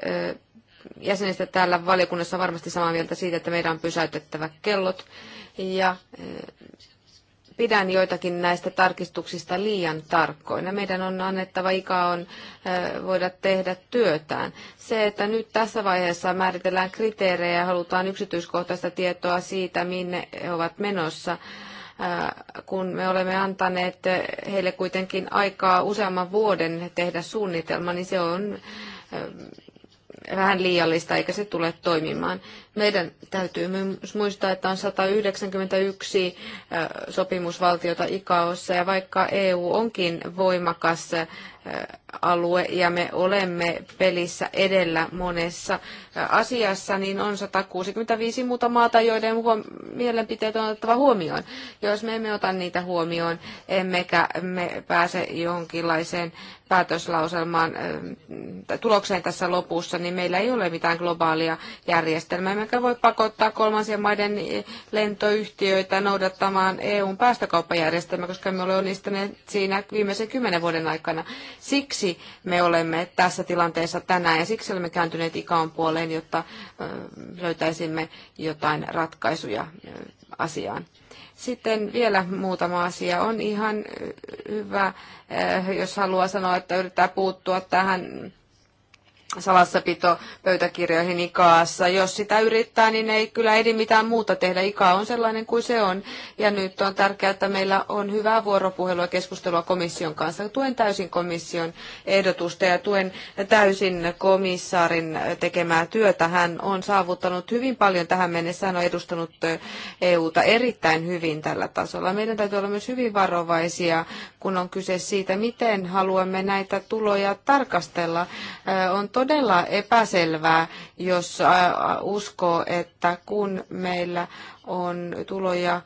jäsenistä täällä valiokunnassa on varmasti samaa mieltä siitä, että meidän on pysäytettävä kellot ja pidän joitakin näistä tarkistuksista liian tarkkoina. Meidän on annettava on voida tehdä työtään. Se, että nyt tässä vaiheessa määritellään kriteerejä ja halutaan yksityiskohtaista tietoa siitä, minne he ovat menossa, kun me olemme antaneet heille kuitenkin aikaa useamman vuoden tehdä suunnitelma, niin se on vähän liiallista eikä se tule toimimaan. Meidän täytyy myös muistaa, että on 191 sopimusvaltiota ICAOssa ja vaikka EU onkin voimakas alue ja me olemme pelissä edellä monessa asiassa, niin on 165 muuta maata, joiden huom- mielenpiteet on otettava huomioon. Jos me emme ota niitä huomioon, emmekä me pääse jonkinlaiseen päätöslauselmaan tulokseen tässä lopussa, niin meillä ei ole mitään globaalia järjestelmää. Emmekä voi pakottaa kolmansien maiden lentoyhtiöitä noudattamaan EUn päästökauppajärjestelmää, koska me olemme onnistuneet siinä viimeisen kymmenen vuoden aikana. Siksi me olemme tässä tilanteessa tänään ja siksi olemme kääntyneet ikaan puoleen, jotta löytäisimme jotain ratkaisuja asiaan. Sitten vielä muutama asia. On ihan hyvä, jos haluaa sanoa, että yrittää puuttua tähän salassapito pöytäkirjoihin IKAassa. Jos sitä yrittää, niin ei kyllä edi mitään muuta tehdä. IKA on sellainen kuin se on. Ja nyt on tärkeää, että meillä on hyvää vuoropuhelua ja keskustelua komission kanssa. Tuen täysin komission ehdotusta ja tuen täysin komissaarin tekemää työtä. Hän on saavuttanut hyvin paljon tähän mennessä. Hän on edustanut EUta erittäin hyvin tällä tasolla. Meidän täytyy olla myös hyvin varovaisia, kun on kyse siitä, miten haluamme näitä tuloja tarkastella. On todella epäselvää, jos uskoo, että kun meillä on tuloja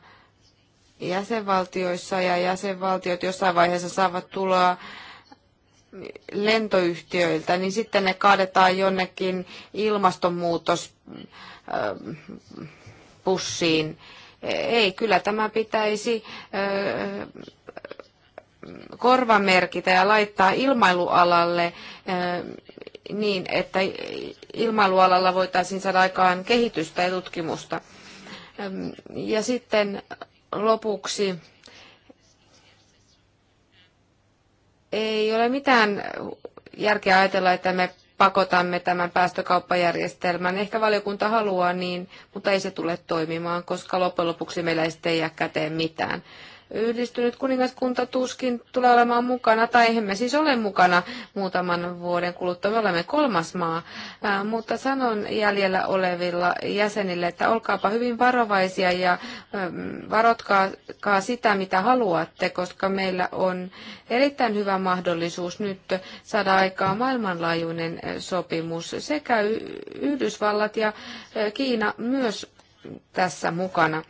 jäsenvaltioissa ja jäsenvaltiot jossain vaiheessa saavat tuloa lentoyhtiöiltä, niin sitten ne kaadetaan jonnekin ilmastonmuutospussiin. Ei, kyllä tämä pitäisi korvamerkitä ja laittaa ilmailualalle niin, että ilmailualalla voitaisiin saada aikaan kehitystä ja tutkimusta. Ja sitten lopuksi ei ole mitään järkeä ajatella, että me pakotamme tämän päästökauppajärjestelmän. Ehkä valiokunta haluaa niin, mutta ei se tule toimimaan, koska loppujen lopuksi meillä ei sitten jää käteen mitään. Yhdistynyt kuningaskunta tuskin tulee olemaan mukana, tai emme siis ole mukana muutaman vuoden kuluttua. Me olemme kolmas maa, mutta sanon jäljellä olevilla jäsenille, että olkaapa hyvin varovaisia ja varotkaa sitä, mitä haluatte, koska meillä on erittäin hyvä mahdollisuus nyt saada aikaa maailmanlaajuinen sopimus. Sekä Yhdysvallat ja Kiina myös tässä mukana.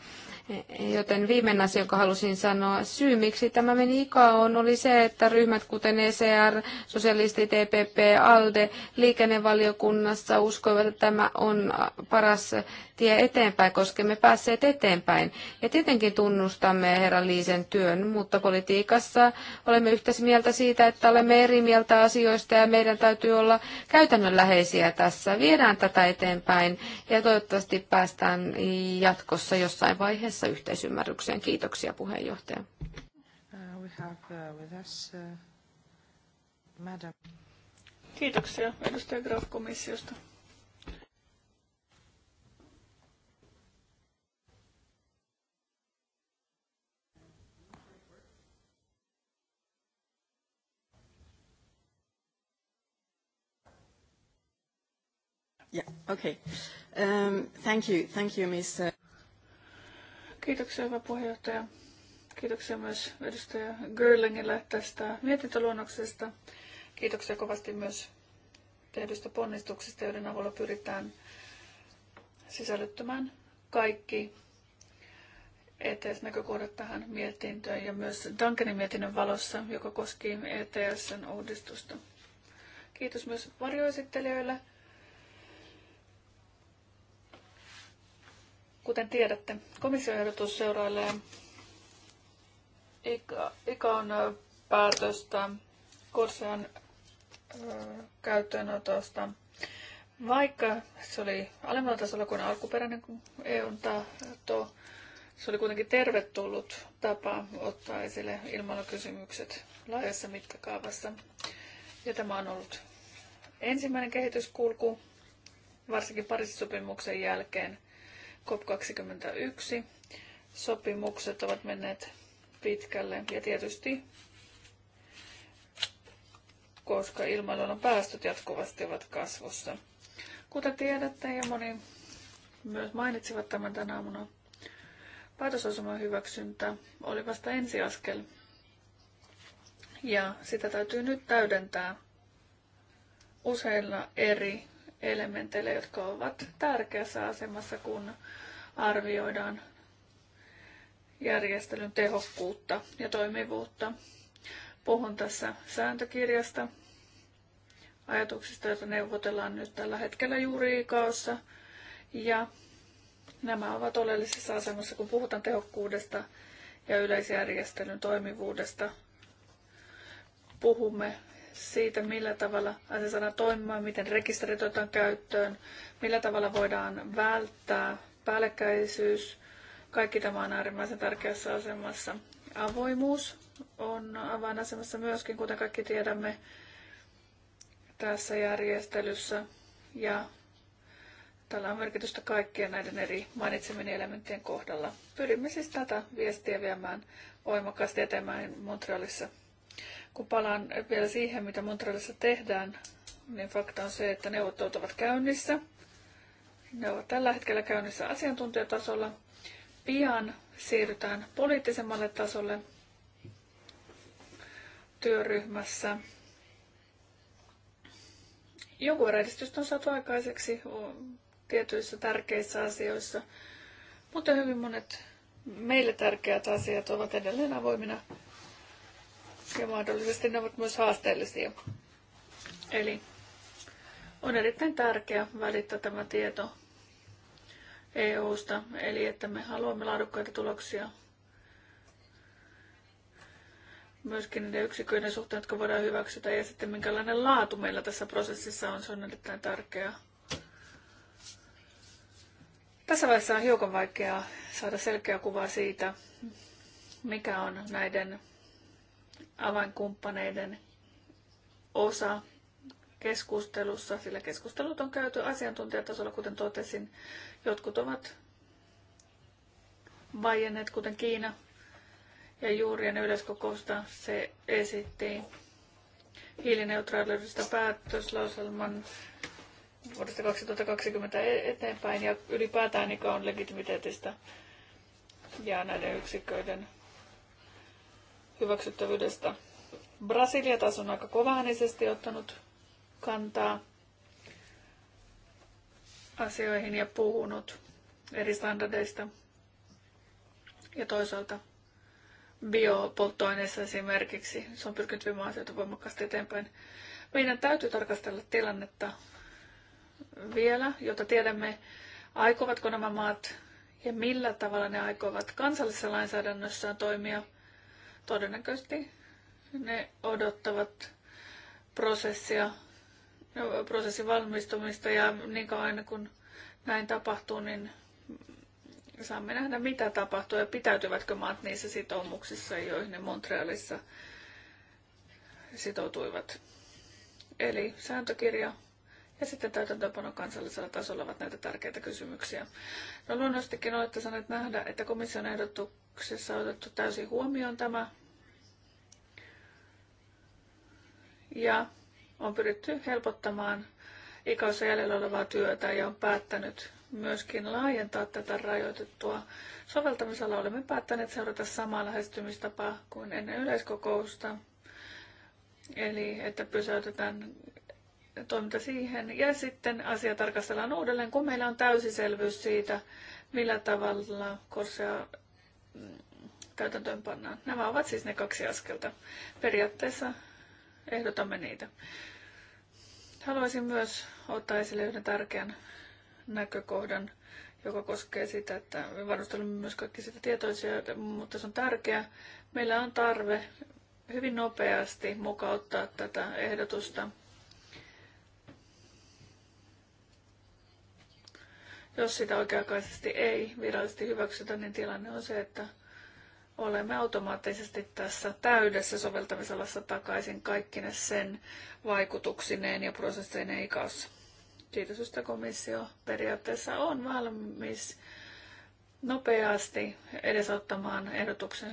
Joten viimeinen asia, jonka halusin sanoa, syy miksi tämä meni on oli se, että ryhmät kuten ECR, sosialisti, TPP, ALDE liikennevaliokunnassa uskoivat, että tämä on paras tie eteenpäin, koska me päässeet eteenpäin. Ja tietenkin tunnustamme herra Liisen työn, mutta politiikassa olemme yhtä mieltä siitä, että olemme eri mieltä asioista ja meidän täytyy olla käytännönläheisiä tässä. Viedään tätä eteenpäin ja toivottavasti päästään jatkossa jossain vaiheessa yhteisymmärrykseen. Kiitoksia puheenjohtaja. Uh, we have, uh, with us, uh, Madam. Kiitoksia edustaja Graf komissiosta. Yeah, okay. Um, thank you, thank you, Miss. Uh, Kiitoksia, hyvä puheenjohtaja. Kiitoksia myös edustaja Görlingille tästä mietintöluonnoksesta. Kiitoksia kovasti myös tehdystä ponnistuksista, joiden avulla pyritään sisällyttämään kaikki ETS-näkökohdat tähän mietintöön ja myös Duncanin mietinnön valossa, joka koski ETSn uudistusta. Kiitos myös varjoesittelijöille Kuten tiedätte, komission ehdotus seurailee ICAon päätöstä Korsean käyttöönotosta. Vaikka se oli alemmalla tasolla kuin alkuperäinen EUn e tahto, se oli kuitenkin tervetullut tapa ottaa esille ilmailukysymykset laajassa mittakaavassa. Ja tämä on ollut ensimmäinen kehityskulku, varsinkin Pariisin sopimuksen jälkeen – COP21. Sopimukset ovat menneet pitkälle ja tietysti koska ilmailun päästöt jatkuvasti ovat kasvussa. Kuten tiedätte ja moni myös mainitsivat tämän tänä aamuna, päätösosaman hyväksyntä oli vasta ensiaskel. Ja sitä täytyy nyt täydentää useilla eri elementeillä, jotka ovat tärkeässä asemassa, kun arvioidaan järjestelyn tehokkuutta ja toimivuutta. Puhun tässä sääntökirjasta, ajatuksista, joita neuvotellaan nyt tällä hetkellä juuri IKAossa. Ja nämä ovat oleellisessa asemassa, kun puhutaan tehokkuudesta ja yleisjärjestelyn toimivuudesta. Puhumme siitä, millä tavalla asia saadaan toimimaan, miten rekisterit otetaan käyttöön, millä tavalla voidaan välttää päällekkäisyys, kaikki tämä on äärimmäisen tärkeässä asemassa. Avoimuus on avainasemassa myöskin, kuten kaikki tiedämme tässä järjestelyssä. Ja tällä on merkitystä kaikkien näiden eri mainitsemien elementtien kohdalla. Pyrimme siis tätä viestiä viemään voimakkaasti eteenpäin Montrealissa. Kun palaan vielä siihen, mitä Montrealissa tehdään, niin fakta on se, että neuvottelut ovat käynnissä – ne ovat tällä hetkellä käynnissä asiantuntijatasolla. Pian siirrytään poliittisemmalle tasolle työryhmässä. Joku edistystä on saatu aikaiseksi tietyissä tärkeissä asioissa, mutta hyvin monet meille tärkeät asiat ovat edelleen avoimina ja mahdollisesti ne ovat myös haasteellisia. Eli on erittäin tärkeää välittää tämä tieto EUsta, eli että me haluamme laadukkaita tuloksia myöskin niiden yksiköiden suhteen, jotka voidaan hyväksytä, ja sitten minkälainen laatu meillä tässä prosessissa on, se on erittäin tärkeää. Tässä vaiheessa on hiukan vaikeaa saada selkeä kuva siitä, mikä on näiden avainkumppaneiden osa keskustelussa, sillä keskustelut on käyty asiantuntijatasolla, kuten totesin, Jotkut ovat vaienneet, kuten Kiina, ja juuri yleiskokousta se esitti hiilineutraaliudesta päätöslauselman vuodesta 2020 e- eteenpäin ja ylipäätään niin on legitimiteetistä ja näiden yksiköiden hyväksyttävyydestä. Brasilia taas on aika kovaäänisesti ottanut kantaa asioihin ja puhunut eri standardeista. Ja toisaalta biopolttoaineissa esimerkiksi. Se on pyrkinyt viemään asioita voimakkaasti eteenpäin. Meidän täytyy tarkastella tilannetta vielä, jotta tiedämme, aikovatko nämä maat ja millä tavalla ne aikovat kansallisessa lainsäädännössään toimia. Todennäköisesti ne odottavat prosessia, prosessin valmistumista ja niin kauan aina kun näin tapahtuu, niin saamme nähdä mitä tapahtuu ja pitäytyvätkö maat niissä sitoumuksissa, joihin ne Montrealissa sitoutuivat. Eli sääntökirja ja sitten täytäntöpano kansallisella tasolla ovat näitä tärkeitä kysymyksiä. No luonnollisestikin olette saaneet nähdä, että komission ehdotuksessa on otettu täysin huomioon tämä. Ja on pyritty helpottamaan ikäossa jäljellä olevaa työtä ja on päättänyt myöskin laajentaa tätä rajoitettua soveltamisalaa. Olemme päättäneet seurata samaa lähestymistapaa kuin ennen yleiskokousta, eli että pysäytetään toiminta siihen ja sitten asia tarkastellaan uudelleen, kun meillä on täysi selvyys siitä, millä tavalla kurssia mm, täytäntöön pannaan. Nämä ovat siis ne kaksi askelta. Periaatteessa ehdotamme niitä. Haluaisin myös ottaa esille yhden tärkeän näkökohdan, joka koskee sitä, että me varustelemme myös kaikki sitä tietoisia, mutta se on tärkeää. Meillä on tarve hyvin nopeasti mukauttaa tätä ehdotusta. Jos sitä oikea ei virallisesti hyväksytä, niin tilanne on se, että olemme automaattisesti tässä täydessä soveltamisalassa takaisin kaikkine sen vaikutuksineen ja prosesseineen ikaossa. Kiitos että komissio periaatteessa on valmis nopeasti edesauttamaan ehdotuksen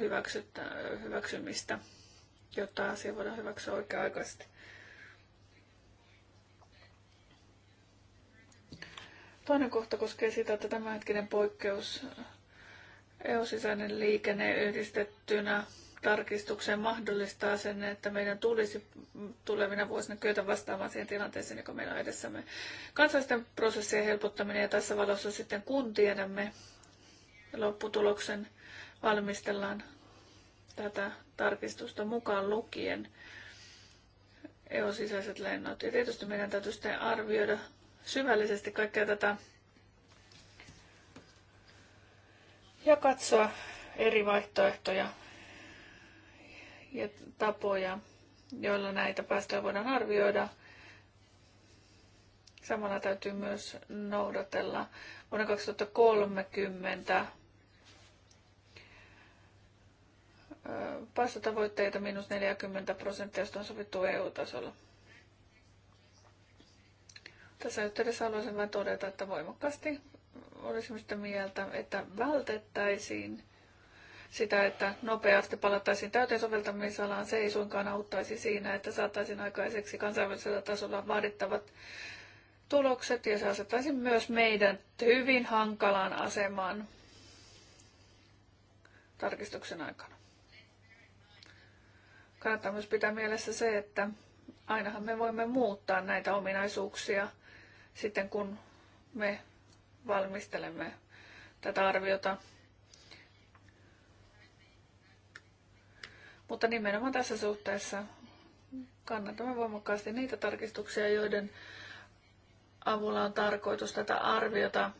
hyväksymistä, jotta asia voidaan hyväksyä oikea-aikaisesti. Toinen kohta koskee sitä, että tämänhetkinen poikkeus EU-sisäinen liikenne yhdistettynä tarkistukseen mahdollistaa sen, että meidän tulisi tulevina vuosina kyetä vastaamaan siihen tilanteeseen, joka meillä on edessämme. Kansallisten prosessien helpottaminen ja tässä valossa sitten kun tiedämme lopputuloksen, valmistellaan tätä tarkistusta mukaan lukien EU-sisäiset lennot. Ja tietysti meidän täytyy sitten arvioida syvällisesti kaikkea tätä ja katsoa eri vaihtoehtoja ja tapoja, joilla näitä päästöjä voidaan arvioida. Samalla täytyy myös noudatella vuonna 2030 päästötavoitteita minus 40 prosenttia, josta on sovittu EU-tasolla. Tässä yhteydessä haluaisin vain todeta, että voimakkaasti olisimme sitä mieltä, että vältettäisiin sitä, että nopeasti palattaisiin täyteen soveltamisalaan, se ei suinkaan auttaisi siinä, että saataisiin aikaiseksi kansainvälisellä tasolla vaadittavat tulokset ja se asettaisi myös meidän hyvin hankalaan asemaan tarkistuksen aikana. Kannattaa myös pitää mielessä se, että ainahan me voimme muuttaa näitä ominaisuuksia sitten, kun me valmistelemme tätä arviota. Mutta nimenomaan tässä suhteessa kannatamme voimakkaasti niitä tarkistuksia, joiden avulla on tarkoitus tätä arviota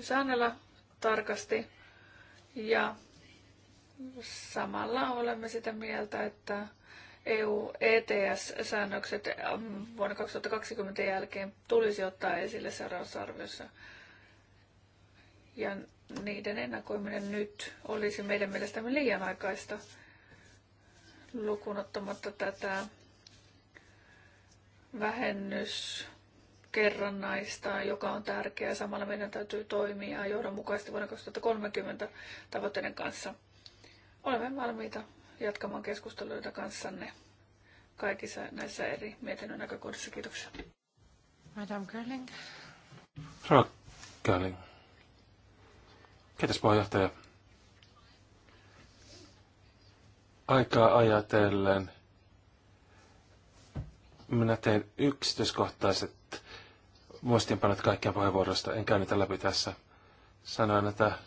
säännellä tarkasti. Ja samalla olemme sitä mieltä, että EU-ETS-säännökset ähm, vuonna 2020 jälkeen tulisi ottaa esille seuraavassa arviossa. Ja niiden ennakoiminen nyt olisi meidän mielestämme liian aikaista lukunottamatta tätä vähennys kerrannaista, joka on tärkeää. Samalla meidän täytyy toimia johdonmukaisesti vuonna 2030 tavoitteiden kanssa. Olemme valmiita jatkamaan keskusteluita kanssanne kaikissa näissä eri mietinnön näkökohdissa. Kiitoksia. Madame Gerling. Frau Gerling. Kiitos puheenjohtaja. Aikaa ajatellen minä tein yksityiskohtaiset muistinpanot kaikkien puheenvuoroista. En käynyt läpi tässä. Sanoin, että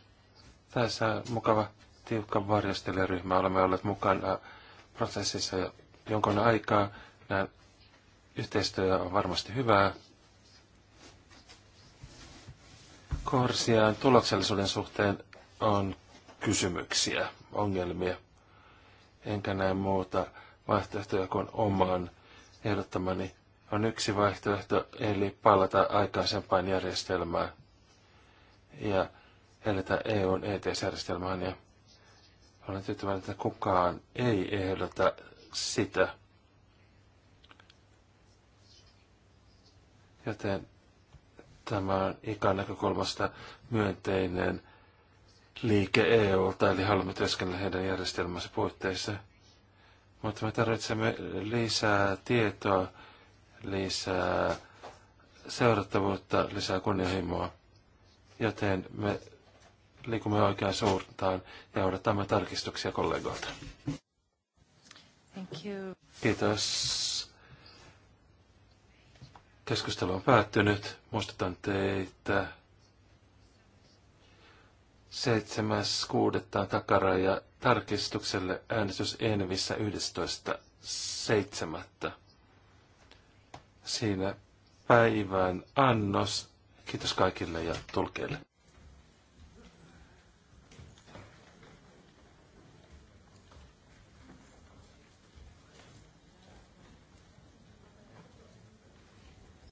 tässä on mukava tiukka varjostelijaryhmä. Olemme olleet mukana prosessissa jonkun aikaa. Nämä yhteistyö on varmasti hyvää. Korsiaan tuloksellisuuden suhteen on kysymyksiä, ongelmia. Enkä näe muuta vaihtoehtoja kuin oman ehdottamani. On yksi vaihtoehto, eli palata aikaisempaan järjestelmään ja eletä EUn ETS-järjestelmään ja olen tyytyväinen, että kukaan ei ehdota sitä. Joten tämä on ikään näkökulmasta myönteinen liike EUlta, eli haluamme työskennellä heidän järjestelmänsä puitteissa. Mutta me tarvitsemme lisää tietoa, lisää seurattavuutta, lisää kunnianhimoa. Joten me liikumme oikeaan suuntaan ja odotamme tarkistuksia kollegoilta. Thank you. Kiitos. Keskustelu on päättynyt. Muistutan teitä. 7.6. takaraja tarkistukselle äänestys Envissä 11.7. Siinä päivän annos. Kiitos kaikille ja tulkeille.